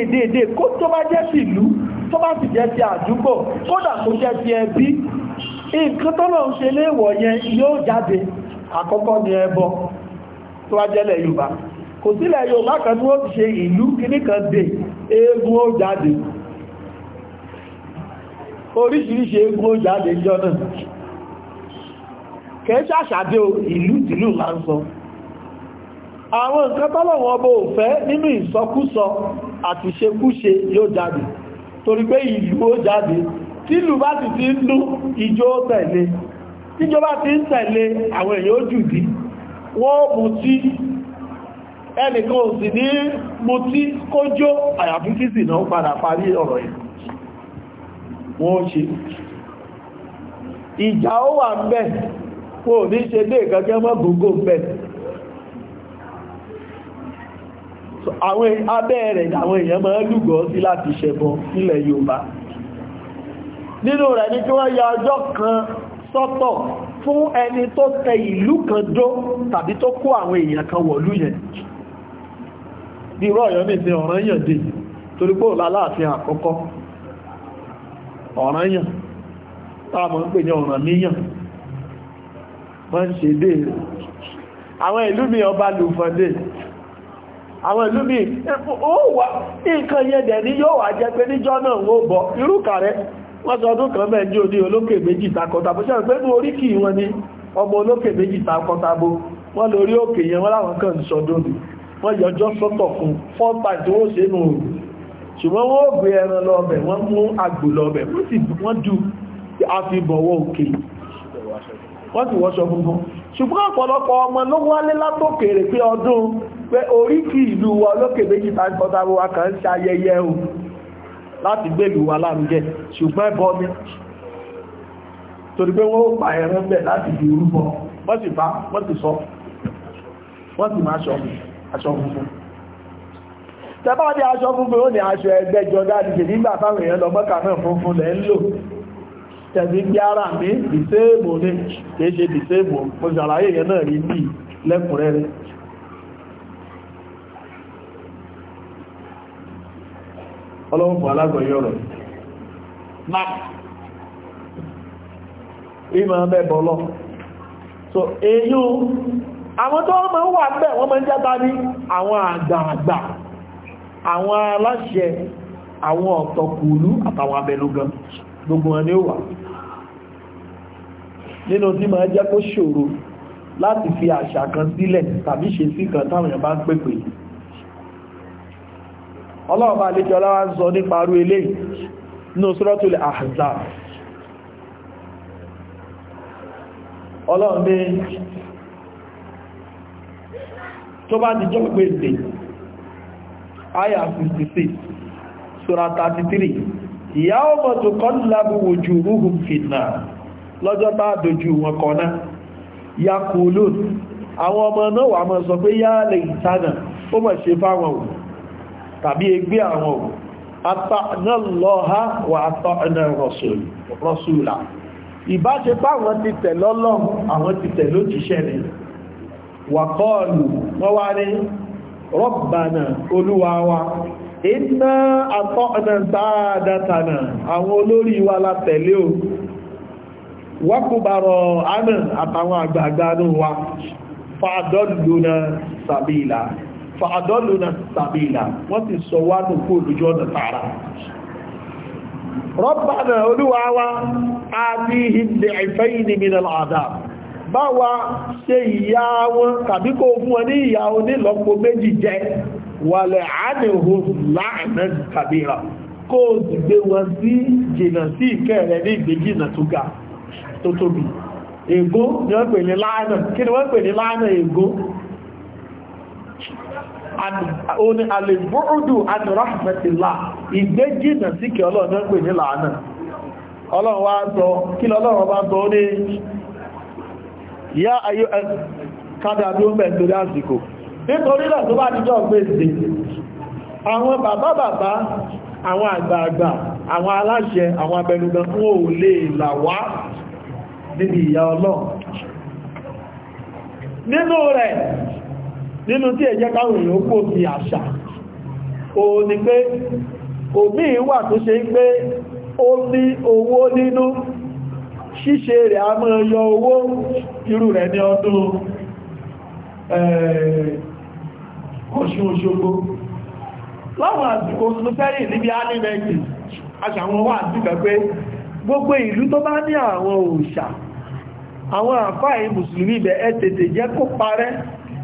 déédéé kó tó bá jẹ́ sí ìlú tó bá sì jẹ́ ti àdúgbò kódà kó jẹ́ ti ẹbí nǹkan tọ́lọ̀ ń ṣe léèwọ̀ yẹn yóò jáde àkọ́kọ́ ni ẹbọ tó wá jẹ́lẹ̀ Yorùbá kò sílẹ̀ Yorùbá kan ní ó ti ṣe ìlú kìníkan dé eégún ó jáde oríṣiríṣi eégún ó jáde jọ náà kẹ́ ṣàṣàdé ìlú tìlú là ń sọ àwọn nǹkan tọ́lọ̀wọ̀n ọbọ̀ òfẹ́ nínú ìsọkúsọ àti ṣekúṣe yóò jáde torí pé ìlú ó jáde tí ìlú bá sì ti ń dún ìjó tẹ̀lé tíjọba ti ń tẹ̀lé àwọn èèyàn ojú ìdí wọ́n mú tí ẹnìkan ò sì ní mú tí kó jó àyàfi kí sì náà padà parí ọ̀rọ̀ yìí wọ́n ṣe ìjà ó wà ń bẹ̀ kò ní ṣe dé ìkẹ́kẹ́ mọ́ gbogbo bẹ̀ àwọn abẹ́ rẹ̀ àwọn èèyàn máa lúgọ́ sí láti ṣẹbọ nílẹ̀ Yorùbá nínú rẹ̀ ní kí wọ́n ya ọjọ́ kan sọ́tọ̀ fún ẹni tó tẹ ìlú kan dó tàbí tó kó àwọn èèyàn kan wọ̀lú yẹn bí irọ́ ọ̀yọ́ ní ìsìn ọ̀ràn yàn dé torí pé òlá láàfin àkọ́kọ́ ọ̀ràn yàn táàmù ń pè ní ọ̀ràn níyàn wọ́n ṣe dé àwọn ìlú mi ọba lùfọ́dé àwọn ìlú mi ó wà nǹkan yẹn dẹ̀ ní yóò wà jẹ́ pé níjọ́ náà wó bọ̀ irú kàrẹ́ wọ́n sọ ọdún kan mẹ́jì òní olókè méjì takọtabo ṣe pẹ́lú oríkì wọn ni ọmọ olókè méjì takọtabo wọ́n lórí òkè yẹn wọ́n láwọn kan sọdún ni wọ́n yọjọ́ sọ́tọ̀ fún fọ́ta tí wọ́n ṣe nù òru ṣùgbọ́n wọ́n gbé ẹran lọ́bẹ̀ wọ́n mú àgbò lọ́bẹ̀ wọ́n sì wọ́n dù àfi bọ̀wọ́ òkè wọ́n sì wọ́ṣọ funfun ṣùgbọ́n ọ̀pọ̀lọpọ̀ ọmọ ló wálé látòkèrè pé ọdún pé oríkì ìlú wa láti gbèlú wa lárugẹ ṣùgbọ́n ẹbọ ni torí pé wọ́n pa ẹran bẹ̀ láti di orúbọ wọ́n sì bá wọ́n sì sọ wọ́n sì máa aṣọ funfun ní aṣọ funfun ó ní náà funfun lẹ́ ń lò ara mi ní kìí ṣe náà rí bí lẹ́kùnrẹ́rẹ́ ọlọ́run fún alágbọ̀nyọ́ rọ̀ map ìmọ̀ mẹ́bọ̀ lọ so èyí àwọn tó máa ń wà bẹ́ wọ́n máa ń jábá ní àwọn àgbààgbà àwọn aláṣẹ àwọn ọ̀tọ̀kùlú àtàwọn abẹnugan gbogbo wọn ni ó wà nínú tí máa jẹ́ kó ṣòro láti fi àṣà kan sílẹ̀ tàbí ṣe sí kan táwọn èèyàn bá ń pèpè yìí ọlọ́ọ̀bá àlejò ọlá ń sọ nípa arú ilé ní Suratul Ahzab ọlọ́ọ̀bẹ́ tó bá ti jọ́ pèsè àyà 56 sura 33 yawma tuqallabu wujuhuhum fin-nar lọ́jọ́ bá dojú wọn kọ̀ná yaqulun àwọn ọmọ náà wà mọ́ sọ pé yá lè ìtànà ó mọ̀ ṣe fáwọn òun tàbí ẹgbẹ́ àwọn àtànàlọ́ha wà àtànà rọ̀sùlà ìbáṣe páwọn ti tẹ̀lé Ọlọ́run àwọn ti tẹ̀lé òjíṣẹ́ ni wà kọ́ọ̀lù wọ́n wá ní rọ́bànà olúwa wa iná àtọ́ọ̀nà dáadátanà àwọn olórí wa la tẹ̀lé o wákùbàrọ̀ ánà àtàwọn àgbààgbà wa fàádọ́dúnà sàbílà fàádọ́lù na sàbílà wọ́n ti sọ wá ní kó olùjọ́ ọ̀nà tààrà rọ́bàdà olúwawa a ti hìndẹ̀ ìfẹ́ ìní mìíràn àdá bá wa ṣe ìyá wọn tàbí kó fún wọn ní ìyá onílọ́pọ̀ méjì jẹ wàlẹ̀ ánìhò láàrín kàbíra alìbúrúdù adìrọ́hàmẹ́tìlá ìgbé jìnà sí kí ọlọ́run ń pè ní làánà ọlọ́run wá sọ kí lọ́lọ́run bá sọ ní yá ayé kádà bí ó mẹ́tò lásìkò nítorí náà tó bá díjọ́ gbèsè àwọn bàbá bàbá àwọn àgbààgbà àwọn aláṣẹ àwọn abẹnugan fún ò lè là wá níbi ìyà ọlọ́run nínú rẹ̀ nínú tí ẹ̀jẹ́ káwọn èèyàn kó fi àṣà o ni pé òbí wà tó ṣe pé ó ní owó nínú ṣíṣe rẹ̀ a máa yọ owó irú rẹ̀ ní ọdún eh, Ọ̀ṣun Òṣogbo láwọn àsìkò sunfẹ́rì níbi alimẹ́kì aṣàwọn wà síkẹ̀ pé gbogbo ìlú tó bá ní àwọn òòṣà àwọn àfáà mùsùlùmí ibẹ̀ ẹ tètè jẹ́ kó parẹ́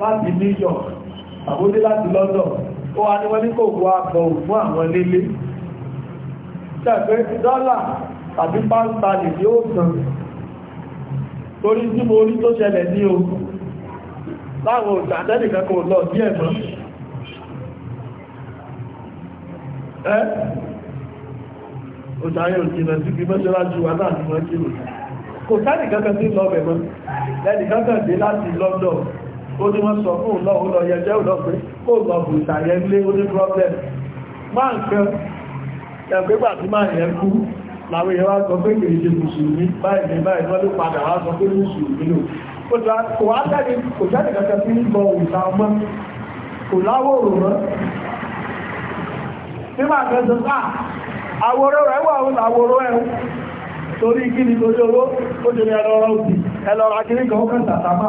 láti New York àbúdé láti London ó wá ní wọ́n ní kò fún àwọn nílé ṣẹ̀fẹ́ dọ́là tàbí pàǹtà ní ó sàn torí tí mo rí tó ṣẹlẹ̀ ní o láwọn òṣàdẹ́nì lọ bí ẹ̀mọ́ ẹ́ òjìnà mọ́ ó ní wọ́n sọ fún ụlọ ụlọ yẹjẹ́ òlọ́ pé kó lọ bù ìtàyẹ lé ó ní problem máa ń kan ẹgbẹ́gbà tí máa yẹ kú láwọn èèyàn wá sọ pé kìí ṣe mùsùlùmí báyìí báyìí wọ́n ló padà wá sọ pé mùsùlùmí torí kí ni owó ó jẹ́ ẹlọ́rọ̀ òbí ẹlọ́rọ̀ ó kẹta tàbá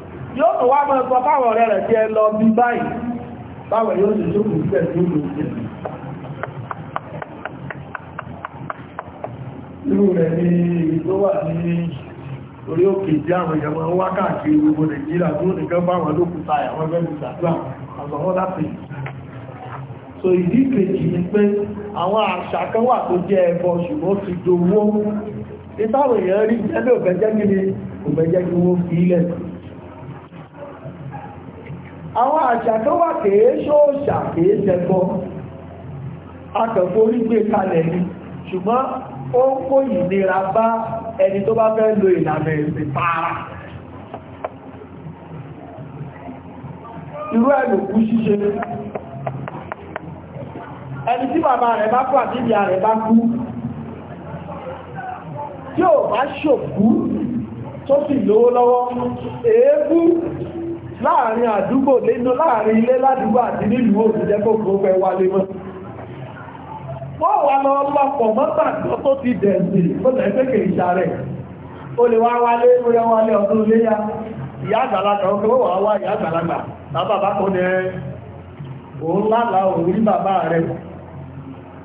yóò tó wá mọ́ ẹ̀kọ́ fáwọn ọ̀rẹ́ rẹ̀ tí ẹ lọ bí báyìí báwọn yóò sì jókòó sí ẹ̀sùn ìlú ìlú rẹ̀ ní ìlú wà ní orí òkè tí àwọn èèyàn wá káàkiri gbogbo nàìjíríà tó nìkan báwọn lókùta àwọn ẹgbẹ́ ìgbàdúrà àgbàwọ́ láti so ìdí kejì ni pé àwọn àṣà kan wà tó jẹ́ ẹbọ ṣùgbọ́n ti dowó ní táwọn èèyàn rí ẹgbẹ́ òbẹ́jẹ́ kí ni òbẹ́jẹ́ kí wọ́n fi ilẹ̀ sí àwọn àṣà tó wà kèé ṣóòṣà kèé ṣẹgbọ́ akẹ̀kọ́ orí gbé kalẹ̀ ni ṣùgbọ́n ó ń kó ìnira bá ẹni tó bá fẹ́ lo ìlànà ẹ̀sìn tààrà irú ẹ̀lòkú ṣíṣe ẹni tí bàbá rẹ̀ bá kú àti ìyá rẹ̀ bá kú tí ò bá ṣòkú tó sì lówó lọ́wọ́ èébú láàrin àdúgbò lénú láàrin ilé ládùúgbò àti nílùú òṣìṣẹ́ kò kó fẹ́ wálé mọ́ wọ́n wà lọ lọ́pọ̀ mọ́tàkọ́ tó ti dẹ̀sì ó tẹ́ẹ̀kẹ́ ìṣàrẹ̀ ó lè wá wálé múyá wálé ọdún léyá ìyá àgbàlagbà ó kọ́ wà wá ìyá àgbàlagbà bàbá kò ní òun lálà orí bàbá rẹ̀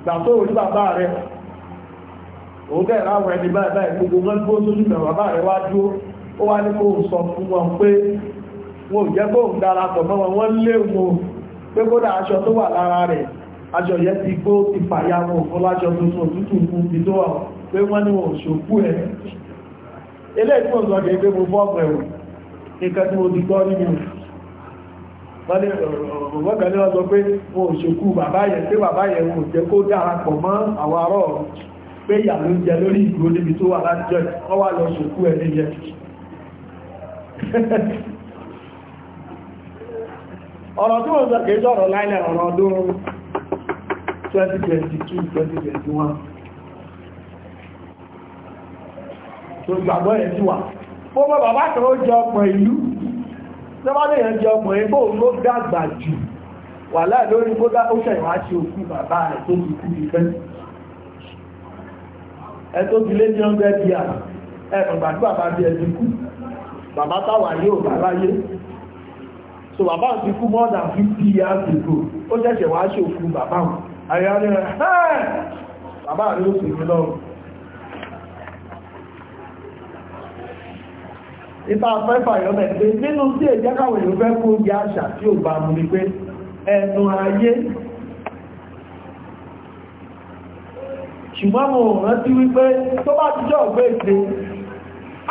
gbà tó orí bàbá rẹ̀ ó bẹ̀rẹ̀ àwọn ẹni báyìí gbogbo mọ́ wọn ò jẹ́ kó ń darapọ̀ mọ́ wọn wọ́n lé wọn pé kódà aṣọ tó wà lára rẹ̀ aṣọ yẹn ti gbó ti fàyà wọn fún láṣọ tuntun òtútù fún ibi tó wà pé wọ́n ní wọn òṣòkú ẹ̀ ilé ìtún ọ̀sọ̀dẹ̀ ẹgbẹ́ mo fọ́ọ̀mù ẹ̀wọ̀n nǹkan tí mo ti gbọ́ nínú ọ̀gbọ́gbẹ̀ ní ọjọ́ pé wọn òṣòkú bàbá yẹn pé bàbá yẹn wọn ò jẹ́ kó darapọ̀ mọ́ àwọn arọ́ pé ìyà ọ̀rọ̀ tí wọ́n sọ kìí sọ̀rọ̀ láìlẹ̀ ọ̀rọ̀ ọdún 2022-2021 tó gbàgbọ́ ẹ̀ sí wà gbogbo bàbá kan ó jẹ ọ̀pọ̀ ìlú lọ́wọ́lẹ̀ yẹn jẹ ọ̀pọ̀ ìbò ló dàgbà jù wà láì lórí kó dá ó ṣẹ̀wá ṣe òkú bàbá rẹ̀ tó ti kú ìfẹ́ ẹ tó ti lé ní ọgbẹ́ bíà ẹ̀ pẹ̀gbàdú bàbá bí ẹ ti kú bàbá táwà yóò bàbá yé so bàbá ti kú more than 50 years ago ó ṣẹ̀ṣẹ̀ wá ṣe òkú bàbá wọn àyà ní rẹ̀ bàbá rí ó sì lọ́rùn ìta afẹ́fà yọ́mẹ̀ pé nínú tí èjẹ́ káwọn èèyàn fẹ́ kó jẹ́ àṣà tí ò bá mú ní pé ẹnu ayé ṣùgbọ́n mo rántí wípé tó bá ti jọ ọ̀gbẹ́ ìpé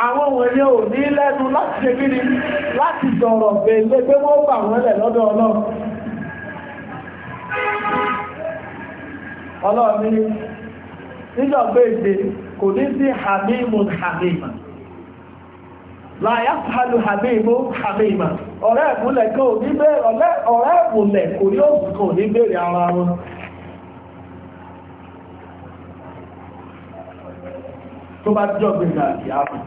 àwọn wọ̀nyẹ ò ní lẹ́nu láti ṣe kí ni láti dọ̀rọ̀ bèèlé pé wọ́n bà wọ́n lẹ̀ lọ́dọ̀ ọlọ́run ọlọ́run ní níjọ̀gbé èdè kò ní sí hamimu hamima láyá hàlù hamimu hamima ọ̀rẹ́ ìmúlẹ̀ kò ní bèèrè ara wọn tó bá jọ́ gbẹ̀gbẹ̀ àti àmà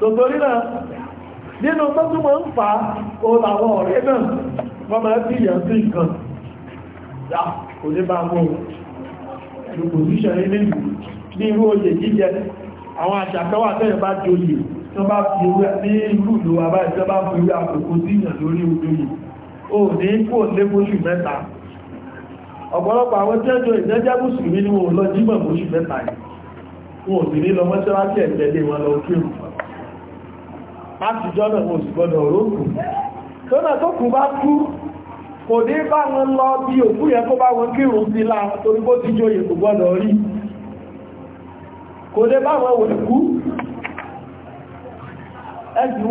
tòtòrí náà nínú tọ́túnmọ̀ ń fa òun àwọn ọ̀rẹ́ náà wọ́n máa bí ìyàn sí nǹkan yá kò ní bá mú ìlú pòsíṣàn ilé ìlú ní irú oyè jíjẹ àwọn àṣàkọwà tẹ́yẹ̀ bá jòyè tó bá fi ní ìlú ìlú àbá ìjọ bá fi rí àkókò sí ìyàn lórí olóyè ò ní kò lé fóṣù mẹ́ta ọ̀pọ̀lọpọ̀ àwọn tẹ́jọ ìjẹ́jẹ́ mùsùlùmí ni wọn lọ jímọ̀ fóṣù mẹ́ta yìí wọn ò sì ní lọ mọ́ṣáláṣí látijọ́ náà mo sì gbọ́dọ̀ rókù lọ́nà tó kù bá kú kò ní bá wọn lọ bí òkú yẹ kó bá wọn sí la torí bó ti jóye kò gbọ́dọ̀ rí kò ní bá wọn wò kú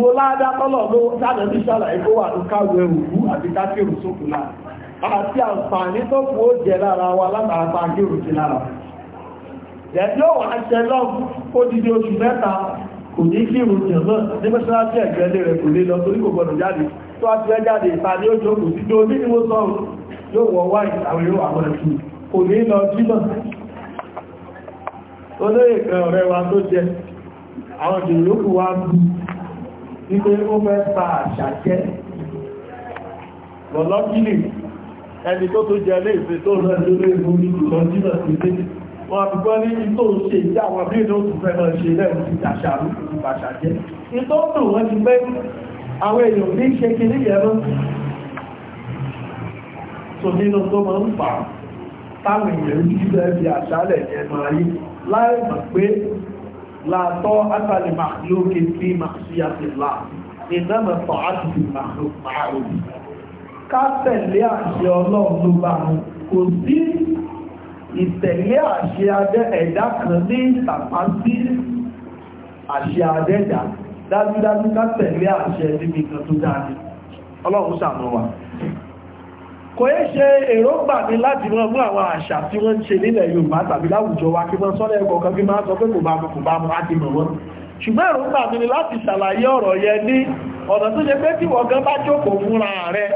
wo tọ́lọ̀ ló sáàdẹ̀ ní kó wà ní àti sókù àti àǹfààní tó ó jẹ lára wa sí lára ó kò ní kí ìrùn jẹ̀mọ́ ní mẹ́sànájì ẹ̀gẹ́lẹ́ rẹ̀ kò lè lọ torí kò gbọdọ̀ jáde tó a ti jáde ìta ojú òkú sí tó ní ni mo sọ́run yóò wọ wáyé àwọn èrò àwọn ẹ̀kú kò ní lọ jímọ̀ olóyè kan ọ̀rẹ́ wa tó jẹ àwọn ìjòyókù wa bú wípé ó fẹ́ pa àṣà jẹ́ lọ́lọ́kìlì wọ́n àbúgbọ́ ní ìtò ṣe ìdá àwọn bí ìdó tó fẹ́ máa ṣe lẹ́rù ti tàṣàrú ti pàṣàjẹ́ ìtò tó wọ́n ti pẹ́ àwọn èèyàn ní ṣe kí ní yẹ̀rọ tó nínú tó máa ń fà táwọn èèyàn ní ìfẹ́ fi àṣálẹ̀ ẹ̀mọ ayé láì mọ̀ ìtẹ̀lé àṣẹ adẹ́ ẹ̀dá kan ní ìtàpá sí àṣẹ adẹ́dà dájúdájú ká tẹ̀lé àṣẹ níbi kan tó dáadé ọlọ́run ṣàánú wa kò ṣe èròǹgbà ní láti mọ́ mú àwọn àṣà tí wọ́n ṣe nílẹ̀ Yorùbá tàbí láwùjọ wa kí wọ́n bí sọ pé kò bá mú kò bá mú láti mọ̀ wọ́n ṣùgbọ́n láti ṣàlàyé bá jókòó fúnra rẹ̀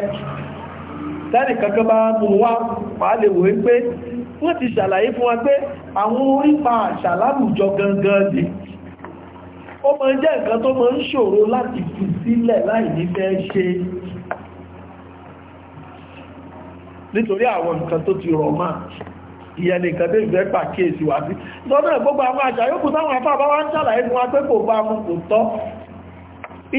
tẹ́nì kankan bá mú wá lè wọ́n ti ṣàlàyé fún wa pé àwọn orípa àṣà láwùjọ gangan dì ó mọ jẹ́ nǹkan tó mọ ń ṣòro láti fi sílẹ̀ láì ní fẹ́ ṣe nítorí àwọn nǹkan tó ti rọ̀ máa ìyẹn nìkan tó ìfẹ́ pàkíyèsí wá sí lọ́nà gbogbo àwọn àṣà yóò kú táwọn afá bá wá ń ṣàlàyé fún wa pé kò bá mú kò tọ́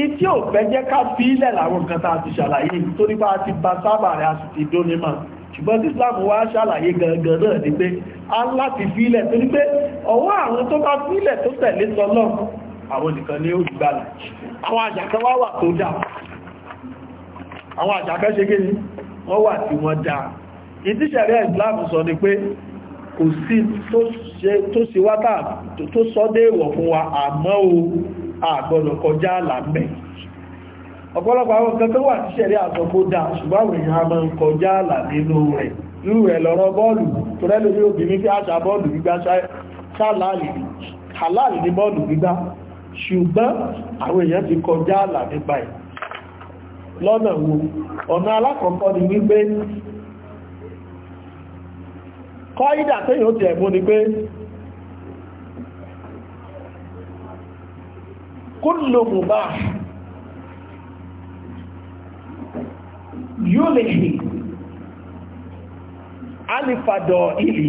ìtí ò fẹ́ jẹ́ ká fi ilẹ̀ làwọn nǹkan tá a ti ṣàlàyé torí bá a ti ba sábà rẹ̀ a sì ti dónímọ̀ ṣùgbọ́n tí Islam wá ṣàlàyé gangan náà ni pé a láti fílẹ̀ tó ní pé ọwọ́ àwọn tó bá fílẹ̀ tó tẹ̀lé sọlọ́ àwọn nìkan ní olùgbàlà àwọn àjàkẹ́ wá wà tó dá àwọn àjàkẹ́ ṣe gẹ́ni wọ́n wà tí wọ́n dá ìtíṣẹ̀rẹ́ Islam sọ ni pé kò sí tó sí wátà tó sọ́dé ìwọ̀ fún wa àmọ́ o àgbọ̀nà kọjá àlàmẹ́ ọ̀pọ̀lọpọ̀ àwọn kan tó wà tí ṣẹ̀rí àtọ́kó dá ṣùgbọ́n àwọn èèyàn máa ń kọjá àlà nínú rẹ̀ irú rẹ̀ lọ́rọ̀ bọ́ọ̀lù tó rẹ́ lórí obìnrin tí àṣà bọ́ọ̀lù gbígbá ṣáláàlì ní bọ́ọ̀lù gbígbá ṣùgbọ́n àwọn èèyàn ti kọjá àlà nípa ẹ̀ lọ́nà wo ọ̀nà alákọ̀ọ́kọ́ ni wípé kọ́ ìdà tẹ́yìn ó ti ẹ̀mú ni pé kúlù mùbáà yóò lè hì alifadọ̀ ìlì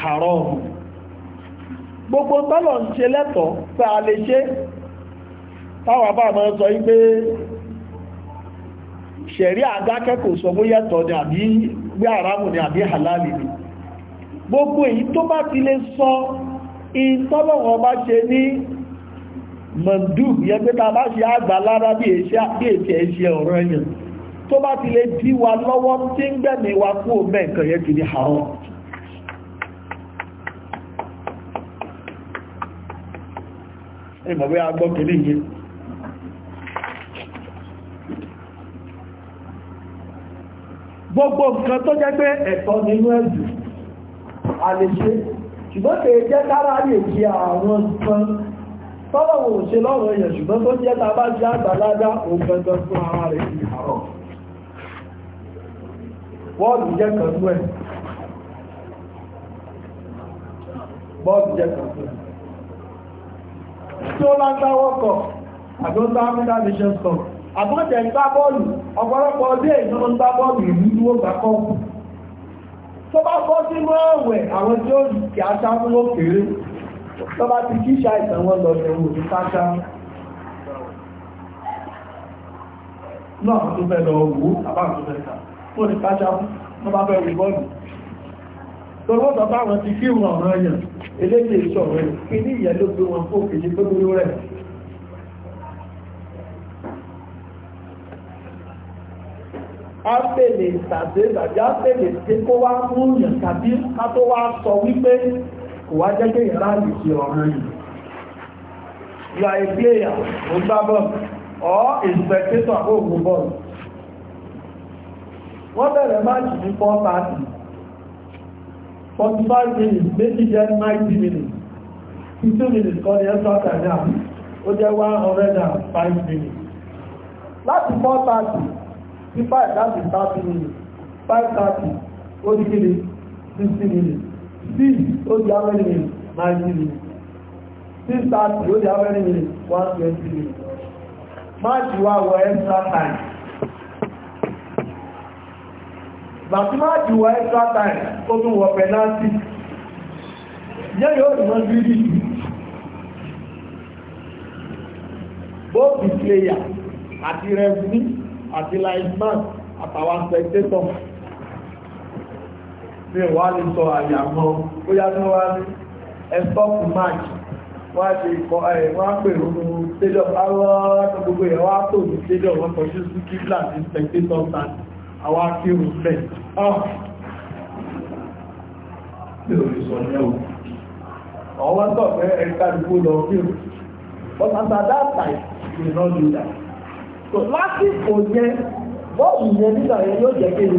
haram gbogbo tọ́lọ̀ ń ṣe lẹ́tọ̀ọ́ pé a lè ṣe táwọn bá mọ́ sọ wípé ṣẹ̀rí àdákẹ́kọ̀ọ́ sọ bó yẹ́tọ̀ ni àbí gbé àrámù ni àbí halali ni gbogbo èyí tó bá ti lè sọ ìtọ́lọ̀wọ̀ bá ṣe ní mandub yẹ pé ta bá ṣe àgbà lára bí èsì ẹ̀ṣẹ̀ ọ̀rọ̀ ẹ̀yàn tó bá ti lè dí wa lọ́wọ́ tí ń gbẹ̀mí wa kú òmẹ́ nǹkan yẹ kìí haram ìmọ̀wé agbọ́kìlì yìí gbogbo nǹkan tó jẹ́ pé ẹ̀tọ́ nínú ẹ̀dù a lè ṣe ṣùgbọ́n kèé jẹ́ kára lè kí àwọn nǹkan tọ́lọ̀ wò ṣe lọ́rọ̀ èèyàn ṣùgbọ́n tó jẹ́ ta bá jẹ́ àgbàládá òun gangan fún ara rẹ̀ ti àrọ̀ bọ́ọ̀lù jẹ́ kan lú ẹ̀ bọ́ọ̀lù jẹ́ kan lú ẹ̀ tí ó bá ń dáwọ́ kọ̀ àgbọ́ta African Nation Cup àbọ̀jẹ̀ ń gbá bọ́ọ̀lù ọ̀pọ̀lọpọ̀ ọdún èèyàn ń gbá bọ́ọ̀lù ìlú dúró gbà kọ́ọ̀kù tó bá tó bá ti kí ṣàìsàn wọn lọ lè wò ní pátá náà tó fẹ́ lọ wò àbáwọn tó fẹ́ ta tó ní pátá tó bá fẹ́ wò bọ́ọ̀lù tọwọ́ bàbá wọn ti kí wọn ọ̀rọ̀ ẹ̀yàn eléte ìṣọ̀ rẹ̀ kí ní ìyẹ̀ ló gbé wọn fún òkèjì tó gbé rẹ̀ ápèlè tàbí tàbí ápèlè tí kó wá mú yàn tàbí ká tó wá sọ wípé kò wá jẹ́ pé ìrá àdìsí yìí you are a player ó gbá bọ́ọ̀lù or a spectator ó gbó bọ́ọ̀lù wọ́n bẹ̀rẹ̀ máàkì ní 4:30 45 minutes méjì jẹ́ 90 minutes 15 minutes kọ́ ní extra time náà ó jẹ́ 105 minutes láti 4:30 sí 5 láti 30 minutes 5:30 ó dí kí ni 60 minutes six ó di how many minutes ninety minutes six thirty ó di how many minutes one twenty wọ extra time bàtí match wọ extra time ó tún wọ penalty yẹ́ yóò rí wọ́n bí rí both the player àti referee àti linesman àtàwọn spectator mi wà lè sọ àyàmọ́ ó yá tí wọ́n ní ẹ̀sọ́pù march wọ́n ṣe ikọ̀ ẹ̀ wọ́n pè rúnú stadium aláwọ̀ gbogbo ẹ̀ wọ́n tó ní stadium wọ́n kọjú sí kíblà ní spectator stand ah! àwọn akírun fẹ́ ọwọ́n tọ̀ fẹ́ ẹ̀ka ìgbó lọ kírun but after that time you not do that so lásìkò yẹn bọ́ọ̀lù yẹn nígbà yẹn yóò jẹ́ kéde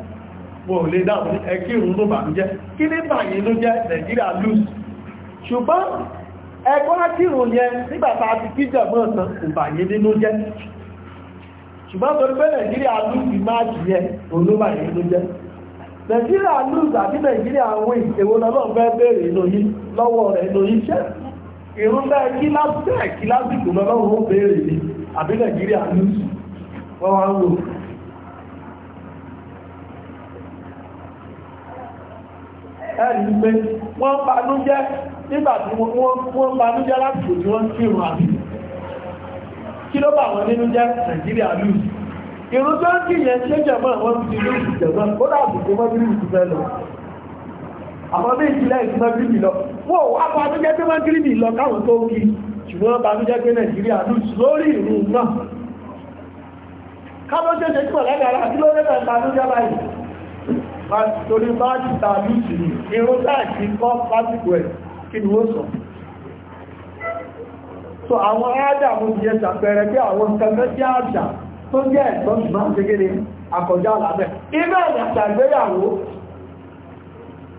wọ́n ò lè dáhùn ẹkí ìrùn ló bà ń jẹ́ kí ní bàyí ló jẹ́ Nàìjíríà lose ṣùgbọ́n ẹgbọ́n kírùn yẹn nígbàtà àti kíjà mọ́ ọ̀sán kò bàyí nínú jẹ́ ṣùgbọ́n torí pé Nàìjíríà lose máàjì yẹn òun ló bàyí nínú jẹ́ Nàìjíríà lose àti Nàìjíríà win èwo lọ́lọ́ fẹ́ bèèrè inú yìí lọ́wọ́ rẹ̀ inú yìí ṣẹ́ ìrún bẹ́ẹ̀ kí lásìkò lọ́lọ́run ó bèèrè ni àbí Nàìjíríà lose wọ́n wá ń wò ẹ̀rì wípé wọ́n banújẹ́ nígbàtí wọ́n banújẹ́ láti kò tí wọ́n kí ìrùn àti kí ló bà wọ́n nínú jẹ́ Nàìjíríà lù ìrùn tó ń kí yẹn ṣe jẹ̀mọ́ wọ́n ti lù jẹ̀mọ́ ó dàbí kó mọ́ bírí ìtù fẹ́ lọ àwọn bí ìjìlẹ̀ ìtumọ̀ bírí lọ wọ́n wá banújẹ́ tó mọ́ bírí lọ káwọn tó kí ṣùgbọ́n banújẹ́ pé Nàìjíríà lù lórí ìrùn náà káwọn ṣe ṣe torí bá ti ta lùsì ní irun táàkì kọ́ pásìkò ẹ̀ kí ni ó sọ so àwọn ádàmù ti yẹ sàpẹrẹ pé àwọn kankan jẹ́ àṣà tó jẹ́ ẹ̀tọ́ ṣùgbọ́n ṣegere àkọjá lábẹ́ ibẹ̀ àṣà ìgbéyàwó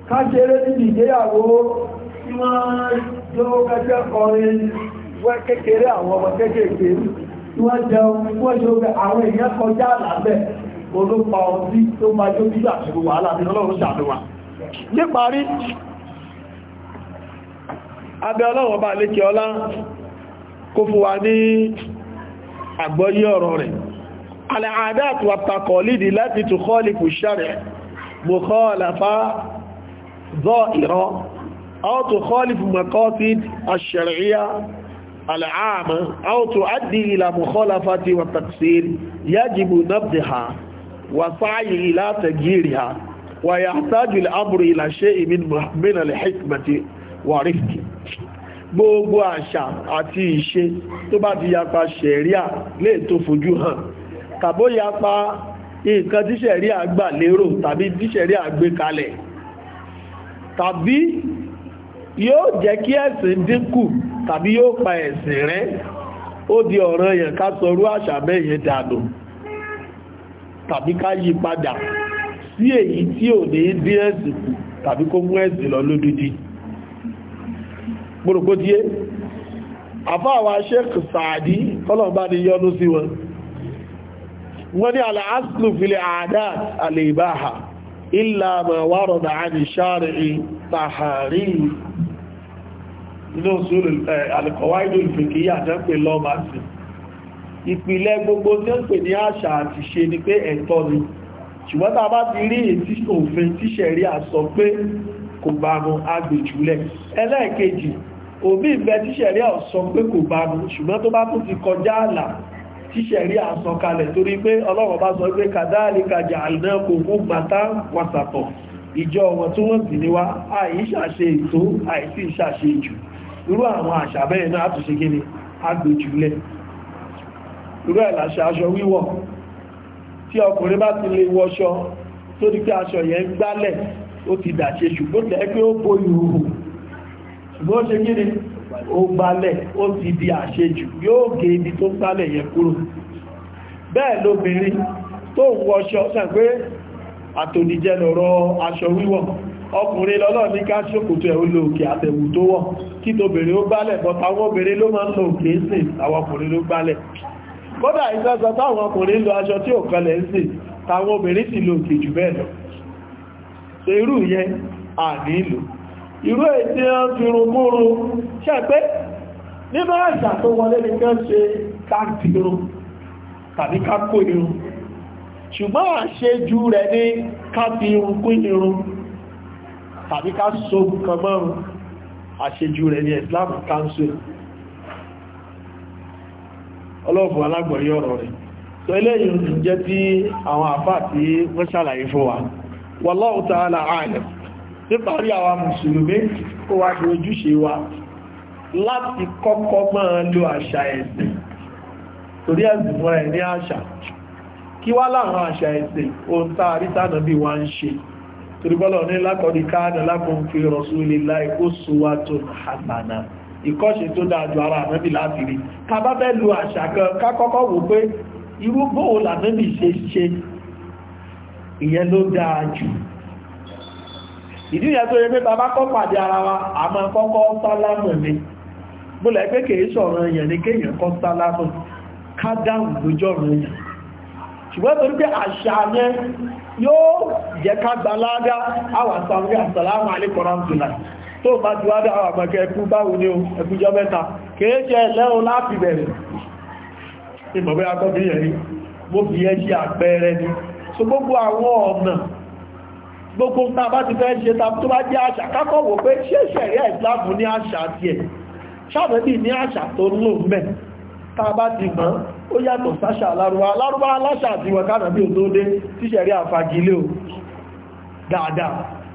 káṣeré níbi ìgbéyàwó tí wọ́n yóò kẹ́kẹ́ kọrin wẹ́ kékeré àwọn ọmọ kéékèèké tí wọ́n jẹun wọ́n yóò àwọn èèyàn kọjá lábẹ́ olópa ọdí tó máa jó bí àṣírò wàhálà ní ọlọ́run ṣàdọ́wà níparí abẹ́ ọlọ́run ọba lékẹ́ ọlá kó fún wa ní àgbọ́yé ọ̀rọ̀ rẹ̀ al-adat wa taqalid láti tukhalifu ash-shar' mukhalafa dha'ira aw tukhalifu maqasid ash-shar'iyya العامة أو تؤدي إلى مخالفة وتقصير يجب نبذها wàsáyì látàgírì ha wà yà àtàjù àbúrò ìlàṣẹ́ ìmìnà lẹ́hìkmẹ̀tì wà rífkì gbogbo àṣà àti ìṣe tó bá ti yapa ṣẹ̀ríà lè tó fojú hàn tàbó yapa nǹkan tí ṣẹ̀ríà gbà lérò tàbí tí ṣẹ̀ríà gbé kalẹ̀ tàbí yóò jẹ́ kí ẹ̀sìn dínkù tàbí yóò pa ẹ̀sìn rẹ́ ó di ọ̀ranyàn ká sọrú àṣà bẹ́ẹ̀ yẹn dànù tàbí ká yí padà sí èyí tí ò ní dí ẹ̀sìn kù tàbí kó mú ẹ̀sìn lọ lódìdí gbòrògbòdíé àfáàwà sheik sàádì kọlọ̀bá ni yọ́nú sí wọn wọ́n ní aláàsìlù fílẹ̀ àdá àlèbáhà ìlà mẹ́wàrọ̀ da a ní ṣàrì tàhàrí ìpìlẹ̀ gbogbo tí ó pè ní àṣà àti ṣe ni pé ẹ̀tọ́ ni ṣùgbọ́n tá bá ti rí ètí òfin tí ṣẹ̀rí àsọ pé kò bá mu agbèjúlẹ̀ ẹlẹ́ẹ̀kejì òbí ìbẹ́ tí ṣẹ̀rí àsọ pé kò bá mu ṣùgbọ́n tó bá tún ti kọjá àlà tí ṣẹ̀rí àsọ kalẹ̀ torí pé Ọlọ́run bá sọ pé kadhalika ja'alnakum ummatan wasatan ìjọ wọn tí wọ́n sì níwá àìṣàṣe ètò àìsí ìṣàṣe jù irú àwọn àṣà bẹ́ẹ̀ náà àtúnṣe gíní agbèjúlẹ̀ irú ẹ̀ làṣẹ aṣọ wíwọ̀ tí ọkùnrin bá ti lè wọṣọ tó di pé aṣọ yẹn gbálẹ̀ ó ti dàṣe ṣùgbọ́n tẹ́ pé ó bo ìhòhò ṣùgbọ́n ó ṣe gíní ó gbálẹ̀ ó ti di àṣejù yóò gé ibi tó gbálẹ̀ yẹn kúrò bẹ́ẹ̀ lóbìnrin tó ń wọṣọ sàgbé àtòníjẹ́ lọ́rọ̀ aṣọ wíwọ̀ ọkùnrin lọ́lọ́ ní ká ṣòkòtò ẹ̀ olè òkè àtẹ̀wù tó wọ̀ kí tóbìnrin ó gbálẹ̀ bọ́ta wọ́bìnrin ló máa ń lò kéèsè àwọn ọkùnrin ló gbálẹ̀ kódà ìsẹ́sọ táwọn ọkùnrin lo aṣọ tí ò kọlẹ̀ ń sì táwọn obìnrin sì lo òkè jù bẹ́ẹ̀ lọ so irú yẹn à nílò irú ètí ọ́n fi rúgbúrú ṣe pé nínú àṣà tó wọlé ní kẹ́ ṣe káàkiri tàbí kákó irun ṣùgbọ́n àṣejù rẹ̀ ní káfí irun kún irun tàbí ká so nǹkan mọ́rún àṣejù rẹ̀ ní Islam council ọlọ́ọ̀bù alágbọ̀rí ọ̀rọ̀ rẹ̀ so eléyìí ti jẹ́ tí àwọn àfá tí wọ́n ṣàlàyé fún wa wallahu ta'ala a'lam níparí àwọn mùsùlùmí kó wá di ojúṣe wa láti kọ́kọ́ máa lo àṣà ẹ̀sìn torí ẹ̀sìn fún ẹ̀ ní àṣà kí wá láwọn àṣà ẹ̀sìn ohun tá a rí tánà bí wá ń ṣe torí bọ́lọ̀ ní lákọ̀ọ́dí káàdà lákùnfin rasulillahi uswatun hasana ìkọ́ṣe tó dájú ara ànábì láti rí ká bá fẹ́ lu àṣà kan ká kọ́kọ́ wò pé irú bóò lànábì ṣe ṣe ìyẹn ló dájú ìdíyẹ tó yẹ pé bàbá kọ́ pàdé ara wa àmọ́ kọ́kọ́ sálámù ni bólẹ̀ pé kèé sọ̀rọ̀ èèyàn ní kéèyàn kọ́ sálámù ká dáhùn lójọ́ èèyàn ṣùgbọ́n torí pé àṣà yẹn yóò jẹ́ ká gbalága àwàsàn àṣàlámù tó bá ti wádá àwọn àgbàkẹ́ ẹkú báwo ní ẹkújọ mẹ́ta kìí ṣe ẹlẹ́run láti bẹ̀rẹ̀ ìmọ̀bẹ́ akọ́bìnrin ẹ̀rí mo fi ẹ́ ṣe àpẹẹrẹ ni so gbogbo àwọn ọ̀nà gbogbo ta bá ti fẹ́ ṣe ta tó bá jẹ́ àṣà kákọ̀wò pé ṣe ṣẹ̀rí ìsìláàmù ní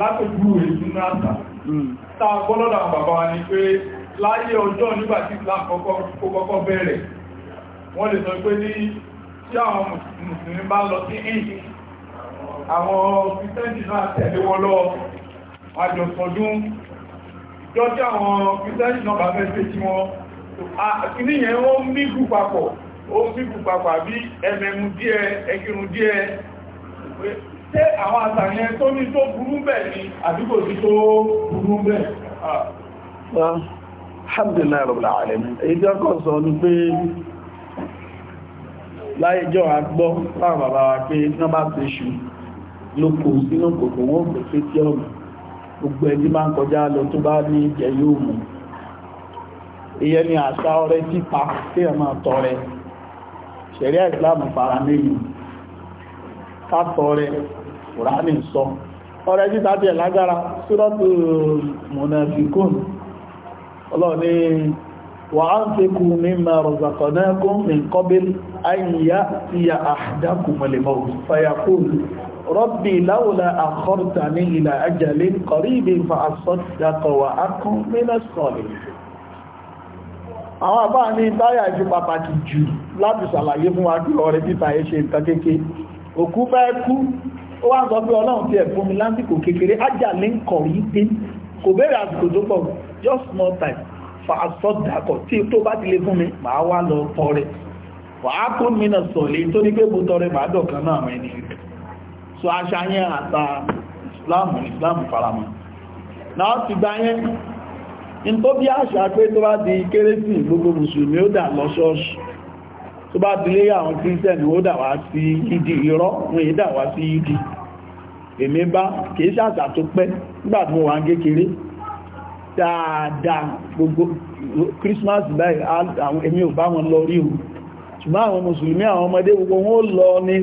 látòjú èsùn náà tà hmm. táa gbọ́lọ́dà bàbá wa ni pé láyé ọjọ́ nígbàtí Islam kọ́kọ́ bẹ̀rẹ̀ wọ́n lè sọ pé ní tí àwọn mùsùlùmí bá lọ sí ìdí àwọn kìtẹ́ǹdì náà tẹ̀lé wọn lọ àjọ̀sọ̀dún jọ tí àwọn kìtẹ́ǹdì náà bá fẹ́ sí tí wọ́n kìníyàn ó ń mígù papọ̀ ó ń mígù papọ̀ àbí ẹmẹ̀mú díẹ̀ ẹkìrún díẹ̀ ṣé àwọn àtàyẹn tó ní tó burú bẹ̀ ni àdúgbò sí tó burú bẹ̀ ah. alhamdulillah rabbil alamin èyí tí ọkọ̀ sọ ní pé láyéjọ́ àgbọ́ fáwọn bàbá wa pé tí wọ́n bá ti ṣù lókò sínú kòkò wọ́n kò fẹ́ tí ọ̀nà gbogbo ẹni máa ń kọjá lọ tó bá ní jẹ yóò mú ìyẹn ni àṣà ọrẹ títa tí ẹ̀ máa tọrẹ ṣẹ̀ríà ìsìláàmù fara mẹ́yìn ká tọrẹ kùránì sọ ọ̀rẹ́ jíta tí ẹ̀ lágbára sírọ́tù mùnàfikún ọlọ́ni wà á ń fi kú ní mẹ́rọ̀zàkọ̀nẹ́kún ní kọ́bíl ayíyá tí ya àdákù mọ̀lẹ̀mọ̀ fayakún rọ́bì láwùlá àkọ́rta ní ilà ajalin kọ̀ríbi fa àsọ́dàkọ̀ wà á kún àwọn àbá ní táyà ìfi pàtàkì jù láti ṣàlàyé fún wa kí ọ̀rẹ́ títà ẹ ṣe nǹkan òkú bẹ́ẹ̀ ó wá ń sọ pé ọlọ́run ti ẹ̀fún mi lásìkò kékeré ájà lè ń kọ̀ yí dé kò béèrè àsìkò tó pọ̀ just small time fa àsọdàkọ̀ tí tó bá ti lè fún mi màá wá lọ tọrẹ wàá kó mi náà tó ní pé mo tọrẹ màá dọ̀kan náà àwọn ẹni so aṣáyẹn àta Islam Islam faramọ́ náà ti gbá yẹn ní tó bí àṣà pé tó bá di kérésì gbogbo mùsùlùmí ó dà lọ ṣọ́ọ̀ṣì tó bá dilé àwọn kírísẹ̀nì ó dà wá sí ìdí irọ́ wọn èyí dà wá sí ìdí èmi bá kìí ṣàṣà tó pẹ́ nígbà tí mo wà ń kékeré dáadáa gbogbo Christmas báyìí èmi ò bá wọn lọ rí o ṣùgbọ́n àwọn mùsùlùmí àwọn ọmọdé gbogbo wọn ó lọ ní